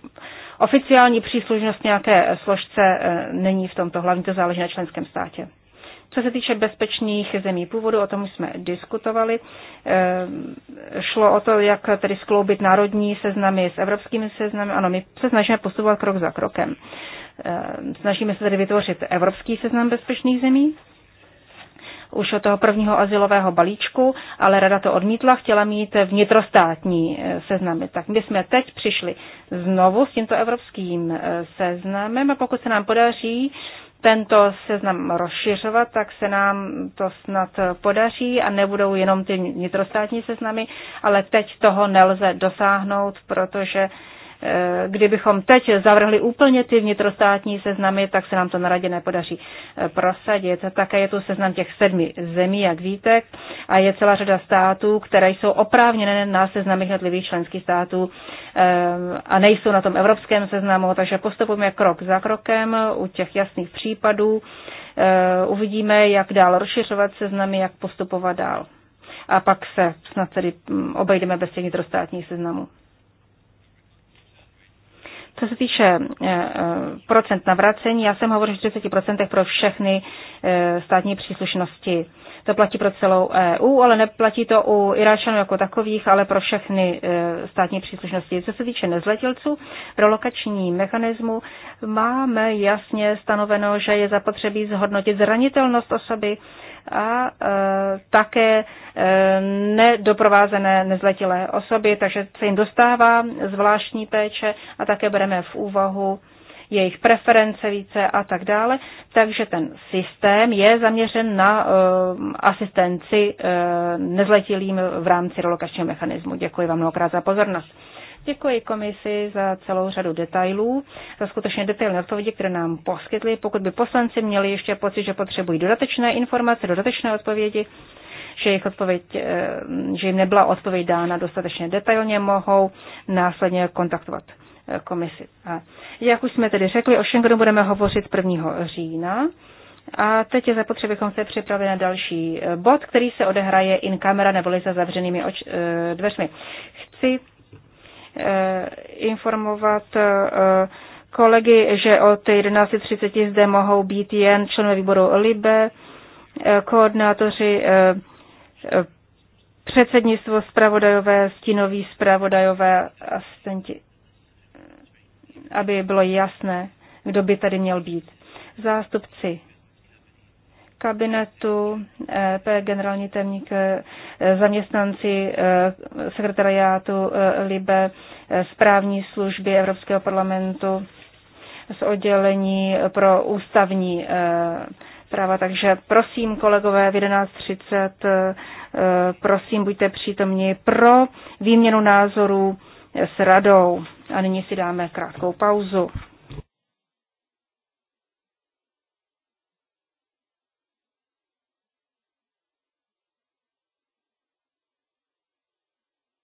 oficiální příslušnost nějaké složce eh, není v tomto hlavní, to záleží na členském státě. Co se týče bezpečných zemí původu, o tom jsme diskutovali. Ehm, šlo o to, jak tedy skloubit národní seznamy s evropskými seznamy. Ano, my se snažíme postupovat krok za krokem. Ehm, snažíme se tedy vytvořit evropský seznam bezpečných zemí už od toho prvního azylového balíčku, ale rada to odmítla, chtěla mít vnitrostátní eh, seznamy. Tak my jsme teď přišli znovu s tímto evropským eh, seznamem a pokud se nám podaří tento seznam rozšiřovat, tak se nám to snad podaří a nebudou jenom ty vnitrostátní seznamy, ale teď toho nelze dosáhnout, protože Eh, kdybychom teď zavrhli úplně ty vnitrostátní seznamy, tak se nám to na radě nepodaří eh, prosadit. Také je tu seznam těch sedmi zemí, jak víte, a je celá řada států, které jsou oprávněné na seznamy jednotlivých členských států eh, a nejsou na tom evropském seznamu, takže postupujeme krok za krokem u těch jasných případů. Uvidíme, jak dál rozšiřovat seznamy, jak postupovat dál. A pak se snad tedy hm, obejdeme bez těch vnitrostátních seznamů. Co se týče eh, eh, procent navracení, já jsem hovořil o 30% pro všechny eh, státní příslušnosti. To platí pro celou EU, ale neplatí to u Iráčanů jako takových, ale pro všechny státní příslušnosti. Co se týče nezletilců, lokační mechanismu máme jasně stanoveno, že je zapotřebí zhodnotit zranitelnost osoby, a e, také e, nedoprovázené nezletilé osoby, takže se jim dostává zvláštní péče a také bereme v úvahu jejich preference více a tak dále. Takže ten systém je zaměřen na e, asistenci e, nezletilým v rámci relokačního mechanismu. Děkuji vám mnohokrát za pozornost. Děkuji komisi za celou řadu detailů, za skutečně detailní odpovědi, které nám poskytly. Pokud by poslanci měli ještě pocit, že potřebují dodatečné informace, dodatečné odpovědi, že, jejich odpověď, eh, že jim nebyla odpověď dána dostatečně detailně, mohou následně kontaktovat eh, komisi. A jak už jsme tedy řekli, o Schengenu budeme hovořit 1. října. A teď je zapotřebí, abychom se připravili na další eh, bod, který se odehraje in camera neboli za zavřenými oč- dveřmi. Chci Eh, informovat eh, kolegy, že od 11.30 zde mohou být jen členové výboru LIBE, eh, koordinátoři předsednictvo zpravodajové, stínoví zpravodajové asistenti, aby bylo jasné, kdo by tady měl být. Zástupci kabinetu, EP, eh, generální temník, eh, zaměstnanci eh, sekretariátu LIBE, správní služby Evropského parlamentu z oddělení pro ústavní práva. Takže prosím, kolegové, v 11.30 prosím, buďte přítomni pro výměnu názorů s radou. A nyní si dáme krátkou pauzu.